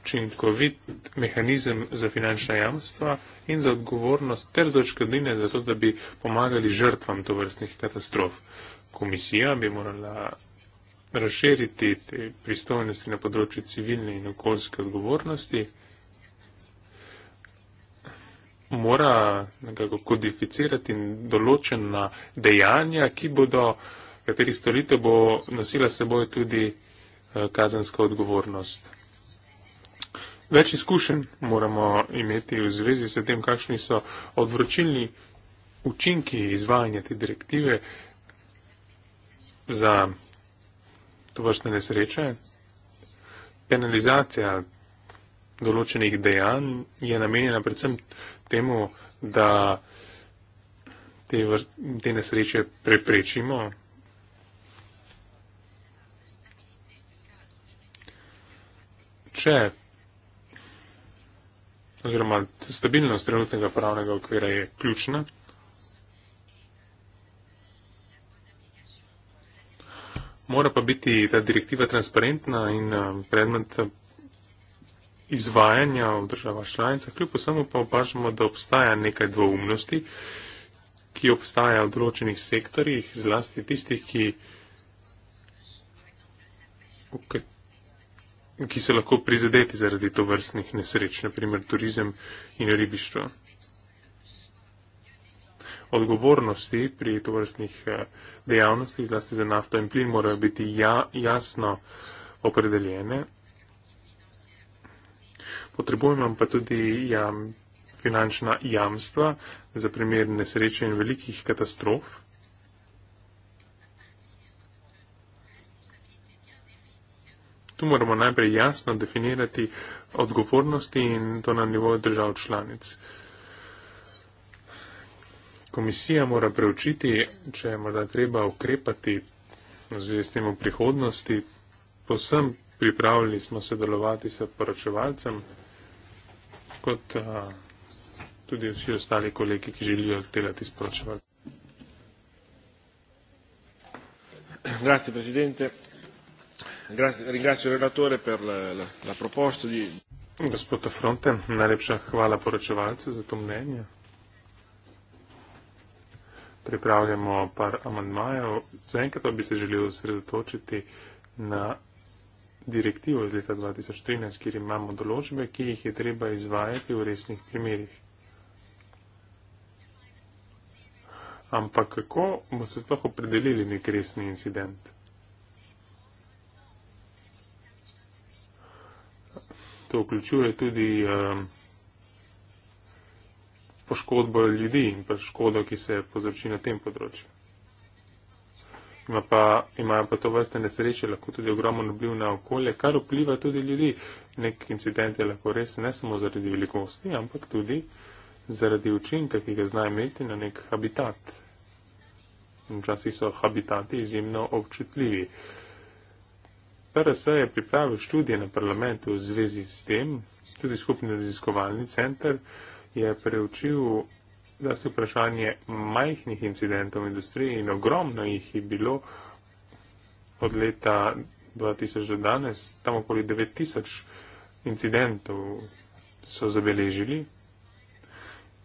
učinkovit mehanizem za finančna jamstva in za odgovornost ter za očkodnine, zato da bi pomagali žrtvam tovrstnih katastrof. Komisija bi morala razširiti te pristojnosti na področju civilne in okoljske odgovornosti, mora nekako kodificirati določena dejanja, ki bodo, kateri storitev bo nosila seboj tudi eh, kazenska odgovornost. Več izkušenj moramo imeti v zvezi s tem, kakšni so odvročilni učinki izvajanja te direktive za to vrstne nesreče, penalizacija določenih dejanj je namenjena predvsem temu, da te, vr, te nesreče preprečimo. Če oziroma stabilnost trenutnega pravnega okvira je ključna, mora pa biti ta direktiva transparentna in eh, predmet eh, izvajanja v državah članicah. Kljub vsemu pa opažamo, da obstaja nekaj dvoumnosti, ki obstaja v določenih sektorjih, zlasti tistih, ki, ki so lahko prizadeti zaradi to vrstnih nesreč, naprimer turizem in ribištvo odgovornosti pri tovrstnih eh, dejavnostih, zlasti za nafto in plin, morajo biti ja, jasno opredeljene. Potrebujemo pa tudi jam, finančna jamstva za primer nesreče in velikih katastrof. Tu moramo najprej jasno definirati odgovornosti in to na nivoju držav članic komisija mora preučiti, če je morda treba ukrepati v zvezi s tem v prihodnosti. Posem pripravljeni smo sodelovati s poročevalcem, kot a, eh, tudi vsi ostali kolegi, ki želijo delati s poročevalcem. Grazie Presidente, Grazie, ringrazio il relatore per la, la, la proposta di... Gospod Fronten, najlepša hvala poročevalcu za to mnenje pripravljamo par amandmajev. Zaenkrat pa bi se želel osredotočiti na direktivo iz leta 2013, kjer imamo določbe, ki jih je treba izvajati v resnih primerjih. Ampak kako bomo se sploh opredelili nek resni incident? To vključuje tudi um, poškodbo ljudi in pa škodo, ki se povzroči na tem področju. Ima pa, imajo pa to vrste nesreče lahko tudi ogromno vpliv na okolje, kar vpliva tudi ljudi. Nek incident je lahko res ne samo zaradi velikosti, ampak tudi zaradi učinka, ki ga zna imeti na nek habitat. Včasih so habitati izjemno občutljivi. PRS je pripravil študije na parlamentu v zvezi s tem, tudi skupni raziskovalni center je preučil da se vprašanje majhnih incidentov v industriji in ogromno jih je bilo od leta 2000 do danes, tam okoli 9000 incidentov so zabeležili,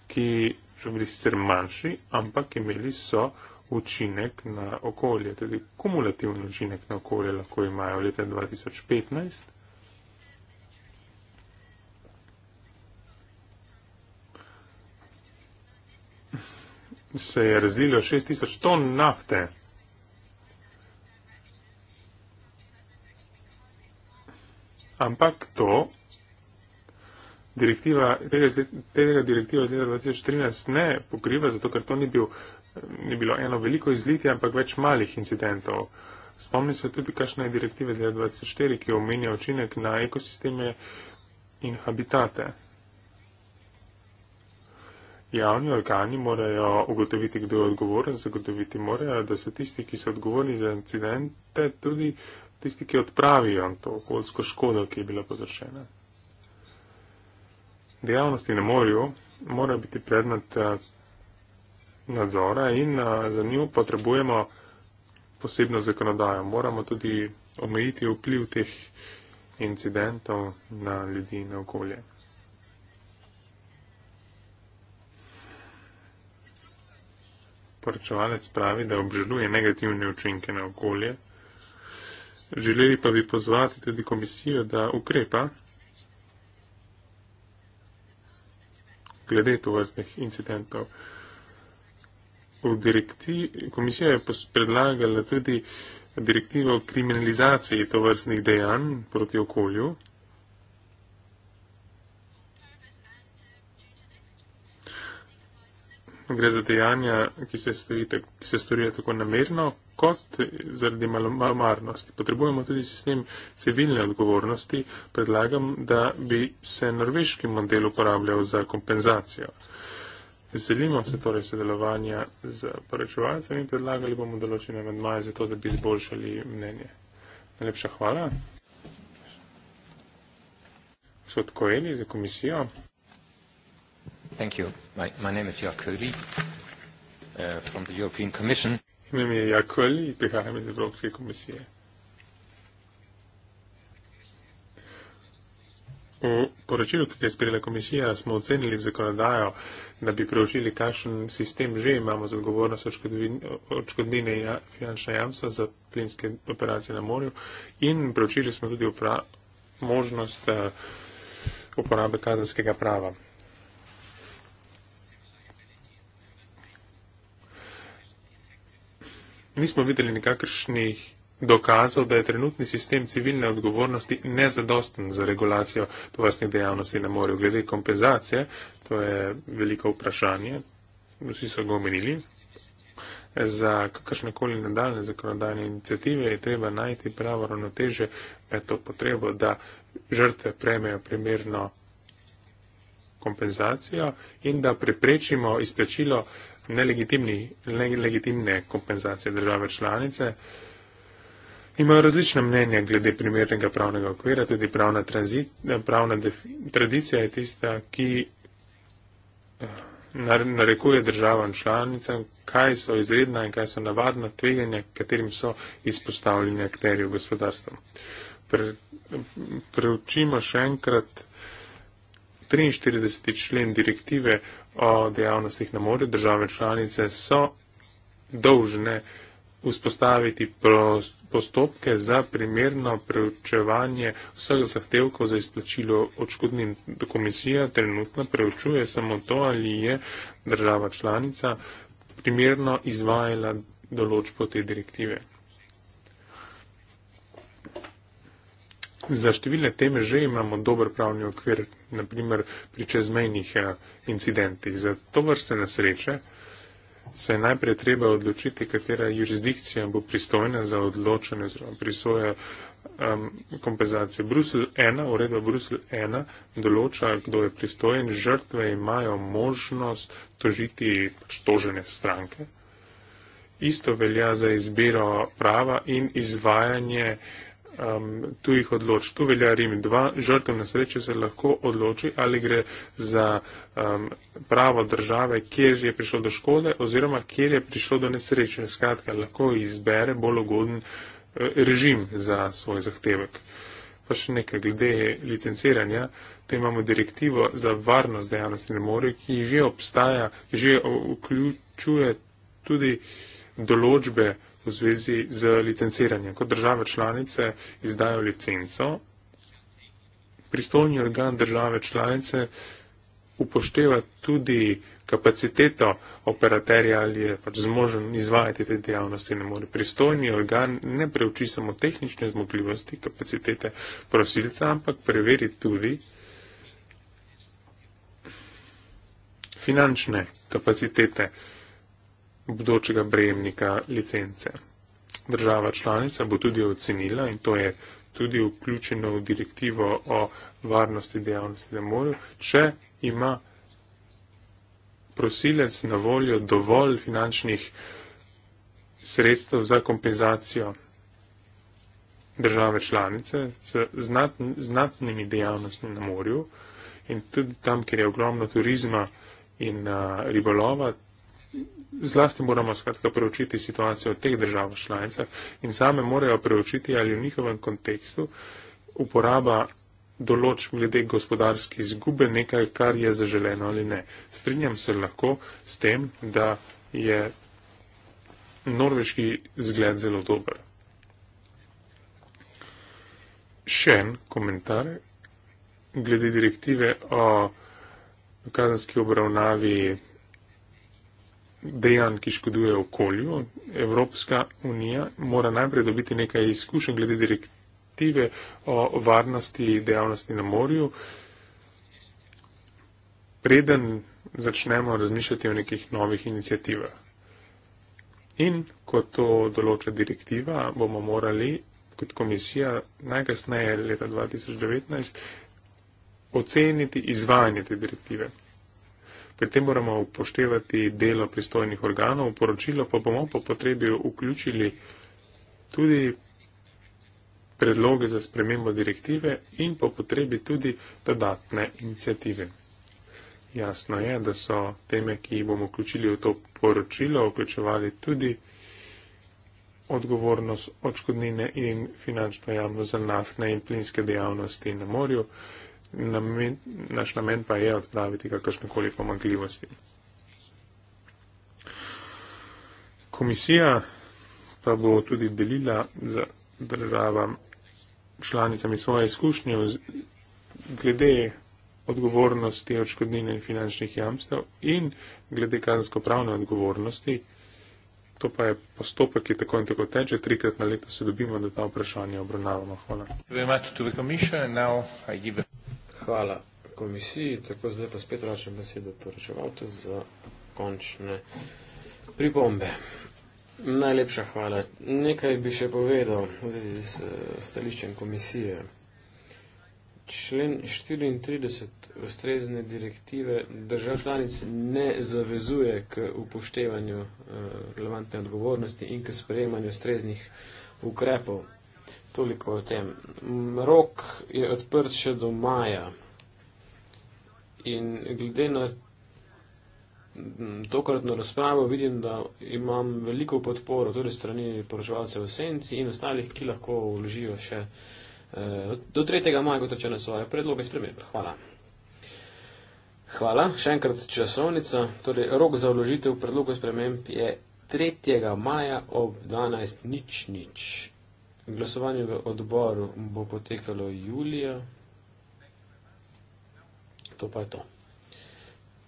ki so bili sicer manjši, ampak imeli so učinek na okolje, tudi kumulativni učinek na okolje lahko imajo leta 2015, se je razlilo 6000 ton nafte. Ampak to, direktiva, tega, tega direktiva iz leta 2013 ne pokriva, zato ker to ni, bil, ni bilo eno veliko izlitje, ampak več malih incidentov. Spomnim se tudi, kakšna je direktiva iz leta 2004, ki omenja učinek na ekosisteme in habitate javni organi morajo ugotoviti, kdo je odgovoren, zagotoviti morajo, da so tisti, ki so odgovorni za incidente, tudi tisti, ki odpravijo to okoljsko škodo, ki je bila povzročena. Dejavnosti na morju morajo biti predmet eh, nadzora in eh, za njo potrebujemo posebno zakonodajo. Moramo tudi omejiti vpliv teh incidentov na ljudi in na okolje. poročevalec pravi, da obžaluje negativne učinke na okolje. Želeli pa bi pozvati tudi komisijo, da ukrepa glede tovrstnih incidentov. V direktivi, komisija je predlagala tudi direktivo o kriminalizaciji tovrstnih dejanj proti okolju. gre za dejanja, ki se, storite, ki se storijo tako namerno, kot zaradi malomarnosti. Potrebujemo tudi sistem civilne odgovornosti. Predlagam, da bi se norveški model uporabljal za kompenzacijo. Veselimo se torej sodelovanja z poročevalcem in predlagali bomo določene medmaje za to, da bi izboljšali mnenje. Najlepša hvala. Gospod Koeni za komisijo. Thank you. My, my name is Jörg Köhli uh, from the European Commission. V poročilu, ki je sprejela komisija, smo ocenili zakonodajo, da bi preužili, kakšen sistem že imamo za odgovornost odškodnine in ja, finančna jamstva za plinske operacije na morju in preučili smo tudi možnost uh, uporabe kazanskega prava. nismo videli nikakršnih dokazov, da je trenutni sistem civilne odgovornosti nezadosten za regulacijo tovrstnih dejavnosti na morju. Glede kompenzacije, to je veliko vprašanje, vsi so ga omenili. Za kakršnekoli nadaljne zakonodajne inicijative je treba najti pravo ravnoteže med to potrebo, da žrtve prejmejo primerno kompenzacijo in da preprečimo izplačilo uh, nelegitimni, nelegitimne kompenzacije države članice. Imajo različna mnenja glede primernega pravnega okvira, tudi pravna, transit, pravna tradicija je tista, ki eh, narekuje državam članicam, kaj so izredna in kaj so navadna tveganja, katerim so izpostavljeni akterji v gospodarstvu. Preučimo še enkrat uh, 43. člen direktive o dejavnostih na morju države članice so dolžne vzpostaviti postopke za primerno preučevanje vseh zahtevkov za izplačilo odškodnin. Komisija trenutno preučuje samo to, ali je država članica primerno izvajala določbo te direktive. Za številne teme že imamo dober pravni okvir, naprimer pri čezmejnih eh, incidentih. Za to vrste nasreče se je najprej treba odločiti, katera jurisdikcija bo pristojna za odločanje oziroma prisoja um, kompenzacije. Brusel 1, uredba Brusel 1 določa, kdo je pristojen, žrtve imajo možnost tožiti štožene pač stranke. Isto velja za izbiro prava in izvajanje uh, um, tujih odločb. Tu velja Rim 2, žrtev nesreče se lahko odloči, ali gre za um, pravo države, kjer je prišlo do škode oziroma kjer je prišlo do nesreče. Skratka, lahko izbere bolj ugoden uh, režim za svoj zahtevek. Pa še nekaj glede licenciranja. Tu imamo direktivo za varnost dejavnosti na morju, ki že obstaja, že vključuje tudi določbe v zvezi z licenciranjem. Kot države članice izdajo licenco, pristolni organ države članice upošteva tudi kapaciteto operaterja ali je pač zmožen izvajati te dejavnosti. Ne more pristojni organ ne preuči samo tehnične zmogljivosti, kapacitete prosilca, ampak preveri tudi finančne kapacitete prosilca bodočega brejemnika licence. Država članica bo tudi ocenila in to je tudi vključeno v direktivo o varnosti dejavnosti na morju, če ima prosilec na voljo dovolj finančnih sredstev za kompenzacijo države članice z znat, znatnimi dejavnostmi na morju in tudi tam, kjer je ogromno turizma in a, ribolova, zlasti moramo skratka preučiti situacijo v teh državah članicah in same morajo preučiti, ali v njihovem kontekstu uporaba določ glede gospodarske izgube nekaj, kar je zaželeno ali ne. Strinjam se lahko s tem, da je norveški zgled zelo dober. Še en komentar glede direktive o kazenski obravnavi dejanj, ki škodujejo okolju. Evropska unija mora najprej dobiti nekaj izkušenj glede direktive o varnosti dejavnosti na morju. Preden začnemo razmišljati o nekih novih inicijativah. In ko to določa direktiva, bomo morali kot komisija najkasneje leta 2019 oceniti izvajanje te direktive. Pri tem moramo upoštevati delo pristojnih organov, poročilo pa bomo po potrebi vključili tudi predloge za spremembo direktive in po potrebi tudi dodatne inicijative. Jasno je, da so teme, ki jih bomo vključili v to poročilo, vključevali tudi odgovornost odškodnine in finančno javnost za naftne in plinske dejavnosti na morju namen, naš namen pa je odpraviti kakršne koli pomagljivosti. Komisija pa bo tudi delila z državam članicami svoje izkušnje glede odgovornosti, odškodnine in finančnih jamstev in glede kazensko-pravne odgovornosti to pa je postopek, ki tako in tako teče, trikrat na leto se dobimo, da ta vprašanja obravnavamo. Hvala. Hvala komisiji, tako zdaj pa spet vračam besedo poročevalcu za končne pripombe. Najlepša hvala. Nekaj bi še povedal z stališčem komisije člen 34 ustrezne direktive držav članic ne zavezuje k upoštevanju eh, relevantne odgovornosti in k sprejemanju ustreznih ukrepov. Toliko o tem. Rok je odprt še do maja in glede na tokratno razpravo vidim, da imam veliko podporo tudi torej strani poročevalcev v Senci in ostalih, ki lahko vložijo še uh, Eh, do 3. maja bodo rečene svoje predloge sprememb. Hvala. Hvala. Še enkrat časovnica. Torej, rok za vložitev predlogov sprememb je 3. maja ob 12. nič nič. Glasovanje v odboru bo potekalo julija. To pa je to.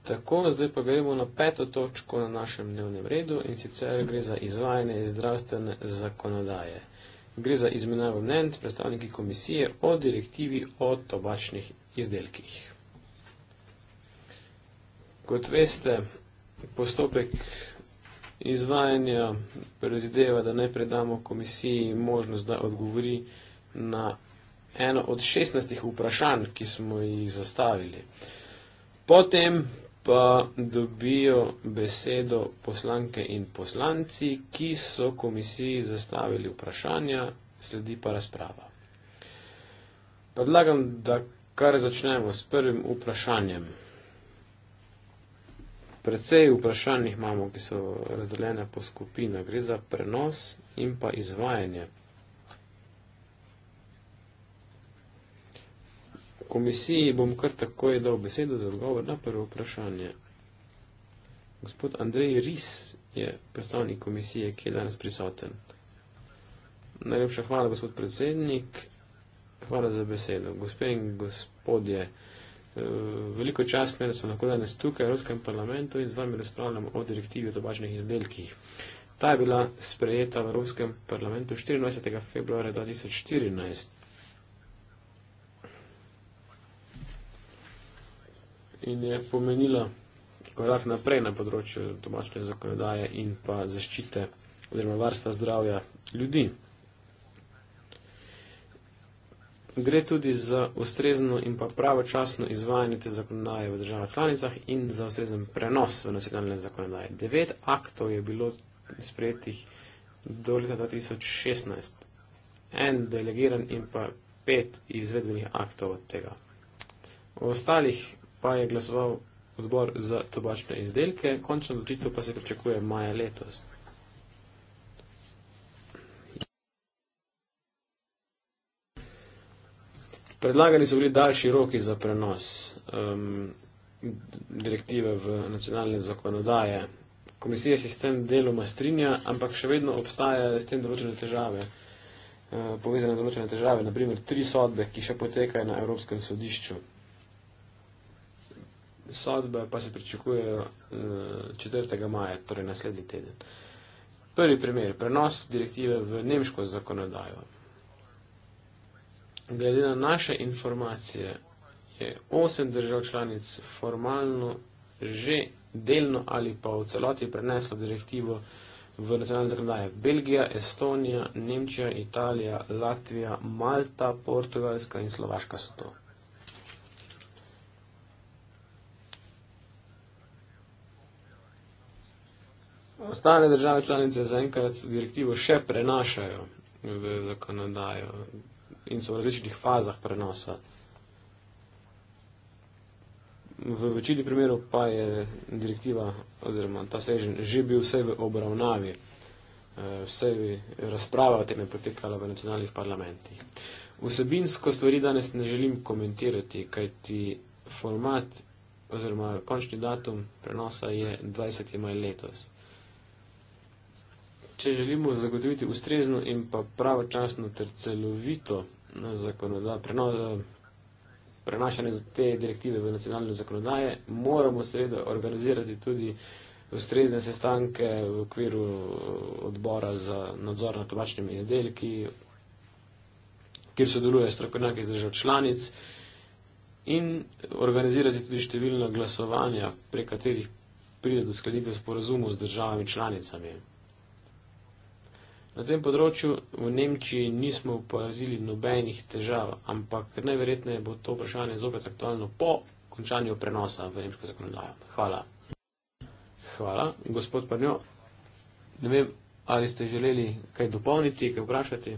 Tako, zdaj pa gremo na peto točko na našem dnevnem redu in sicer gre za izvajanje zdravstvene zakonodaje. Gre za izmenjavo mnenj s predstavniki komisije o direktivi o tobačnih izdelkih. Kot veste, postopek izvajanja predvideva, da ne predamo komisiji možnost, da odgovori na eno od 16 vprašanj, ki smo jih zastavili. Potem pa dobijo besedo poslanke in poslanci, ki so komisiji zastavili vprašanja, sledi pa razprava. Predlagam, da kar začnemo s prvim vprašanjem. Predvsej vprašanjih imamo, ki so razdeljene po skupinah. Gre za prenos in pa izvajanje komisiji bom kar takoj dal besedo za odgovor na prvo vprašanje. Gospod Andrej Ris je predstavnik komisije, ki je danes prisoten. Najlepša hvala, gospod predsednik. Hvala za besedo. Gospe in gospodje, eh, veliko čast mi je, da sem lahko danes tukaj v Evropskem parlamentu in z vami razpravljam o direktivi o tobačnih izdelkih. Ta je bila sprejeta v Evropskem parlamentu 24. februarja 2014. in je pomenila korak naprej na področju domačne zakonodaje in pa zaščite oziroma varstva zdravja ljudi. Gre tudi za ustrezno in pa pravočasno izvajanje te zakonodaje v državah članicah in za ustrezen prenos v nacionalne zakonodaje. Devet aktov je bilo sprejetih do leta 2016. En delegiran in pa pet izvedbenih aktov od tega. V ostalih pa je glasoval odbor za tobačne izdelke, končno odločitev pa se pričakuje maja letos. Predlagani so bili daljši roki za prenos um, direktive v nacionalne zakonodaje. Komisija se s tem deloma strinja, ampak še vedno obstajajo s tem določene težave, uh, povezane z določene težave, naprimer tri sodbe, ki še potekajo na Evropskem sodišču sodbe pa se pričakujejo 4. Eh, maja, torej naslednji teden. Prvi primer, prenos direktive v nemško zakonodajo. Glede na naše informacije je osem držav članic formalno že delno ali pa v celoti preneslo direktivo v nacionalne zakonodaje. Belgija, Estonija, Nemčija, Italija, Latvija, Malta, Portugalska in Slovaška so to. Ostale države članice zaenkrat direktivo še prenašajo v zakonodajo in so v različnih fazah prenosa. V večini primerov pa je direktiva oziroma ta sežen že bil vse v obravnavi, eh, vse v razprava o tem je potekala v nacionalnih parlamentih. Vsebinsko stvari danes ne želim komentirati, kajti format oziroma končni datum prenosa je 20. maj letos. Če želimo zagotoviti ustrezno in pa pravočasno ter celovito eh, zakonodajo, prenos, eh, prenašanje te direktive v nacionalne zakonodaje, moramo seveda organizirati tudi ustrezne sestanke v okviru eh, odbora za nadzor nad tobačnimi izdelki, kjer sodelujejo strokovnjaki iz držav članic in organizirati tudi številna glasovanja, prek katerih pride do skladitve sporazumov z državami članicami. Na tem področju v Nemčiji nismo opazili nobenih težav, ampak najverjetneje bo to vprašanje zopet aktualno po končanju prenosa v nemško zakonodajo. Hvala. Hvala, gospod Parnjo. Ne vem, ali ste želeli kaj dopolniti, kaj vprašati.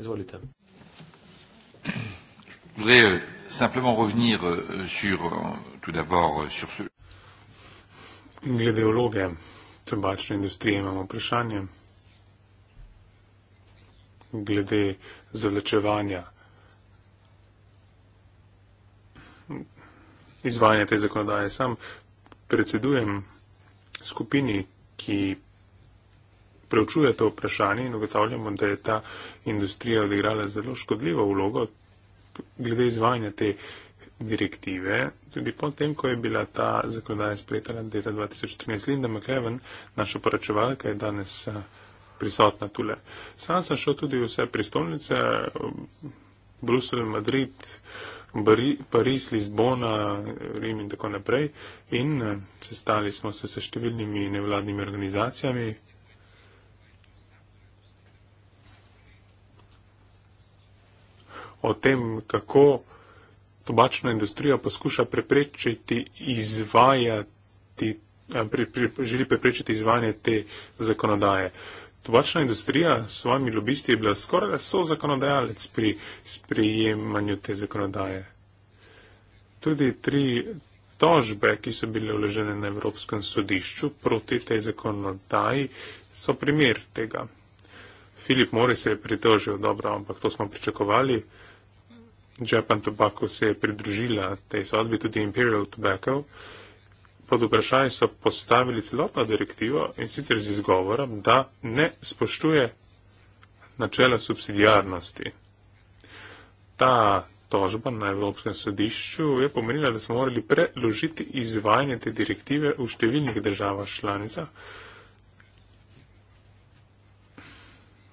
Izvolite. Euh, euh, euh, Glede vloge tobačne industrije imamo vprašanje glede zavlačevanja izvajanja te zakonodaje. Sam predsedujem skupini, ki preučuje to vprašanje in ugotavljamo, da je ta industrija odigrala zelo škodljivo vlogo glede izvajanja te direktive, tudi potem, ko je bila ta zakonodaja sprejeta leta 2013. Linda McLeven, naša poračevalka, je danes uh, prisotna tule. Sam sem šel tudi v vse pristolnice, Bruselj, Madrid, Bari, Pariz, Lizbona, Rim in tako naprej. In eh, sestali smo se s številnimi nevladnimi organizacijami. O tem, kako tobačna industrija poskuša preprečiti izvajati, eh, pri, pri, želi preprečiti izvajanje te zakonodaje. Uh, tobačna industrija s svojimi lobisti je bila skoraj da so zakonodajalec pri sprijemanju te zakonodaje. Tudi tri tožbe, ki so bile uležene na Evropskem sodišču proti tej zakonodaji, so primer tega. Filip Mori se je pritožil, dobro, ampak to smo pričakovali. Japan Tobacco se je pridružila tej sodbi, tudi Imperial Tobacco pod vprašanje so postavili celotno direktivo in sicer z izgovorom, da ne spoštuje načela subsidijarnosti. Ta tožba na Evropskem sodišču je pomenila, da smo morali preložiti izvajanje te direktive v številnih državah članica.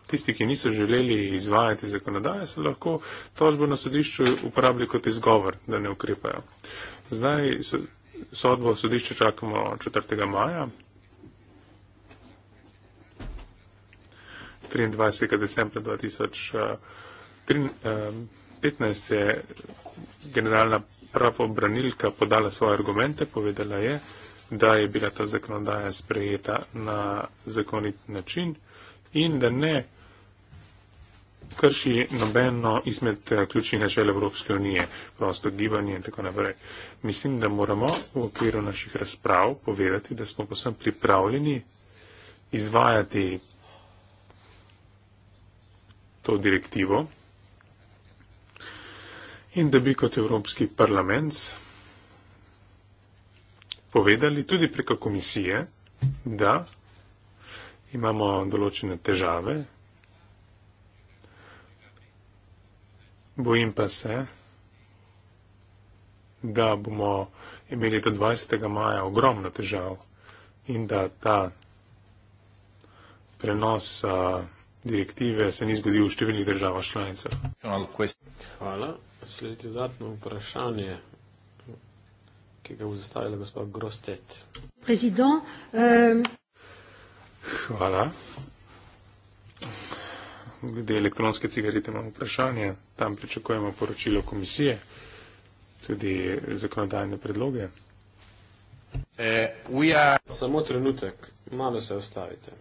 Tisti, ki niso želeli izvajati zakonodaje, so lahko tožbo na sodišču uporabili kot izgovor, da ne ukrepajo. Zdaj so, sodbo sodišče čakamo 4. maja. 23. decembra 2015 eh, eh, je generalna pravobranilka podala svoje argumente, povedala je, da je bila ta zakonodaja sprejeta na zakonit način in da ne krši nobeno izmed eh, ključnih načel Evropske unije, prosto gibanje in tako naprej. Mislim, da moramo v okviru naših razprav povedati, da smo posem pripravljeni izvajati to direktivo in da bi kot Evropski parlament povedali tudi preko komisije, da imamo določene težave Bojim pa se, da bomo imeli do 20. maja ogromno težav in da ta prenos direktive se ni zgodil v številnih državah članicah. Hvala. Sledi dodatno vprašanje, ki ga bo zastavila gospod Grostet. Prezident. Um... Hvala glede elektronske cigarete imamo vprašanje, tam pričakujemo poročilo komisije, tudi zakonodajne predloge. Uh, are... Samo trenutek, malo se ostavite.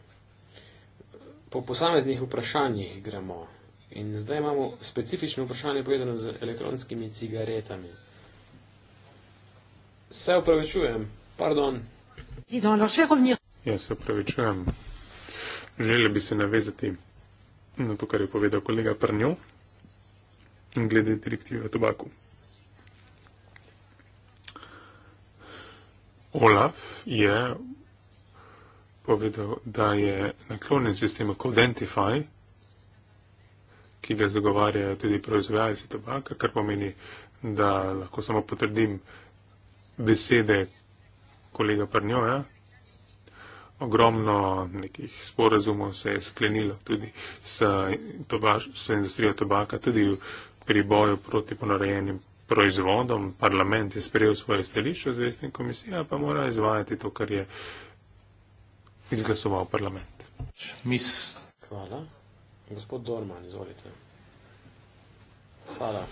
Po posameznih vprašanjih gremo in zdaj imamo specifično vprašanje povezano z elektronskimi cigaretami. Se upravičujem, pardon. Jaz se upravičujem. Želeli bi se navezati na to, kar je povedal kolega Prnjo, glede direktive o tobaku. Olaf je povedal, da je naklonjen sistemu Codentify, ki ga zagovarjajo tudi proizvajalci tobaka, kar pomeni, da lahko samo potrdim besede kolega Prnjoja, ogromno nekih sporazumov se je sklenilo tudi s, s industrijo tobaka, tudi pri boju proti ponarejenim proizvodom. Parlament je sprejel svoje stališče, zvezdni komisija pa mora izvajati to, kar je izglasoval parlament. Mis. Hvala. Gospod Dorman, izvolite. Hvala.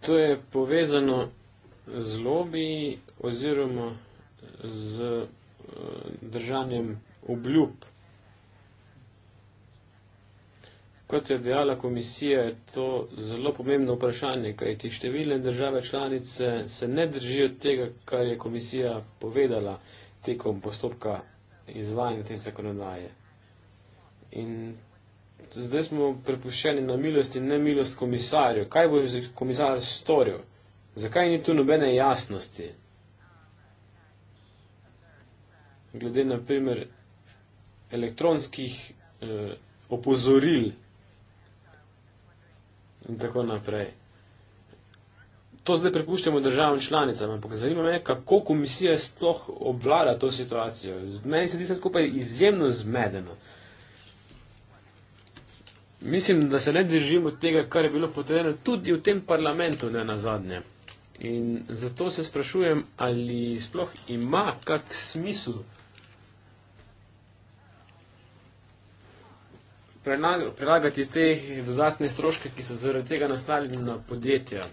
To je povezano z lobiji oziroma z eh, držanjem obljub. Kot je dejala komisija, je to zelo pomembno vprašanje, kaj ti številne države članice se ne držijo tega, kar je komisija povedala tekom postopka izvajanja te zakonodaje. In zdaj smo prepuščeni na milost in nemilost komisarju. Kaj bo komisar storil? Zakaj ni tu nobene jasnosti? Glede na primer elektronskih eh, opozoril in tako naprej. To zdaj prepuščamo državam članicam, ampak zanima me, kako komisija sploh obvlada to situacijo. Meni se zdi skupaj izjemno zmedeno. Eh, Mislim, da se ne držimo tega, kar je bilo potrjeno tudi v tem parlamentu, ne na zadnje. In zato se sprašujem, ali sploh ima kak smisel prelagati te dodatne stroške, ki so zaradi tega nastali na podjetja.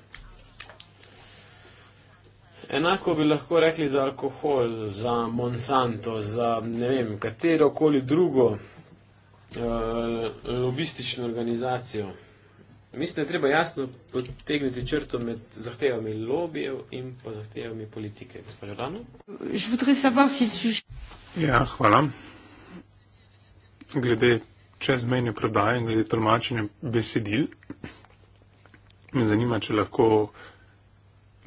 Enako bi lahko rekli za alkohol, za Monsanto, za ne vem, katero koli drugo Eh, lobistično organizacijo. Mislim, da je treba jasno potegniti črto med zahtevami lobijev in pa zahtevami politike. Ja, hvala. Glede čezmejne prodaje in glede tolmačenja besedil, me zanima, če lahko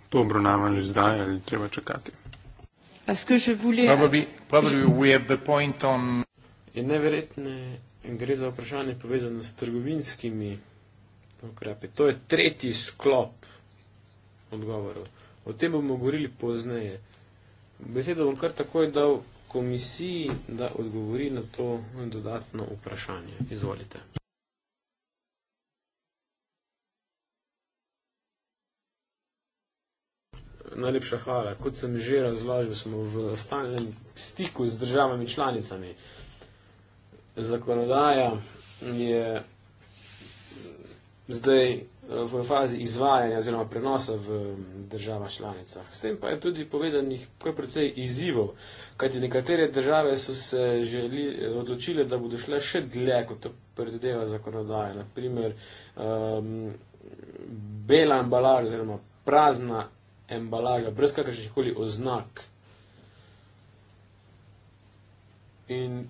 to obravnavali zdaj ali treba čakati. Probably, probably je neverjetne gre za vprašanje povezano s trgovinskimi ukrepi. To je tretji sklop odgovorov. O tem bomo govorili pozneje. Besedo bom kar takoj dal komisiji, da odgovori na to dodatno vprašanje. Izvolite. Najlepša hvala. Kot sem že razložil, smo v stalnem stiku z državami članicami zakonodaja je zdaj v fazi izvajanja oziroma prenosa v država članicah. S tem pa je tudi povezanih kar precej izzivov, kajti nekatere države so se želi, odločile, da bodo šle še dlje, kot to predvideva zakonodaja. Naprimer, um, bela embalaža oziroma prazna embalaža, brez kakršnih koli oznak. In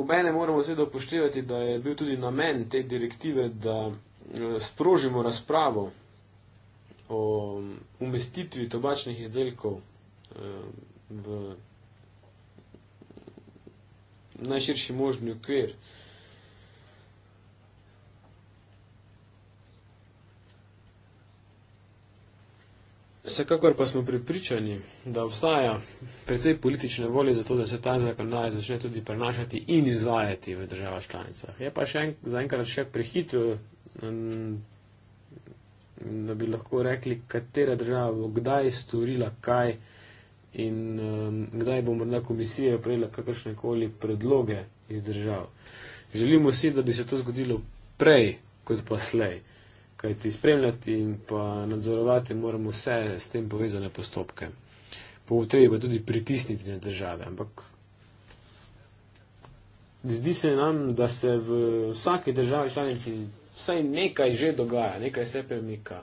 Obene moramo seveda upoštevati, da je bil tudi namen te direktive, da eh, sprožimo razpravo o mm, umestitvi tobačnih izdelkov eh, v najširši možni okvir. Vsekakor pa smo pripričani, da obstaja predvsej politične volje za to, da se ta zakonodaj začne tudi prenašati in izvajati v državah članicah. Je pa še en, zaenkrat še prehitro, da bi lahko rekli, katera država bo kdaj storila kaj in kdaj bo morda komisija prejela kakršne koli predloge iz držav. Želimo si, da bi se to zgodilo prej kot pa slej kajti spremljati in pa nadzorovati moramo vse s tem povezane postopke. Po potrebi pa tudi pritisniti na države. Ampak zdi se nam, da se v vsaki državi članici vsaj nekaj že dogaja, nekaj se premika.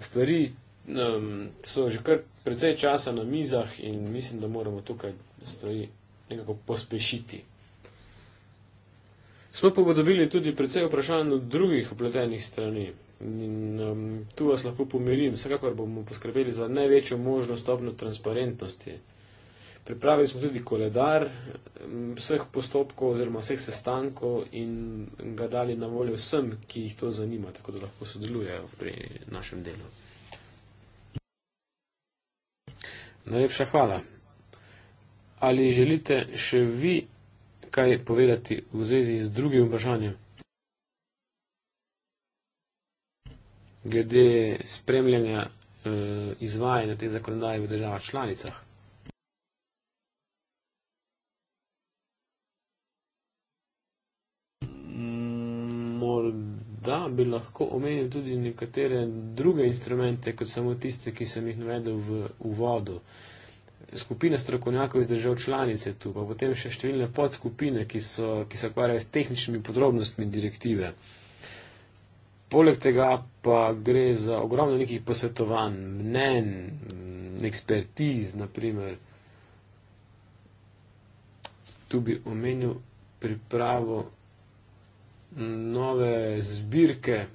Stvari um, so že kar precej časa na mizah in mislim, da moramo tukaj stvari nekako pospešiti. Smo pa dobili tudi precej vprašanj od drugih upletenih strani. In, um, tu vas lahko pomirim, vsekakor bomo poskrbeli za največjo možno stopno transparentnosti. Pripravili smo tudi koledar vseh postopkov oziroma vseh sestankov in ga dali na voljo vsem, ki jih to zanima, tako da lahko sodelujejo pri našem delu. Najlepša hvala. Ali želite še vi kaj povedati v zvezi z drugim vprašanjem? glede spremljanja eh, izvajanja te zakonodaje v državah članicah. Morda bi lahko omenil tudi nekatere druge instrumente, kot samo tiste, ki sem jih navedel v uvodu. Skupina strokovnjakov iz držav članice tu, pa potem še številne podskupine, ki se ukvarjajo s tehničnimi podrobnostmi direktive. Poleg tega pa gre za ogromno nekih posvetovanj, mnen, ekspertiz, naprimer. Tu bi omenil pripravo nove zbirke eh,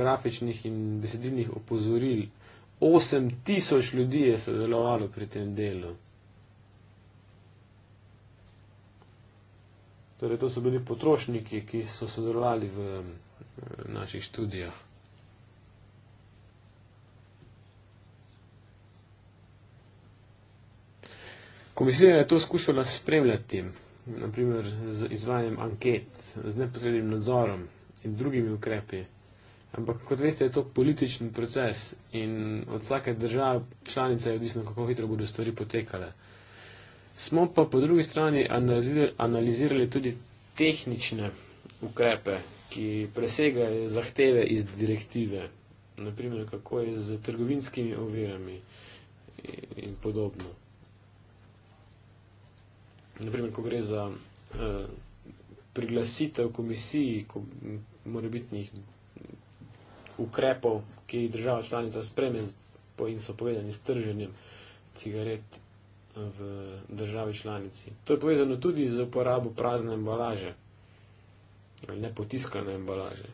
grafičnih in besedilnih opozoril. 8000 ljudi je sodelovalo pri tem delu. Torej, to so bili potrošniki, ki so sodelovali v. Eh, naših študijah. Komisija je to skušala spremljati, naprimer z izvajanjem anket, z neposrednim nadzorom in drugimi ukrepi. Ampak, kot veste, je to političen proces in od vsake države članice je odvisno, kako hitro bodo stvari potekale. Smo pa po drugi strani analizirali tudi tehnične ukrepe, ki presegajo zahteve iz direktive, naprimer, kako je z trgovinskimi ovirami in podobno. Naprimer, ko gre za eh, priglasitev komisiji, ko mora biti ukrepov, ki jih država članica spreme in so povedani s trženjem cigaret eh, v državi članici. To je povezano tudi z uporabo prazne embalaže ali nepotiskane embalaže.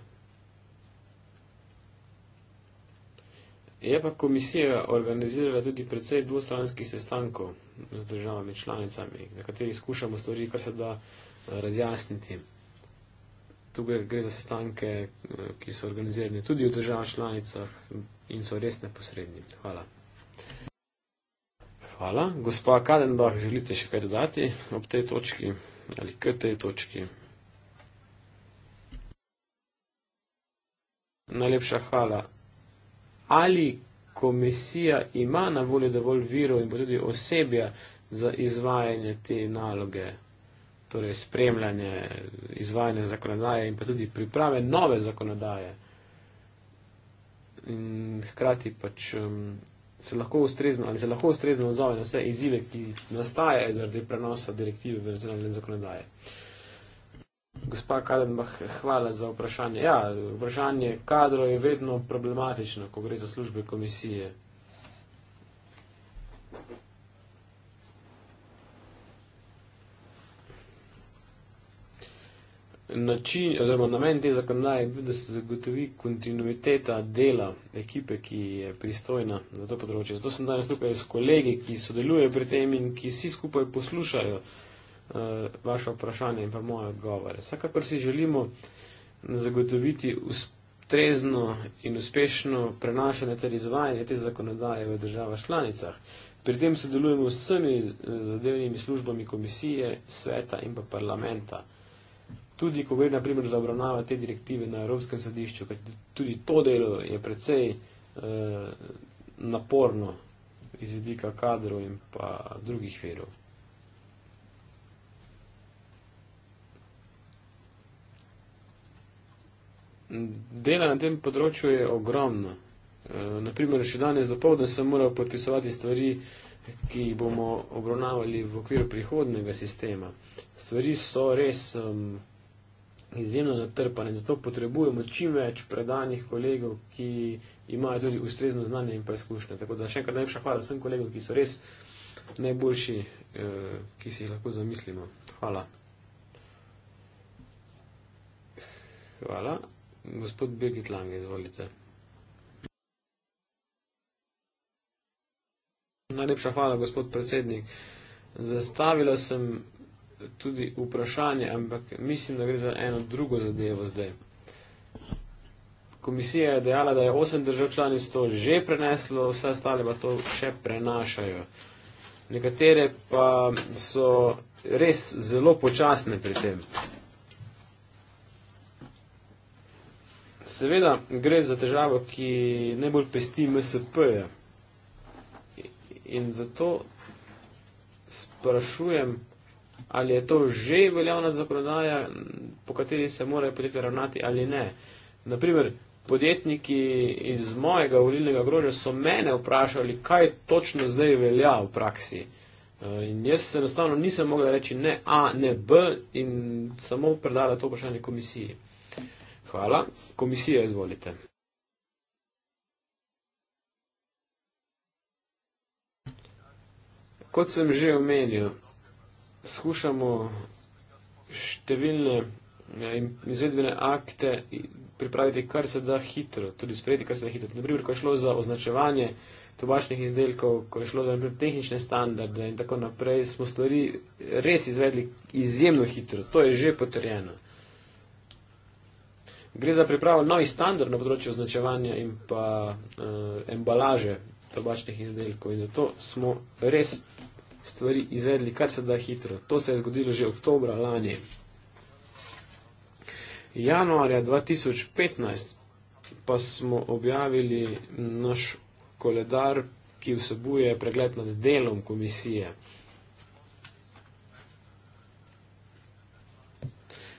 Je pa komisija organizirala tudi precej dvostranskih sestankov z državami članicami, na katerih skušamo stvari, kar se da eh, razjasniti. Tukaj gre za sestanke, eh, ki so organizirane tudi v državah članicah in so res neposredni. Hvala. Hvala. Gospa Kadenbach, želite še kaj dodati ob tej točki ali k tej točki? Najlepša hvala. Ali komisija ima na voljo dovolj virov in pa tudi osebja za izvajanje te naloge, torej spremljanje, izvajanje zakonodaje in pa tudi priprave nove zakonodaje? In hkrati pač um, se lahko ustrezno ali se lahko ustrezno odzove na vse izzive, ki nastajajo zaradi prenosa direktive v nacionalne zakonodaje. Uh, Gospa Kalenbach, hvala za vprašanje. Ja, vprašanje kadrov je vedno problematično, ko gre za službe komisije. Način, oziroma namen te zakonodaje je bil, da se zagotovi kontinuiteta dela ekipe, ki je pristojna za to področje. Zato sem danes tukaj s kolegi, ki sodelujejo pri tem in ki vsi skupaj poslušajo uh, uh, eh, vaše vprašanje in pa moje odgovore. Vsakakor si želimo zagotoviti ustrezno in uspešno prenašanje ter izvajanje te zakonodaje v državah članicah. Pri tem sodelujemo s vsemi eh, zadevnimi službami komisije, sveta in pa parlamenta. Tudi, ko gre naprimer za obravnava te direktive na Evropskem sodišču, ker tudi to delo je precej eh, naporno iz vidika kadrov in pa drugih verov. Dela na tem področju je ogromno. E, Naprimer, še danes dopoledne sem moral podpisovati stvari, ki jih bomo obravnavali v okviru prihodnega sistema. Stvari so res um, izjemno natrpane, zato potrebujemo čim več predanih kolegov, ki imajo tudi ustrezno znanje in pa izkušnje. Tako da še enkrat najlepša hvala vsem kolegom, ki so res najboljši, eh, ki si jih lahko zamislimo. Hvala. Hvala. Gospod Birgit Lang, izvolite. Najlepša hvala, gospod predsednik. Zastavila sem tudi vprašanje, ampak mislim, da gre za eno drugo zadevo zdaj. Komisija je dejala, da je osem držav članic to že preneslo, vse ostale pa to še prenašajo. Nekatere pa so res zelo počasne pri tem. Seveda gre za težavo, ki najbolj pesti MSP-je. In zato sprašujem, ali je to že veljavna zakonodaja, po kateri se morajo podjetja ravnati ali ne. Naprimer, podjetniki iz mojega volilnega groža so mene vprašali, kaj točno zdaj velja v praksi. Eh, in jaz se enostavno nisem mogla reči ne A, ne B in samo predala to vprašanje komisiji hvala. Komisija, izvolite. Kot sem že omenil, skušamo številne eh, izvedbene akte pripraviti kar se da hitro, tudi sprejeti kar se da hitro. Naprimer, ko je šlo za označevanje tobačnih izdelkov, ko je šlo za naprimer, tehnične standarde in tako naprej, smo stvari res izvedli izjemno hitro. To je že potrjeno. Gre za pripravo novih standardov na področju označevanja in pa uh, embalaže tobačnih izdelkov. In zato smo res stvari izvedli kar se da hitro. To se je zgodilo že oktobra lani. Januarja 2015 pa smo objavili naš koledar, ki vsebuje pregled nad delom komisije.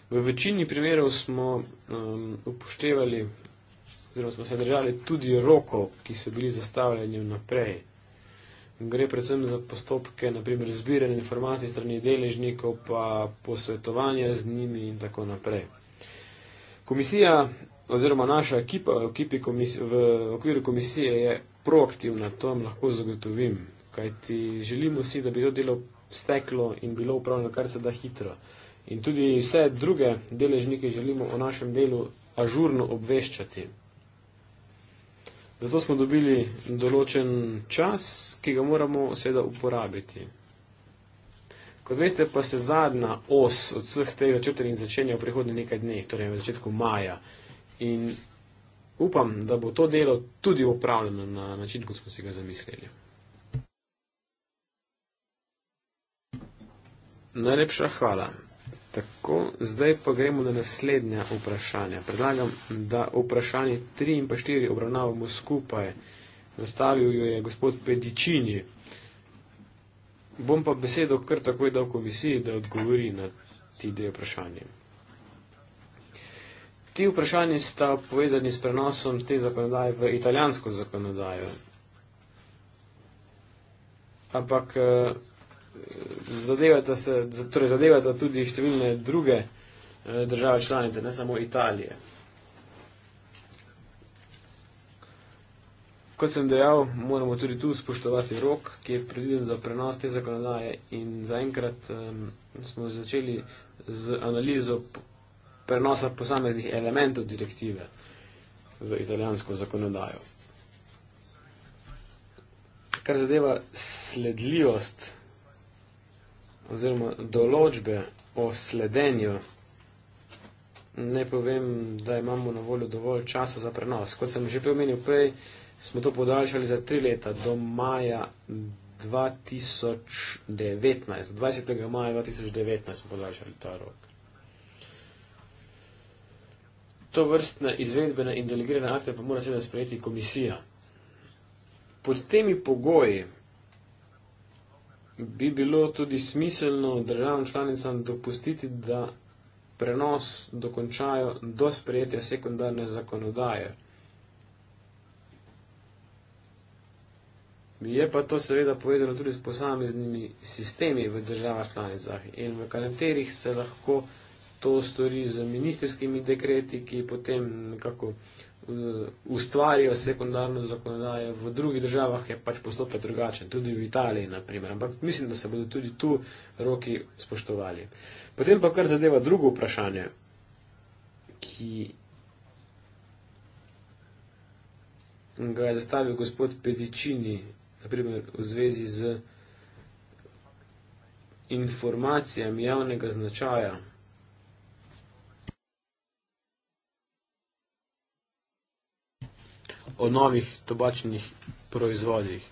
V večini primerov smo um, upoštevali, oziroma smo se držali tudi rokov, ki so bili zastavljeni vnaprej. Gre predvsem za postopke, naprimer zbiranje informacij strani deležnikov, pa posvetovanje z njimi in tako naprej. Komisija oziroma naša ekipa v, komisi, v okviru komisije je proaktivna, to vam lahko zagotovim, kajti želimo si, da bi to delo steklo in bilo upravljeno kar se da hitro in tudi vse druge deležnike želimo o našem delu ažurno obveščati. Zato smo dobili določen čas, ki ga moramo seveda uporabiti. Kot veste, pa se zadnja os od vseh teh začetkov in začenja v prihodnje nekaj dneh, torej v začetku maja. In upam, da bo to delo tudi upravljeno na način, kot smo si ga zamislili. Najlepša hvala. Tako, zdaj pa gremo na naslednja vprašanja. Predlagam, da vprašanje 3 in pa 4 obravnavamo skupaj. Zastavil jo je gospod Pedičini. Bom pa besedo kar takoj dal komisiji, da odgovori na ti dve vprašanje. Ti vprašanje sta povezani s prenosom te zakonodaje v italijansko zakonodajo. Ampak eh, zadevata, se, torej zadevata tudi številne druge eh, države članice, ne samo Italije. Kot sem dejal, moramo tudi tu spoštovati rok, ki je predviden za prenos te zakonodaje in zaenkrat um, smo začeli z analizo prenosa posameznih elementov direktive za italijansko zakonodajo. Kar zadeva sledljivost oziroma določbe o sledenju, ne povem, da imamo na voljo dovolj časa za prenos. Kot sem že omenil prej, smo to podaljšali za tri leta, do maja 2019. 20. maja 2019 smo podaljšali ta rok. To vrstne izvedbene in delegirane akte pa mora seveda sprejeti komisija. Pod temi pogoji, bi bilo tudi smiselno državam članicam dopustiti, da prenos dokončajo do sprejetja sekundarne zakonodaje. Je pa to seveda povedano tudi s posameznimi sistemi v državah članicah in v katerih se lahko to stori z ministerskimi dekreti, ki potem nekako Eh, ustvarijo sekundarno zakonodajo, v drugih državah je pač postopek drugačen, tudi v Italiji, naprimer. Ampak mislim, da se bodo tudi tu roki spoštovali. Potem pa kar zadeva drugo vprašanje, ki ga je zastavil gospod Pedičini, naprimer v zvezi z informacijami javnega značaja. o novih tobačnih proizvodih.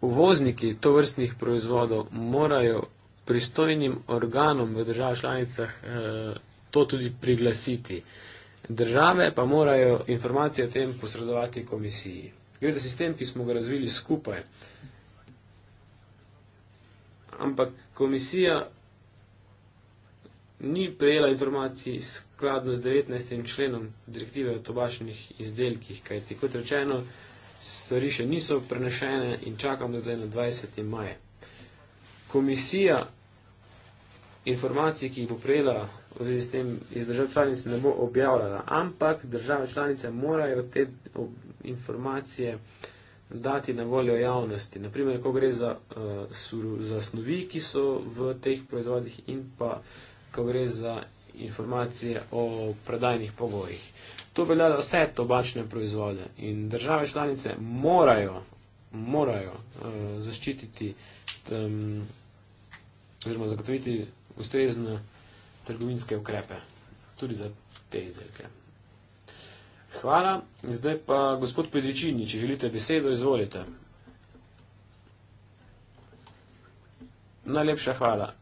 Uvozniki to vrstnih proizvodov morajo pristojnim organom v državah članicah eh, to tudi priglasiti. Države pa morajo informacije o tem posredovati komisiji. Gre za sistem, ki smo ga razvili skupaj. Ampak komisija ni prejela informacij skladno z 19. členom direktive o tobačnih izdelkih, kajti kot rečeno, stvari še niso prenešene in čakamo zdaj na 20. maje. Komisija informacij, ki jih bo prejela v zvezi s tem iz držav članic, ne bo objavljala, ampak države članice morajo te informacije dati na voljo javnosti. Naprimer, ko gre za, uh, suru, za snovi, ki so v teh proizvodih in pa uh, ko gre za informacije o predajnih pogojih. To velja za vse tobačne proizvode in države članice morajo, morajo uh, zaščititi um, oziroma zagotoviti ustrezne trgovinske ukrepe tudi za te izdelke. Hvala. Zdaj pa gospod Pedričini, če želite besedo, izvolite. Najlepša hvala.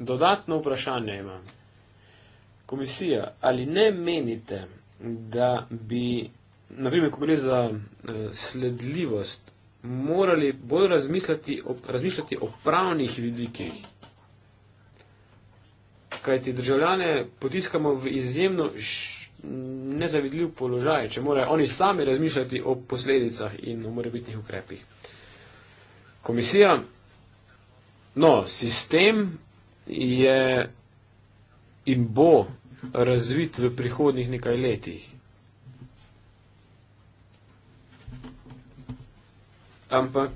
Dodatno vprašanje imam. Komisija, ali ne menite, da bi, naprimer, ko gre za eh, sledljivost, morali bolj razmišljati, razmišljati o pravnih vidikih? Kajti državljane potiskamo v izjemno š, nezavidljiv položaj, če morajo oni sami razmišljati o posledicah in o morebitnih ukrepih. Komisija, no, sistem je in bo razvit v prihodnih nekaj letih. Ampak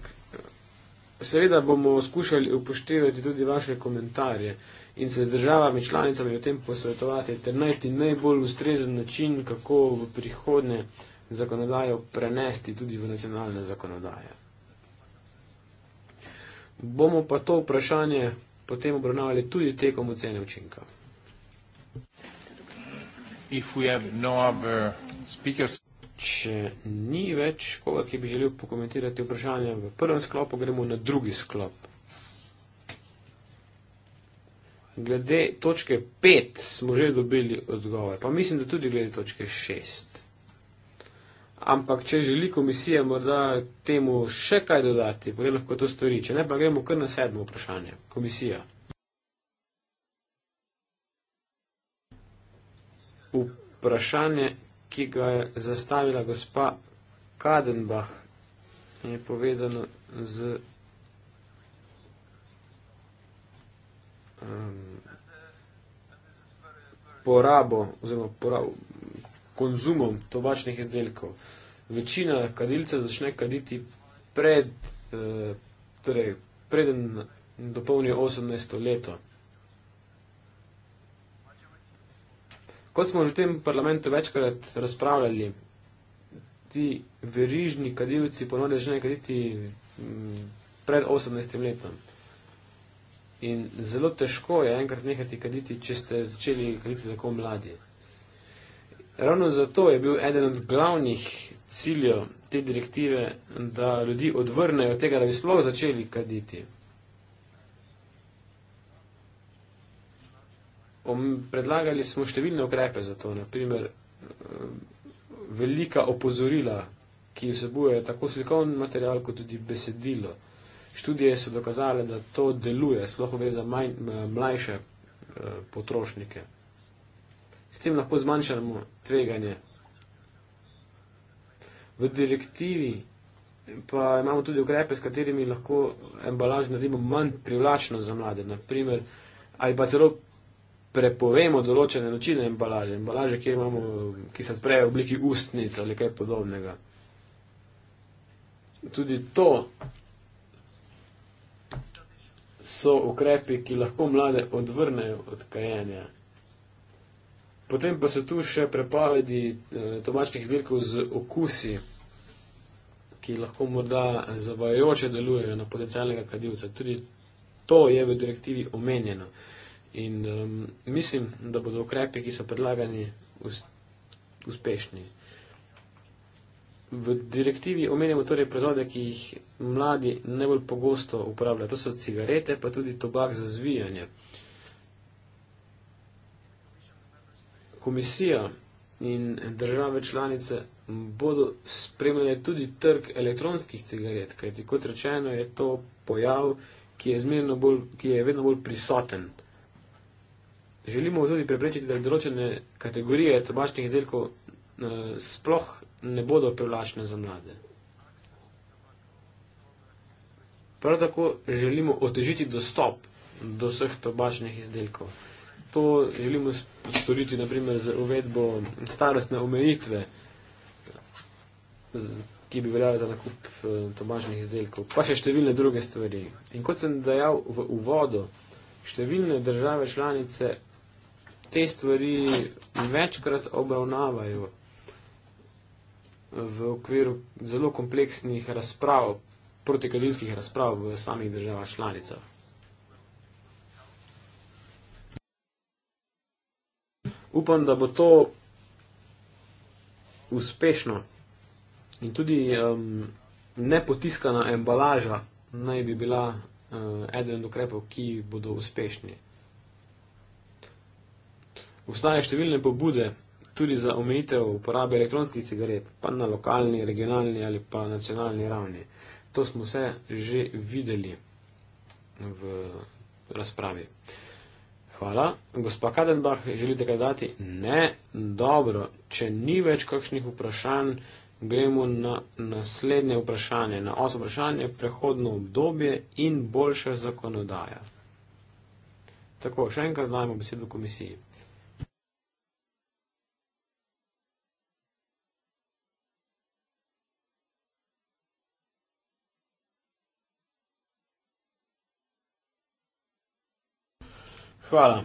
seveda bomo skušali upoštevati tudi vaše komentarje in se z državami članicami o tem posvetovati ter najti najbolj ustrezen način, kako v prihodnje zakonodajo prenesti tudi v nacionalne zakonodaje. Bomo pa to vprašanje potem obravnavali tudi tekom ocene učinka. No Če ni več koga, ki bi želel pokomentirati vprašanje v prvem sklopu, gremo na drugi sklop. Glede točke 5 smo že dobili odgovor, pa mislim, da tudi glede točke 6. Ampak, če želi komisija morda temu še kaj dodati, potem lahko to stori. Če ne, pa gremo kar na sedmo vprašanje. Komisija. Vprašanje, ki ga je zastavila gospa Kadenbach, je povezano z. Um, porabo, oziroma porabo, konzumom tobačnih izdelkov. Večina kadilcev začne kaditi pred, eh, torej, preden dopolni 18. leto. Kot smo že v tem parlamentu večkrat razpravljali, ti verižni kadilci ponovno začnejo kaditi mm, pred 18. letom. In zelo težko je enkrat nehati kaditi, če ste začeli kaditi tako mladi. Ravno zato je bil eden od glavnih ciljev te direktive, da ljudi odvrnejo od tega, da bi sploh začeli kaditi. Predlagali smo številne ukrepe za to, naprimer eh, velika opozorila, ki vsebuje tako slikovn material, kot tudi besedilo. Študije so dokazale, da to deluje, sploh gre za eh, mlajše eh, potrošnike. S tem lahko zmanjšamo tveganje. V direktivi pa imamo tudi ukrepe, s katerimi lahko embalaž naredimo manj privlačno za mlade. Naprimer, ali pa celo prepovemo določene načine embalaže. Embalaže, ki, imamo, ki se odprejo v obliki ustnic ali kaj podobnega. Tudi to so ukrepi, ki lahko mlade odvrnejo od kajenja. Potem pa so tu še prepovedi domačnih eh, izdelkov z okusi, ki lahko morda zavajajoče delujejo na potencialnega kadilca. Tudi to je v direktivi omenjeno. In um, mislim, da bodo ukrepi, ki so predlagani, us uspešni. V direktivi omenjamo torej proizvode, ki jih mladi najbolj pogosto uporabljajo. To so cigarete, pa tudi tobak za zvijanje. komisija in države članice bodo spremljali tudi trg elektronskih cigaret, kajti kot rečeno je to pojav, ki je, bolj, ki je vedno bolj prisoten. Želimo tudi preprečiti, da določene kategorije tobačnih izdelkov eh, sploh ne bodo privlačne za mlade. Prav tako želimo otežiti dostop do vseh tobačnih izdelkov to želimo storiti, naprimer, z uvedbo starostne omejitve, ki bi veljala za nakup eh, tobačnih izdelkov, pa še številne druge stvari. In kot sem dejal v uvodu, številne države članice te stvari večkrat obravnavajo v okviru zelo kompleksnih razprav, protikadilskih razprav v samih državah članicah. upam, da bo to uspešno. In tudi um, nepotiskana embalaža naj bi bila uh, eden od ukrepov, ki bodo uspešni. Obstaje številne pobude tudi za omejitev uporabe elektronskih cigaret, pa na lokalni, regionalni ali pa nacionalni ravni. To smo vse že videli v razpravi. Uh, Hvala. Gospa Kadenbach, želite kaj dati? Ne. Dobro, če ni več kakšnih vprašanj, gremo na naslednje vprašanje. Na osmo vprašanje, prehodno obdobje in boljša zakonodaja. Tako, še enkrat dajmo besedo komisiji. Hvala.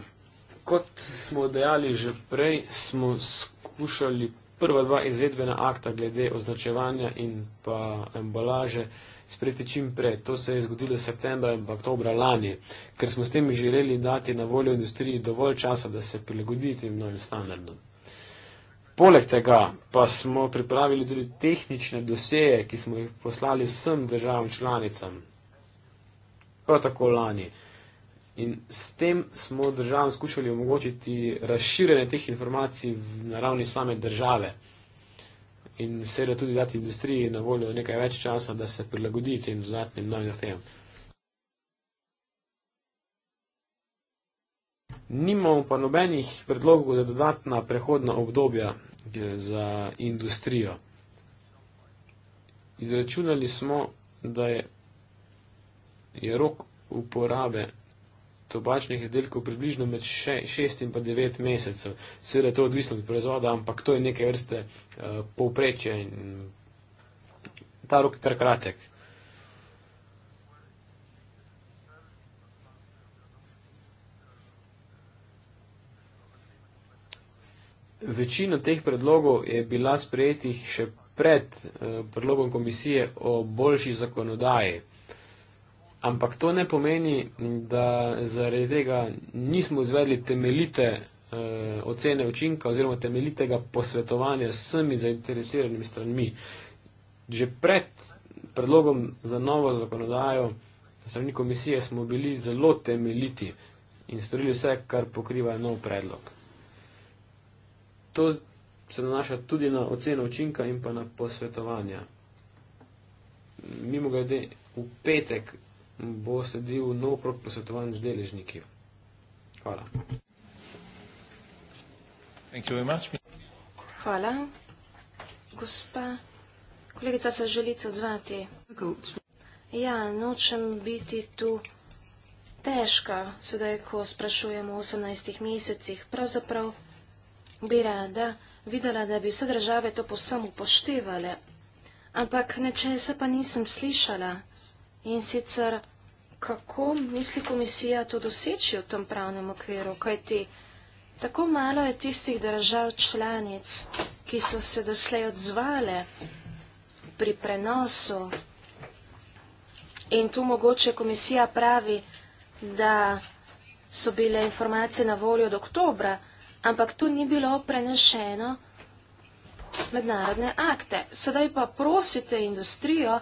Kot smo dejali že prej, smo skušali prva dva izvedbena akta glede označevanja in pa embalaže sprejeti čim prej. To se je zgodilo septembra in pa oktobra lani, ker smo s tem želeli dati na voljo industriji dovolj časa, da se prilagodi tem novim standardom. Poleg tega pa smo pripravili tudi tehnične doseje, ki smo jih poslali vsem državam članicam. Prav tako lani. Uh, In s tem smo državam skušali omogočiti razširjanje teh informacij na ravni same države. In seveda tudi dati industriji na voljo nekaj več časa, da se prilagodi tem dodatnim novim zahtevam. Nimamo pa nobenih predlogov za dodatna prehodna obdobja eh, za industrijo. Izračunali smo, da je, je rok uporabe tobačnih izdelkov približno med 6 in 9 mesecev. Seveda je to odvisno od proizvoda, ampak to je neke vrste uh, povprečje in ta rok je kar kratek. Večina teh predlogov je bila sprejetih še pred uh, predlogom komisije o boljši zakonodaji. Ampak to ne pomeni, da zaradi tega nismo izvedli temeljite eh, ocene učinka oziroma temeljitega posvetovanja s vsemi zainteresiranimi stranmi. Že pred predlogom za novo zakonodajo strani komisije smo bili zelo temeljiti in storili vse, kar pokriva nov predlog. To se nanaša tudi na oceno učinka in pa na posvetovanja. Mimo grede, v petek bo sledil nov krok posvetovanj z deležniki. Hvala. Hvala. Gospa, kolegica se želite odzvati. Ja, nočem biti tu težka, sedaj, ko sprašujemo o 18 mesecih. Pravzaprav bi rada videla, da bi vse države to posam upoštevale. Ampak nečesa pa nisem slišala. In sicer, kako misli komisija to doseči v tem pravnem okviru, kajti tako malo je tistih držav članic, ki so se doslej odzvale pri prenosu. In tu mogoče komisija pravi, da so bile informacije na voljo od oktobra, ampak to ni bilo prenešeno mednarodne akte. Sedaj pa prosite industrijo,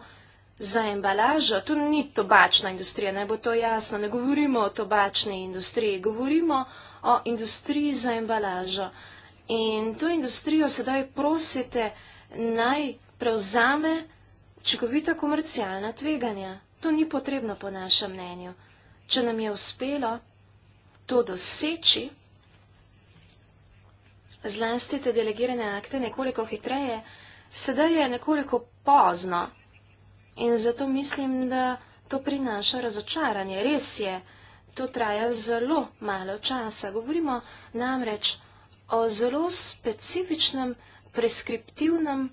za embalažo, to ni tobačna industrija, naj bo to jasno, ne govorimo o tobačni industriji, govorimo o industriji za embalažo. In to industrijo sedaj prosite naj prevzame učinkovita komercialna tveganja. To ni potrebno po našem mnenju. Če nam je uspelo to doseči, zlasti te delegirane akte nekoliko hitreje, sedaj je nekoliko pozno. In zato mislim, da to prinaša razočaranje. Res je, to traja zelo malo časa. Govorimo namreč o zelo specifičnem, preskriptivnem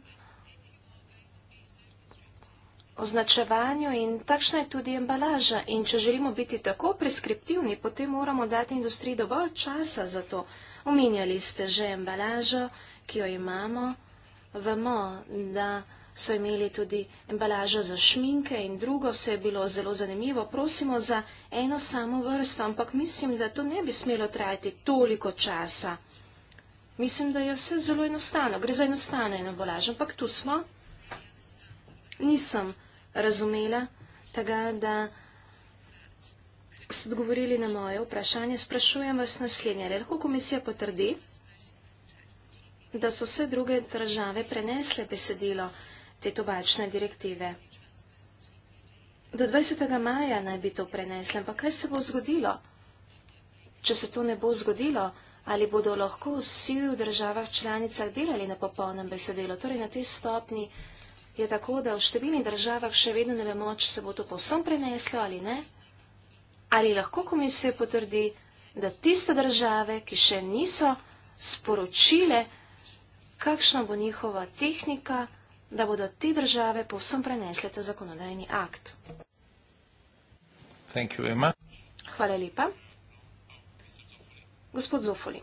označevanju in takšna je tudi embalaža. In če želimo biti tako preskriptivni, potem moramo dati industriji dovolj časa za to. Omenjali ste že embalažo, ki jo imamo. Vemo, da so imeli tudi embalažo za šminke in drugo, vse je bilo zelo zanimivo. Prosimo za eno samo vrsto, ampak mislim, da to ne bi smelo trajati toliko časa. Mislim, da je vse zelo enostavno. Gre za enostavno eno embalažo, ampak tu smo. Nisem razumela tega, da ste odgovorili na moje vprašanje. Sprašujem vas naslednje. Ali lahko komisija potrdi, da so vse druge države prenesle besedilo? te tobačne direktive. Do 20. maja naj bi to prenesli, ampak kaj se bo zgodilo? Če se to ne bo zgodilo, ali bodo lahko vsi v državah članicah delali na popolnem besedelu? Torej na tej stopni je tako, da v številnih državah še vedno ne vemo, če se bo to povsem preneslo ali ne. Ali lahko komisija potrdi, da tiste države, ki še niso sporočile, kakšna bo njihova tehnika, da bodo te države povsem prenesle ta zakonodajni akt. You, Hvala lepa. Gospod Zofoli.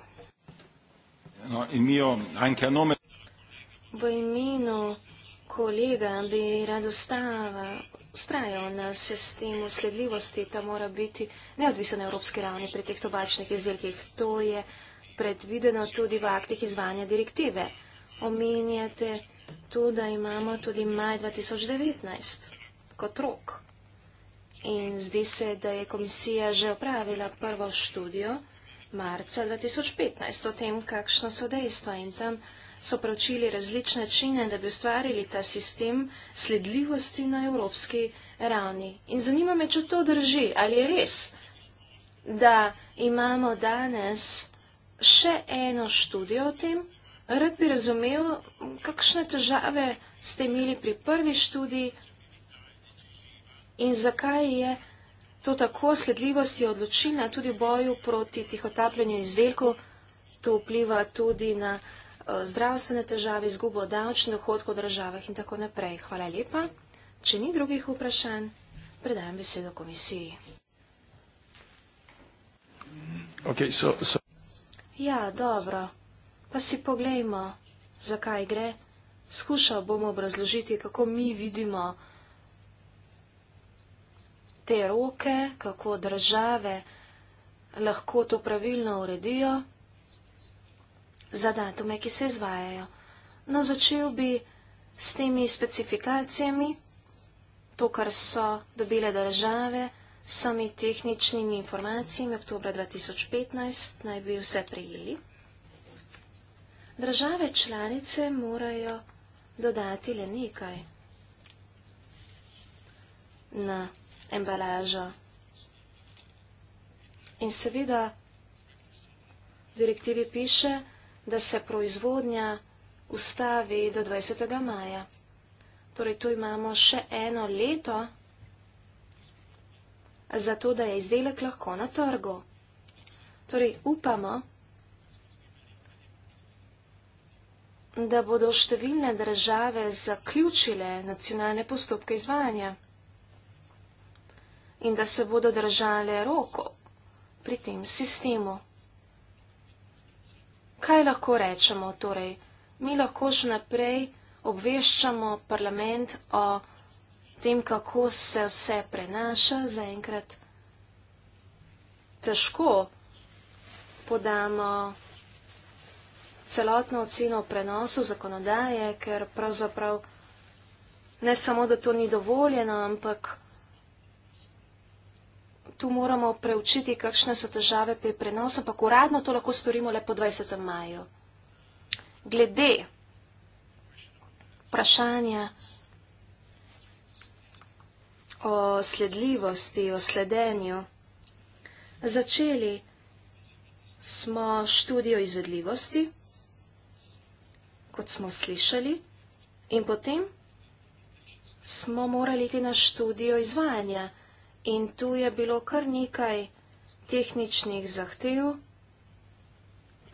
No, v imenu kolega bi radostava ustrajal na sistemu sledljivosti, da mora biti neodvisen na evropski ravni pri teh tobačnih izdelkih. To je predvideno tudi v aktih izvanja direktive. Omenjate to, da imamo tudi maj 2019 kot rok. In zdi se, da je komisija že opravila prvo študijo marca 2015 o tem, kakšno so dejstva in tam so pročili različne čine, da bi ustvarili ta sistem sledljivosti na evropski ravni. In zanima me, če to drži, ali je res, da imamo danes še eno študijo o tem, Rad bi razumel, kakšne težave ste imeli pri prvi študiji in zakaj je to tako sledljivost je odločilna tudi v boju proti tihotapljenju izdelkov. To vpliva tudi na eh, zdravstvene težave, izgubo davčnih dohodkov v državah in tako naprej. Hvala lepa. Če ni drugih vprašanj, predajam besedo komisiji. Okay, so, so. Ja, dobro. Pa si poglejmo, zakaj gre. Skušal bomo obrazložiti, kako mi vidimo te roke, kako države lahko to pravilno uredijo za datume, ki se izvajajo. No, začel bi s temi specifikacijami, to, kar so dobile države, s temi tehničnimi informacijami, oktober 2015 naj bi vse prijeli. Države članice morajo dodati le nekaj na embalažo. In seveda v direktivi piše, da se proizvodnja ustavi do 20. maja. Torej, tu imamo še eno leto, zato da je izdelek lahko na trgu. Torej, upamo, da bodo številne države zaključile nacionalne postopke izvajanja in da se bodo držale roko pri tem sistemu. Kaj lahko rečemo torej? Mi lahko še naprej obveščamo parlament o tem, kako se vse prenaša zaenkrat. Težko podamo celotno oceno o prenosu zakonodaje, ker pravzaprav ne samo, da to ni dovoljeno, ampak tu moramo preučiti, kakšne so težave pri prenosu, ampak uradno to lahko storimo le po 20. maju. Glede vprašanja o sledljivosti, o sledenju, začeli smo študijo izvedljivosti kot smo slišali, in potem smo morali iti na študijo izvajanja. In tu je bilo kar nekaj tehničnih zahtev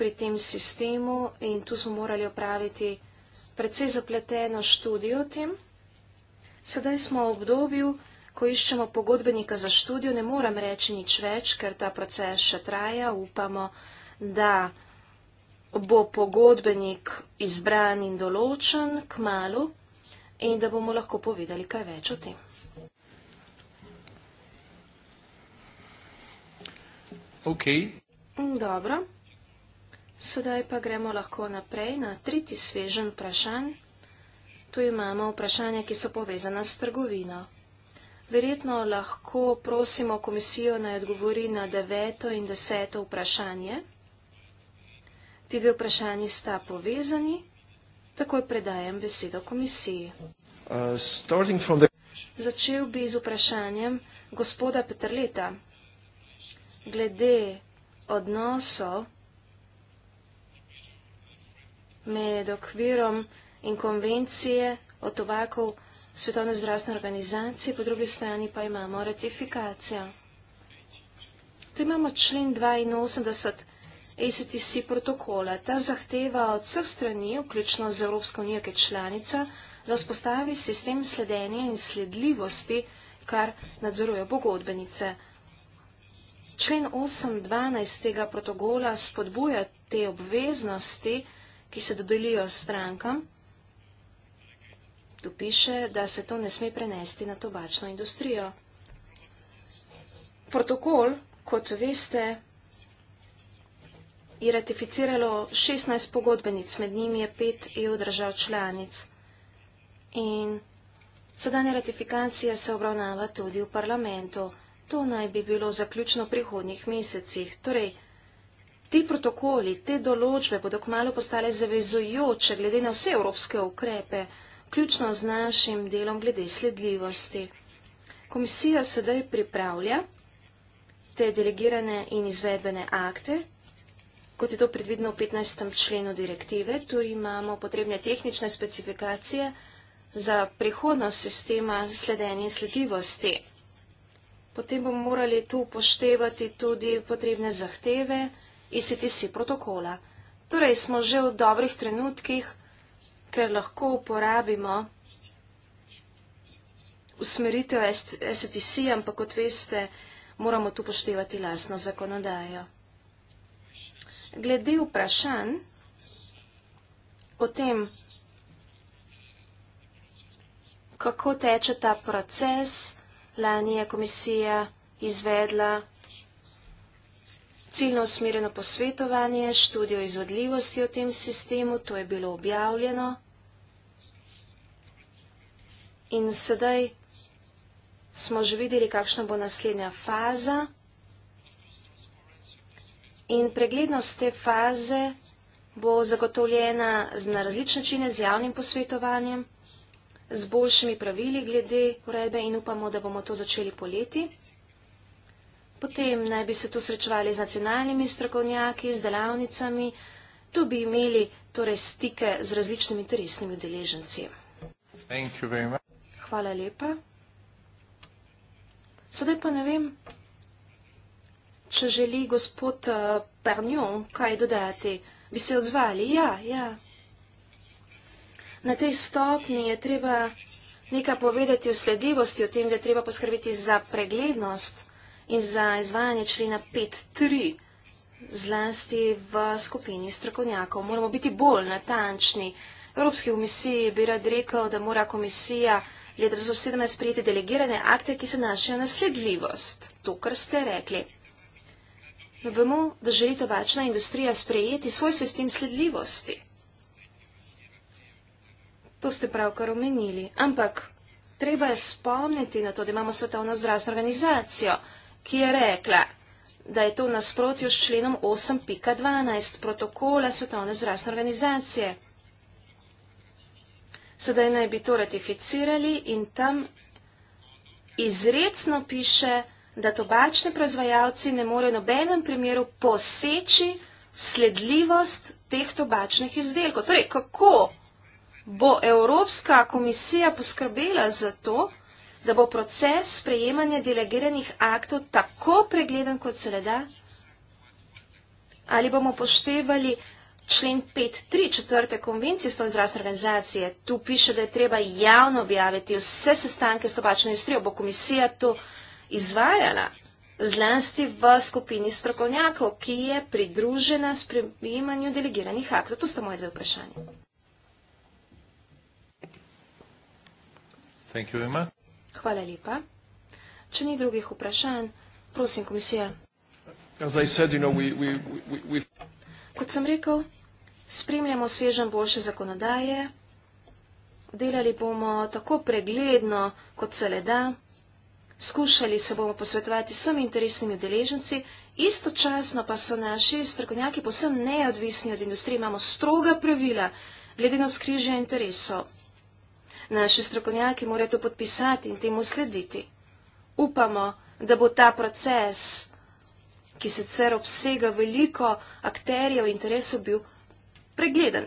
pri tem sistemu in tu smo morali opraviti precej zapleteno študijo o tem. Sedaj smo v obdobju, ko iščemo pogodbenika za študijo, ne morem reči nič več, ker ta proces še traja. Upamo, da bo pogodbenik izbran in določen k malu in da bomo lahko povedali kaj več o tem. Ok. Mm, dobro. Sedaj pa gremo lahko naprej na tretji svežen vprašanj. Tu imamo vprašanja, ki so povezana s trgovino. Verjetno lahko prosimo komisijo naj odgovori na deveto in deseto vprašanje. Ti dve vprašanji sta povezani. Takoj predajem besedo komisiji. Uh, Začel bi z vprašanjem gospoda Petrleta glede odnosov med okvirom in konvencije o tobaku Svetovne zdravstvene organizacije, po drugi strani pa imamo ratifikacijo. Tu imamo člen 82. ACTC protokole. Ta zahteva od vseh strani, vključno z Evropsko unijo, ki je članica, da vzpostavi sistem sledenja in sledljivosti, kar nadzorujejo pogodbenice. Člen 8.12. tega protokola spodbuja te obveznosti, ki se dodelijo strankam. Tu piše, da se to ne sme prenesti na tobačno industrijo. Protokol, kot veste, je ratificiralo 16 pogodbenic, med njimi je pet EU držav članic. In sedanja ratifikacija se obravnava tudi v parlamentu. To naj bi bilo zaključno v prihodnjih mesecih. Torej, ti protokoli, te določbe bodo kmalo postale zavezujoče glede na vse evropske ukrepe, ključno z našim delom glede sledljivosti. Komisija sedaj pripravlja te delegirane in izvedbene akte, kot je to predvideno v 15. členu direktive. Tu imamo potrebne tehnične specifikacije za prihodnost sistema sledenja in sledljivosti. Potem bomo morali tu upoštevati tudi potrebne zahteve iz CTC protokola. Torej smo že v dobrih trenutkih, ker lahko uporabimo usmeritev SCTC, ampak kot veste, moramo tu poštevati lasno zakonodajo glede vprašanj o tem, kako teče ta proces, lani je komisija izvedla ciljno usmerjeno posvetovanje, študijo izvodljivosti o tem sistemu, to je bilo objavljeno. In sedaj smo že videli, kakšna bo naslednja faza. In preglednost te faze bo zagotovljena na različne načine z javnim posvetovanjem, z boljšimi pravili glede urebe in upamo, da bomo to začeli poleti. Potem naj bi se tu srečevali z nacionalnimi strokovnjaki, z delavnicami, tu bi imeli torej stike z različnimi interesnimi udeleženci. Hvala lepa. Sedaj pa ne vem, Če želi gospod uh, eh, Pernjon kaj dodati, bi se odzvali. Ja, ja. Na tej stopni je treba nekaj povedati o sledivosti, o tem, da je treba poskrbeti za preglednost in za izvajanje člena 5.3, zlasti v skupini strokovnjakov. Moramo biti bolj natančni. Evropski komisiji bi rad rekel, da mora komisija leta 2017 sprejeti delegirane akte, ki se našajo na sledljivost. To, kar ste rekli da no, vemo, da želi tobačna industrija sprejeti svoj sistem sledljivosti. To ste pravkar omenili, ampak treba je spomniti na to, da imamo svetovno zdravstveno organizacijo, ki je rekla, da je to v nasprotju s členom 8.12 protokola svetovne zdravstvene organizacije. Sedaj naj bi to ratificirali in tam izredno piše, da da tobačni proizvajalci ne morejo nobenem primeru poseči sledljivost teh tobačnih izdelkov. Torej, kako bo Evropska komisija poskrbela za to, da bo proces sprejemanja delegiranih aktov tako pregleden, kot se le da? Ali bomo poštevali člen 5.3 četvrte konvencije s to zdravstvene organizacije? Tu piše, da je treba javno objaviti vse sestanke s tobačno industrijo. Bo komisija to izvajala, zlasti v skupini strokovnjakov, ki je pridružena sprejemanju delegiranih aktov. To sta moje dve vprašanje. Hvala lepa. Če ni drugih vprašanj, prosim komisija. Said, you know, we, we, we, we... Kot sem rekel, spremljamo svežen boljše zakonodaje, delali bomo tako pregledno, kot se le da, Skušali se bomo posvetovati vsem interesnimi deležnici, istočasno pa so naši strokovnjaki posem neodvisni od industrije, imamo stroga pravila, glede na skrižje interesov. Naši strokovnjaki morajo to podpisati in temu slediti. Upamo, da bo ta proces, ki sicer obsega veliko akterjev interesov, bil pregleden.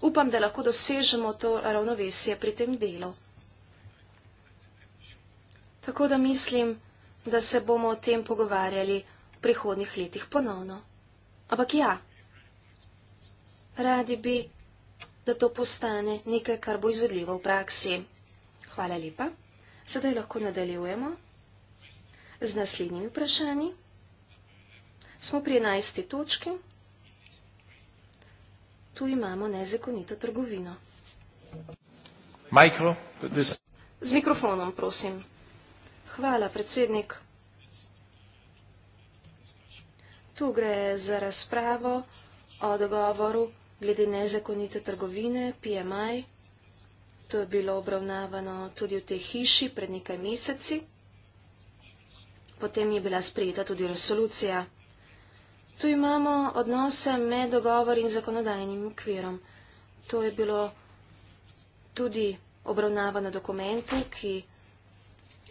Upam, da lahko dosežemo to ravnovesje pri tem delu. Tako da mislim, da se bomo o tem pogovarjali v prihodnih letih ponovno. Ampak ja, radi bi, da to postane nekaj, kar bo izvedljivo v praksi. Hvala lepa. Sedaj lahko nadaljujemo z naslednjimi vprašanji. Smo pri 11. točki. Tu imamo nezakonito trgovino. Mikro, this... Z mikrofonom, prosim. Hvala, predsednik. Tu gre za razpravo o dogovoru glede nezakonite trgovine PMI. To je bilo obravnavano tudi v tej hiši pred nekaj meseci. Potem je bila sprejeta tudi resolucija. Tu imamo odnose med dogovor in zakonodajnim okvirom. To je bilo tudi obravnavano dokumentu, ki je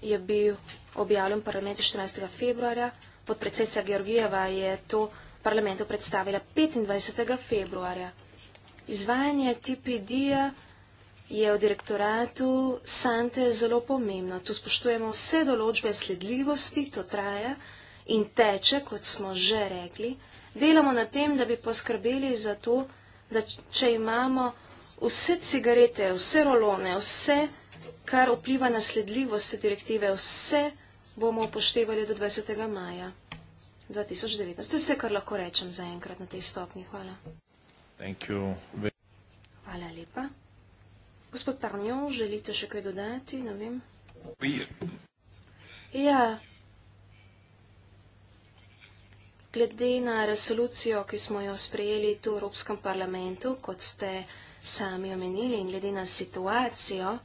je bil objavljen v parlamentu 14. februarja. Podpredsednica Georgijeva je to parlamentu predstavila 25. februarja. Izvajanje TPD-ja je v direktoratu Sante zelo pomembno. Tu spoštujemo vse določbe sledljivosti, to traja in teče, kot smo že rekli. Delamo na tem, da bi poskrbeli za to, da če imamo vse cigarete, vse rolone, vse kar vpliva na sledljivost direktive, vse bomo upoštevali do 20. maja 2019. To je vse, kar lahko rečem za enkrat na tej stopni. Hvala. Hvala lepa. Gospod Parnjov, želite še kaj dodati? Ne vem. Ja. Glede na resolucijo, ki smo jo sprejeli tu v Evropskem parlamentu, kot ste sami omenili, in glede na situacijo,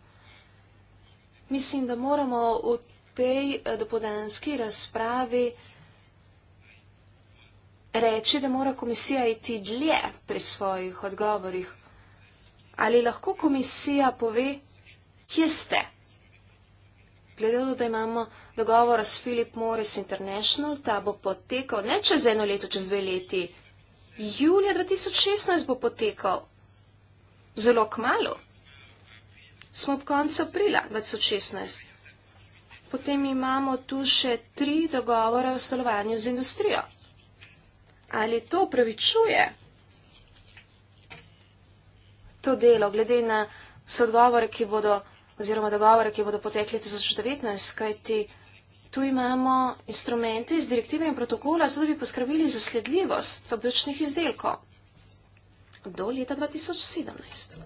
Mislim, da moramo v tej eh, dopodanski razpravi reči, da mora komisija iti dlje pri svojih odgovorih. Ali lahko komisija pove, kje ste? Glede to, da imamo dogovor s Philip Morris International, ta bo potekal ne čez eno leto, čez dve leti. Julija 2016 bo potekal. Zelo kmalo smo ob koncu aprila 2016. Potem imamo tu še tri dogovore o sodelovanju z industrijo. Ali to upravičuje to delo, glede na vse odgovore, ki bodo, oziroma dogovore, ki bodo potekli 2019, kajti tu imamo instrumente iz direktive in protokola, zato bi poskrbeli za sledljivost obličnih izdelkov do leta 2017.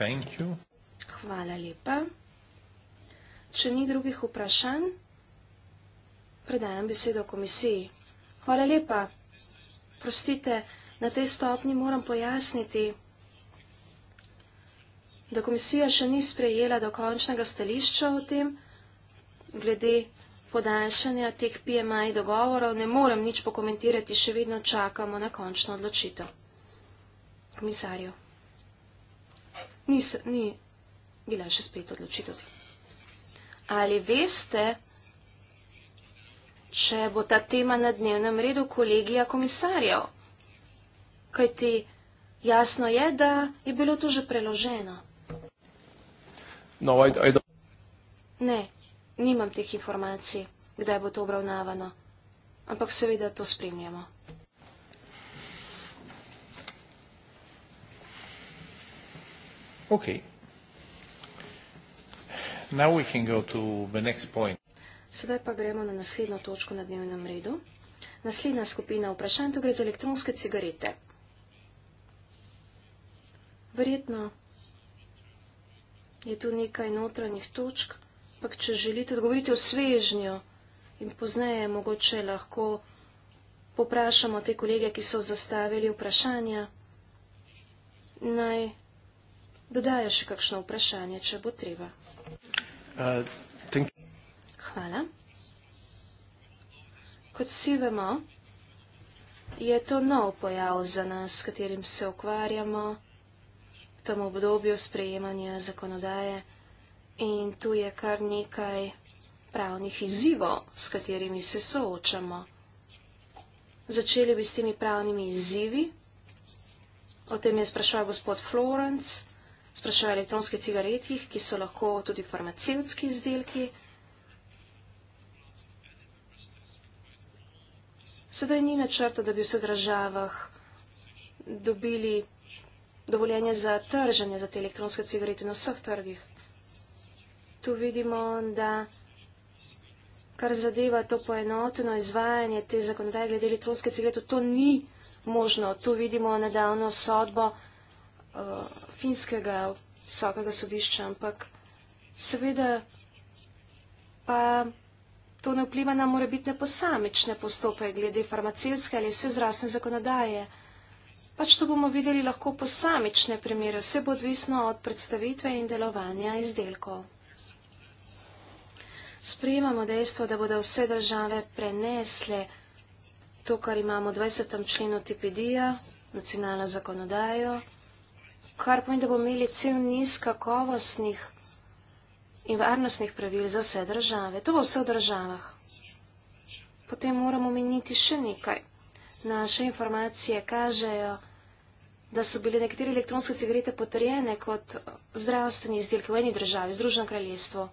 Thank you. Hvala lepa. Če ni drugih vprašanj, predajam besedo komisiji. Hvala lepa. Prostite, na tej stopni moram pojasniti, da komisija še ni sprejela dokončnega stališča o tem, glede podaljšanja teh PMI dogovorov, ne morem nič pokomentirati, še vedno čakamo na končno odločitev. Komisarju. Nis, ni bila še spet odločitev. Ali veste, če bo ta tema na dnevnem redu kolegija komisarjev? Kaj ti jasno je, da je bilo to že preloženo? No, I, I ne, nimam teh informacij, kdaj bo to obravnavano. Ampak seveda to spremljamo. Okay. Now we can go to the next point. Sedaj pa gremo na naslednjo točko na dnevnem redu. Naslednja skupina vprašanj, to gre za elektronske cigarete. Verjetno je tu nekaj notranjih točk, pa če želite odgovoriti o svežnju in pozneje mogoče lahko poprašamo te kolege, ki so zastavili vprašanja, naj Dodajo še kakšno vprašanje, če bo treba. Uh, Hvala. Kot vsi vemo, je to nov pojav za nas, s katerim se ukvarjamo v tem obdobju sprejemanja zakonodaje in tu je kar nekaj pravnih izzivov, s katerimi se soočamo. Začeli bi s temi pravnimi izzivi. O tem je sprašal gospod Florence sprašujejo o elektronskih cigaretih, ki so lahko tudi farmacevtski izdelki. Sedaj ni načrta, da bi vse državah dobili dovoljenje za trženje za te elektronske cigarete na vseh trgih. Tu vidimo, da kar zadeva to poenoteno izvajanje te zakonodaje glede elektronske cigarete, to ni možno. Tu vidimo nedavno sodbo uh, finskega visokega sodišča, ampak seveda pa to ne vpliva na morebitne posamične postope glede farmacijske ali vse zrasne zakonodaje. Pač to bomo videli lahko posamične primere, vse bo odvisno od predstavitve in delovanja izdelkov. Sprejemamo dejstvo, da bodo vse države prenesle to, kar imamo v 20. členu TPD-ja, nacionalno zakonodajo kar pomeni, da bomo imeli cel niz kakovostnih in varnostnih pravil za vse države. To bo v vseh državah. Potem moramo meniti še nekaj. Naše informacije kažejo, da so bile nekatere elektronske cigarete potrjene kot zdravstveni izdelki v eni državi, Združeno kraljestvo.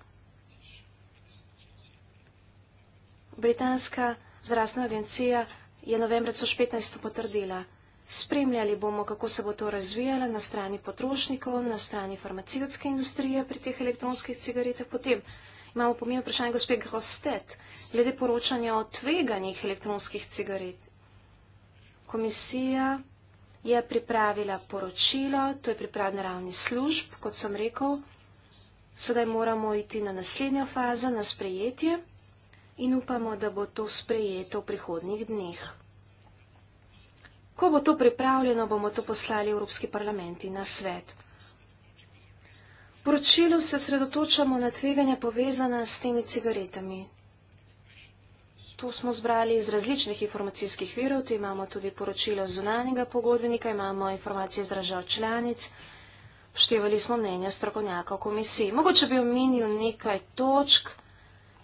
Britanska zdravstvena agencija je novembra 2015 potrdila. Spremljali bomo, kako se bo to razvijalo na strani potrošnikov, na strani farmacijske industrije pri teh elektronskih cigaretah. Potem imamo pomembno vprašanje gospe Grostet, glede poročanja o tveganjih elektronskih cigaret. Komisija je pripravila poročilo, to je priprav na ravni služb, kot sem rekel. Sedaj moramo iti na naslednjo fazo, na sprejetje in upamo, da bo to sprejeto v prihodnjih dneh. Ko bo to pripravljeno, bomo to poslali Evropski parlament in na svet. V poročilu se osredotočamo na tveganja povezana s temi cigaretami. To smo zbrali iz različnih informacijskih virov, tu imamo tudi poročilo zunanjega pogodbenika, imamo informacije z držav članic, poštevali smo mnenja strokovnjaka v komisiji. Mogoče bi omenil nekaj točk,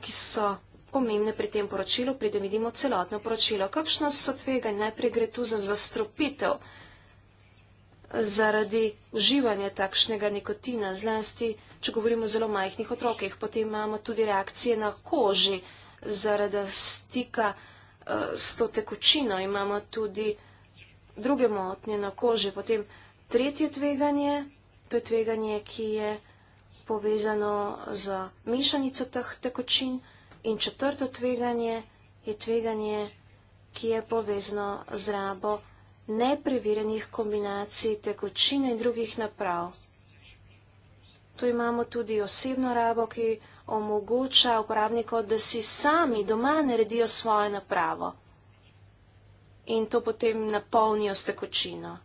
ki so pomembne pri tem poročilu, pri da vidimo celotno poročilo. Kakšno so tveganje? Najprej gre tu za zastropitev zaradi uživanja takšnega nikotina, zlasti, če govorimo o zelo majhnih otrokih, potem imamo tudi reakcije na koži zaradi stika eh, s to tekočino, imamo tudi druge motnje na koži. Potem tretje tveganje, to je tveganje, ki je povezano z mešanico teh tekočin, In četrto tveganje je tveganje, ki je povezano z rabo nepreverjenih kombinacij tekočine in drugih naprav. Tu imamo tudi osebno rabo, ki omogoča uporabniku, da si sami doma naredijo svojo napravo in to potem napolnijo s tekočino.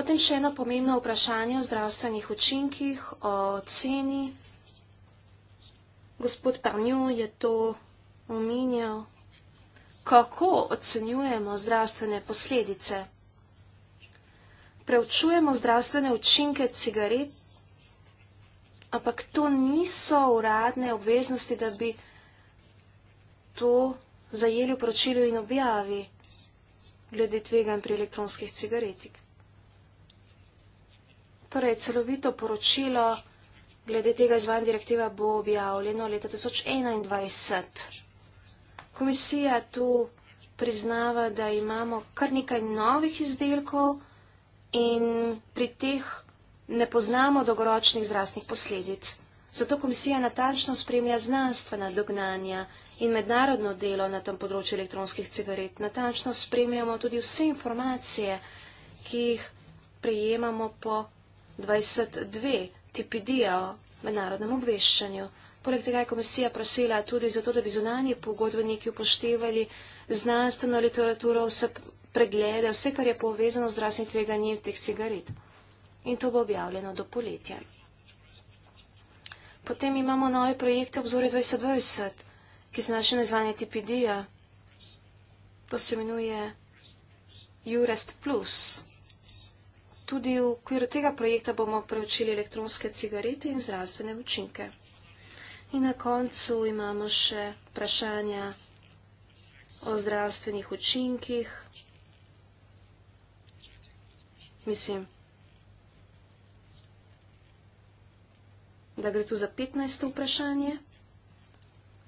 Potem še eno pomembno vprašanje o zdravstvenih učinkih, o ceni. Gospod Parnju je to omenjal. Kako ocenjujemo zdravstvene posledice? Preučujemo zdravstvene učinke cigaret, ampak to niso uradne obveznosti, da bi to zajeli v poročilu in objavi glede tvegan pri elektronskih cigaretih. Torej, celovito poročilo glede tega izvajanja direktiva bo objavljeno leta 2021. Komisija tu priznava, da imamo kar nekaj novih izdelkov in pri teh ne poznamo dolgoročnih zrastnih posledic. Zato komisija natančno spremlja znanstvena dognanja in mednarodno delo na tem področju elektronskih cigaret. Natančno spremljamo tudi vse informacije, ki jih prejemamo po 22 tipidijev mednarodnem obveščanju. Poleg tega je komisija prosila tudi zato, da bi zunanji pogodbeniki upoštevali znanstveno literaturo, vse preglede, vse, kar je povezano z zdravstvenim tveganjem teh cigaret. In to bo objavljeno do poletja. Potem imamo nove projekte obzore 2020, ki so naše nazvanje TPD-ja. To se imenuje Jurest Plus. Tudi v okviru tega projekta bomo preučili elektronske cigarete in zdravstvene učinke. In na koncu imamo še vprašanja o zdravstvenih učinkih. Mislim, da gre tu za 15. vprašanje.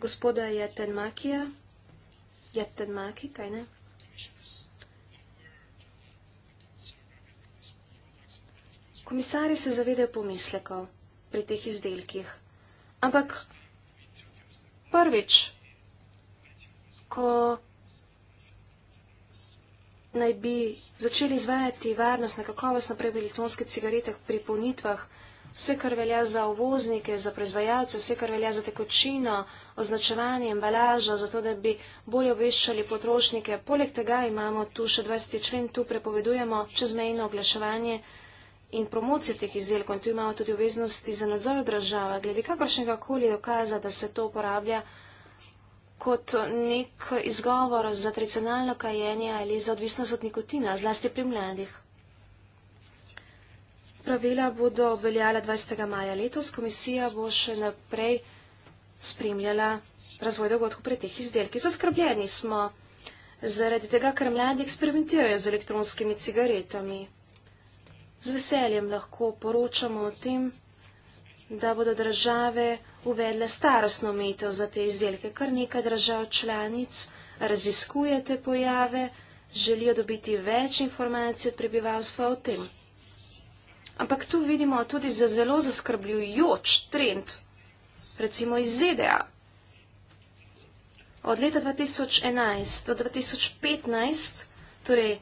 Gospoda Jetten Makija. Jetten Maki, kaj ne? Yes. Komisari se zavedajo pomislekov pri teh izdelkih, ampak prvič, ko naj bi začeli izvajati varnost na kakovostno prej v elektronskih cigaretah pri ponitvah, vse, kar velja za uvoznike, za proizvajalce, vse, kar velja za tekočino, označevanje, embalažo, zato da bi bolje obveščali potrošnike. Poleg tega imamo tu še 20. člen, tu prepovedujemo čezmejno oglaševanje in promocijo teh izdelkov. In tu imamo tudi obveznosti za nadzor države. Glede kakršnega koli dokaza, da se to uporablja kot nek izgovor za tradicionalno kajenje ali za odvisnost od nikotina, zlasti pri mladih. Pravila bodo veljala 20. maja letos. Komisija bo še naprej spremljala razvoj dogodkov pri teh izdelkih. Zaskrbljeni smo zaradi tega, ker mladi eksperimentirajo z elektronskimi cigaretami z veseljem lahko poročamo o tem, da bodo države uvedle starostno metel za te izdelke. Kar nekaj držav članic raziskuje te pojave, želijo dobiti več informacij od prebivalstva o tem. Ampak tu vidimo tudi za zelo zaskrbljujoč trend, recimo iz ZDA. Od leta 2011 do 2015, torej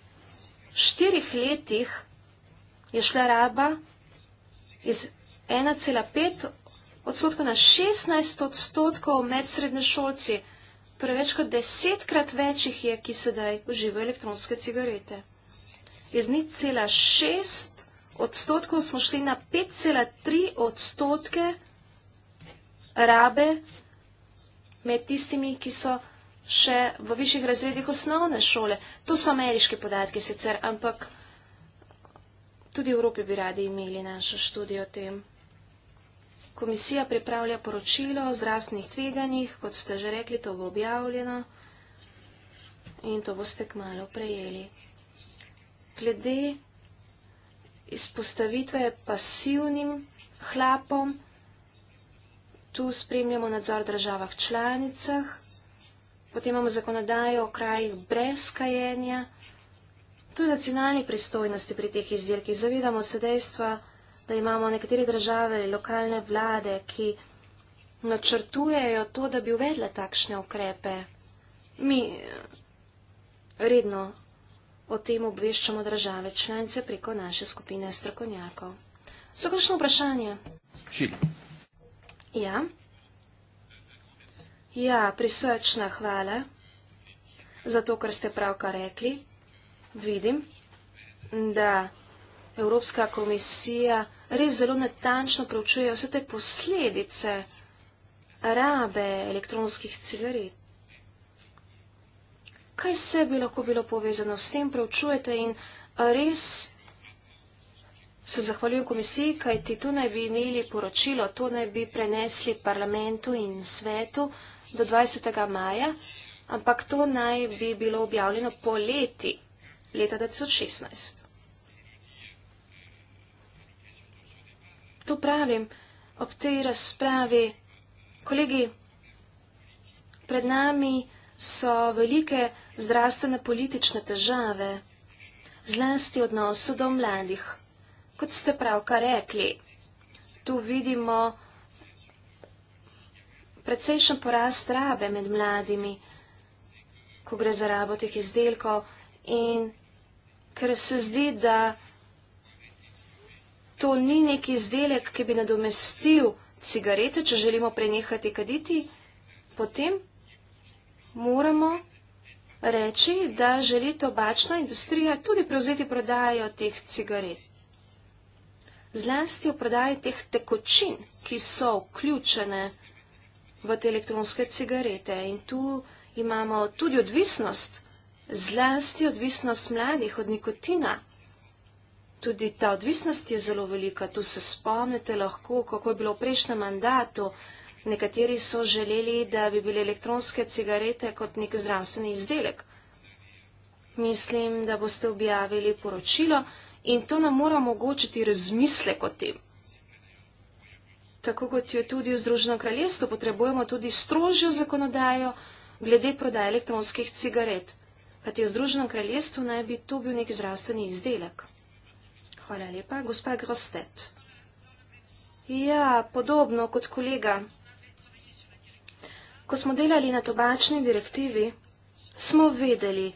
štirih letih, je šla raba iz 1,5 odstotka na 16 odstotkov med srednješolci. Torej več kot desetkrat večjih je, ki sedaj uživajo elektronske cigarete. Iz 0,6 odstotkov smo šli na 5,3 odstotke rabe med tistimi, ki so še v višjih razredih osnovne šole. To so ameriški podatki sicer, ampak. Tudi v Evropi bi radi imeli našo študijo o tem. Komisija pripravlja poročilo o zdravstvenih tveganjih, kot ste že rekli, to bo objavljeno in to boste kmalo prejeli. Glede izpostavitve pasivnim hlapom, tu spremljamo nadzor državah članicah, potem imamo zakonodajo o krajih brez kajenja, To je nacionalni pristojnosti pri teh izdelkih. Zavedamo se dejstva, da imamo nekatere države, lokalne vlade, ki načrtujejo to, da bi uvedle takšne ukrepe. Mi eh, redno o tem obveščamo države članice preko naše skupine strokovnjakov. So kakšno vprašanje? Čili. Ja. Ja, prisrčna hvala za to, kar ste pravkar rekli vidim, da Evropska komisija res zelo natančno preučuje vse te posledice rabe elektronskih cigaret. Kaj vse bi lahko bilo povezano s tem, preučujete in res se zahvaljujem komisiji, kaj ti tu naj bi imeli poročilo, to naj bi prenesli parlamentu in svetu do 20. maja, ampak to naj bi bilo objavljeno po leti leta 2016. To pravim ob tej razpravi. Kolegi, pred nami so velike zdravstvene politične težave, zlasti odnosu do mladih. Kot ste pravkar rekli, tu vidimo predsejšen porast rabe med mladimi, ko gre za rabo teh izdelkov in ker se zdi, da to ni nek izdelek, ki bi nadomestil cigarete, če želimo prenehati kaditi, potem moramo reči, da želi tobačna industrija tudi prevzeti prodajo teh cigaret. Zlasti v prodaji teh tekočin, ki so vključene v te elektronske cigarete. In tu imamo tudi odvisnost zlasti odvisnost mladih od nikotina. Tudi ta odvisnost je zelo velika, tu se spomnite lahko, kako je bilo v prejšnjem mandatu. Nekateri so želeli, da bi bile elektronske cigarete kot nek zdravstveni izdelek. Mislim, da boste objavili poročilo in to nam mora omogočiti razmislek o tem. Tako kot jo tudi v Združenem kraljestvu potrebujemo tudi strožjo zakonodajo glede prodaje elektronskih cigaret kajti v Združenem kraljestvu naj bi to bil nek zdravstveni izdelek. Hvala lepa, gospa Grostet. Ja, podobno kot kolega. Ko smo delali na tobačni direktivi, smo vedeli,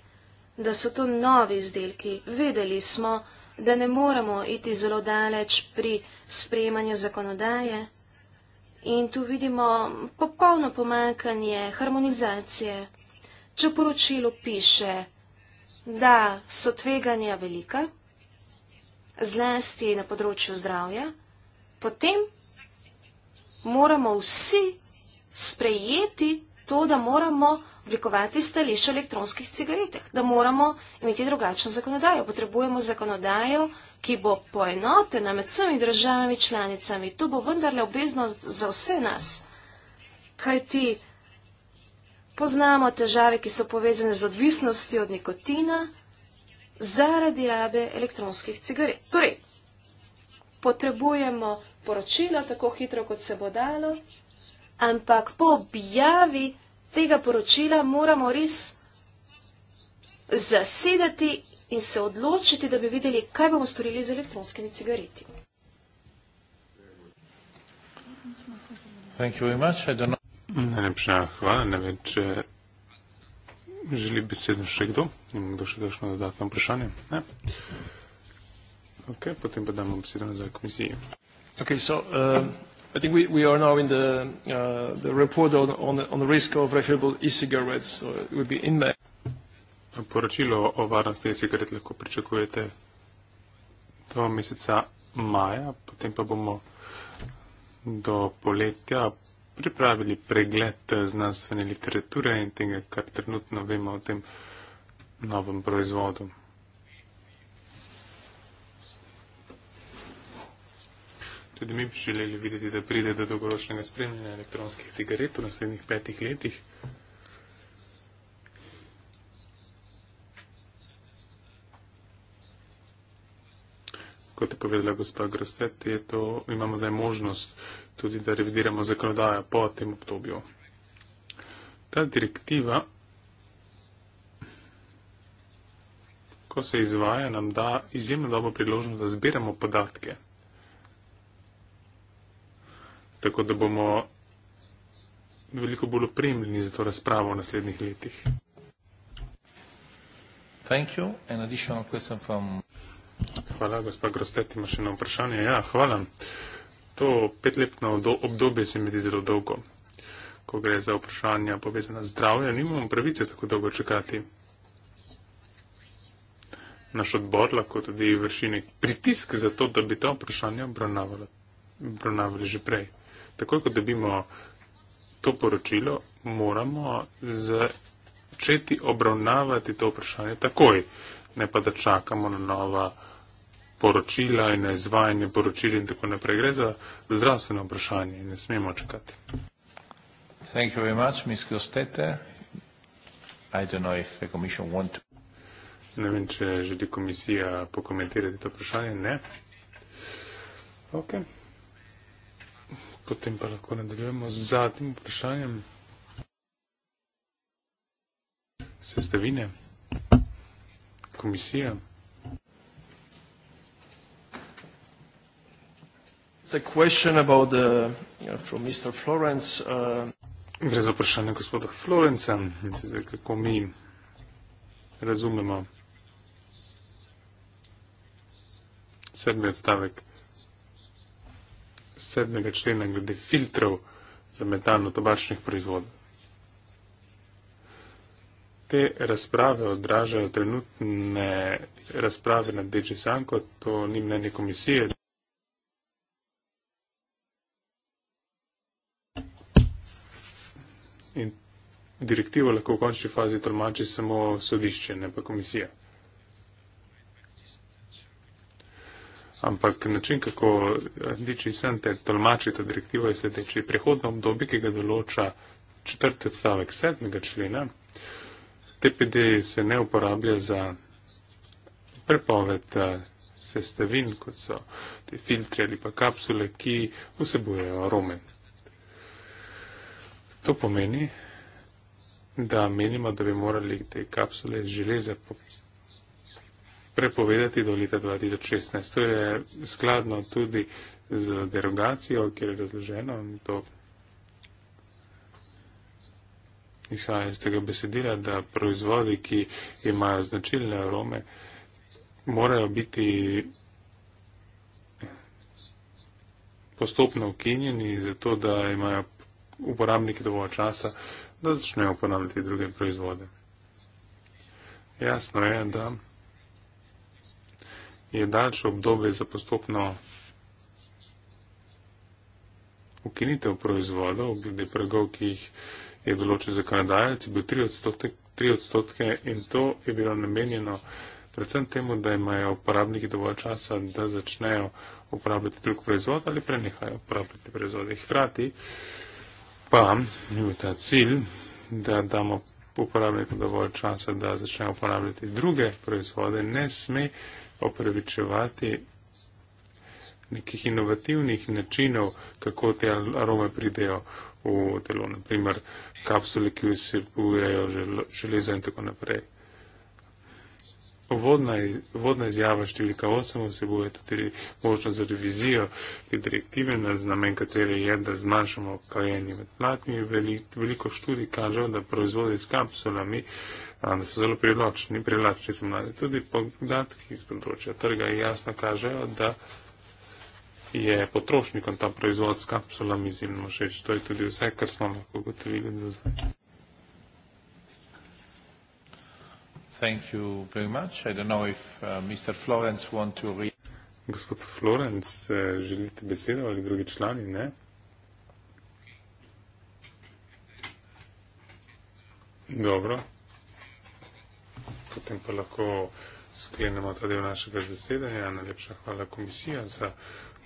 da so to novi izdelki. Vedeli smo, da ne moremo iti zelo daleč pri sprejemanju zakonodaje. In tu vidimo popolno pomankanje harmonizacije če v poročilu piše, da so tveganja velika, zlesti na področju zdravja, potem moramo vsi sprejeti to, da moramo oblikovati stališče elektronskih cigaretah, da moramo imeti drugačno zakonodajo. Potrebujemo zakonodajo, ki bo poenotena med vsemi državami članicami. To bo vendarle obveznost za vse nas. Kaj ti poznamo težave, ki so povezane z odvisnosti od nikotina zaradi rabe elektronskih cigaret. Torej, potrebujemo poročilo tako hitro, kot se bo dalo, ampak po objavi tega poročila moramo res zasedati in se odločiti, da bi videli, kaj bomo storili z elektronskimi cigareti. Thank you very much. I don't know. Najlepša hvala. Ne vem, če eh, želi besedo še kdo. Imamo kdo še kakšno dodatno vprašanje? Ne? Ok, potem pa damo besedo nazaj komisiji. Ok, so... Uh... I think we, we are now in the, uh, the report on, on, on the risk of refillable e-cigarettes. So it will be in May. Poročilo o varnosti e-cigaret lahko pričakujete do meseca maja, potem pa bomo do poletja pripravili pregled eh, znanstvene literature in tega, kar trenutno vemo o tem novem proizvodu. Tudi mi bi želeli videti, da pride do dolgoročnega spremljanja elektronskih cigaret v naslednjih petih letih. Kot je povedala gospa Grostet, imamo zdaj možnost tudi da revidiramo zakonodajo po tem obdobju. Ta direktiva, ko se izvaja, nam da izjemno dobro priložnost, da zbiramo podatke. Tako da bomo veliko bolj opremljeni za to razpravo v naslednjih letih. Hvala, gospod Grostet, ima še eno vprašanje. Ja, hvala to petletno obdobje se mi zdi zelo dolgo. Ko gre za vprašanja povezana z zdravjem, nimamo pravice tako dolgo čakati. Naš odbor lahko tudi vrši nek pritisk za to, da bi ta vprašanja obravnavali že prej. Takoj, ko dobimo to poročilo, moramo začeti obravnavati to vprašanje takoj, ne pa da čakamo na nova poročila in na izvajanje poročil in tako naprej. Gre za zdravstveno vprašanje in ne smemo čakati. Ne vem, če želi komisija pokomentirati to vprašanje. Ne. Ok. Potem pa lahko nadaljujemo z zadnjim vprašanjem. Sestavine. Komisija. a question about the, you know, from Mr. Florence. Uh, Gre za vprašanje gospoda Florenca, kako mi razumemo sedmi odstavek sedmega člena glede filtrov za metano tobačnih proizvodov. Te razprave odražajo trenutne razprave na DG Sanko, to ni mnenje komisije, direktivo lahko v končni fazi tolmači samo sodišče, ne pa komisija. Ampak način, kako diči sem te tolmači to direktivo, je sledeči. Prehodno obdobje, ki ga določa četrti odstavek sedmega člena, TPD se ne uporablja za prepoved eh, sestavin, kot so te filtre ali pa kapsule, ki vsebujejo arome. To pomeni, da menimo, da bi morali te kapsule železa prepovedati do leta 2016. To je skladno tudi z derogacijo, kjer je razloženo in to izhaja iz tega besedila, da proizvodi, ki imajo značilne arome, morajo biti postopno ukinjeni, zato da imajo uporabniki dovolj časa, da začnejo uporabljati druge proizvode. Jasno je, da je daljše obdobje za postopno ukinitev proizvodov, glede pregov, ki jih je določil zakonodajalec, je bil 3 odstotke, odstotke in to je bilo namenjeno predvsem temu, da imajo uporabniki dovolj časa, da začnejo uporabljati drug proizvod ali prenehajo uporabljati proizvode. Hkrati pa je bil ta cilj, da damo uporabniku dovolj časa, da začne uporabljati druge proizvode, ne sme opravičevati nekih inovativnih načinov, kako te arome pridejo v telo. Naprimer, kapsule, ki vsebujejo železo in tako naprej. Vodna, vodna izjava številka 8 vsebuje tudi možnost za revizijo te direktive, na znamen katere je, da zmanjšamo kajenje med mladimi. Veliko, veliko študij kaže, da proizvodi s kapsulami da so zelo privlačni, privlačni so mladi. Tudi podatki iz področja trga jasno kažejo, da je potrošnikom ta proizvod s kapsulami izjemno všeč. To je tudi vse, kar smo lahko ugotovili do zdaj. Thank you very much. I don't know if uh, Mr. Florence wants to read. Gospod Florence, eh, želite besedo ali drugi člani? Ne? Dobro. Potem pa lahko sklenemo ta del našega zasedanja. Najlepša hvala komisija za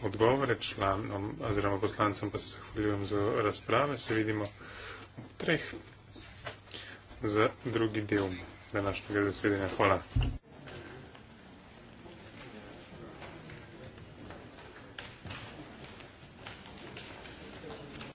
odgovore članom oziroma poslancem, pa se zahvaljujem za razprave. Se vidimo v treh za drugi del današnjega zasedanja. Hvala.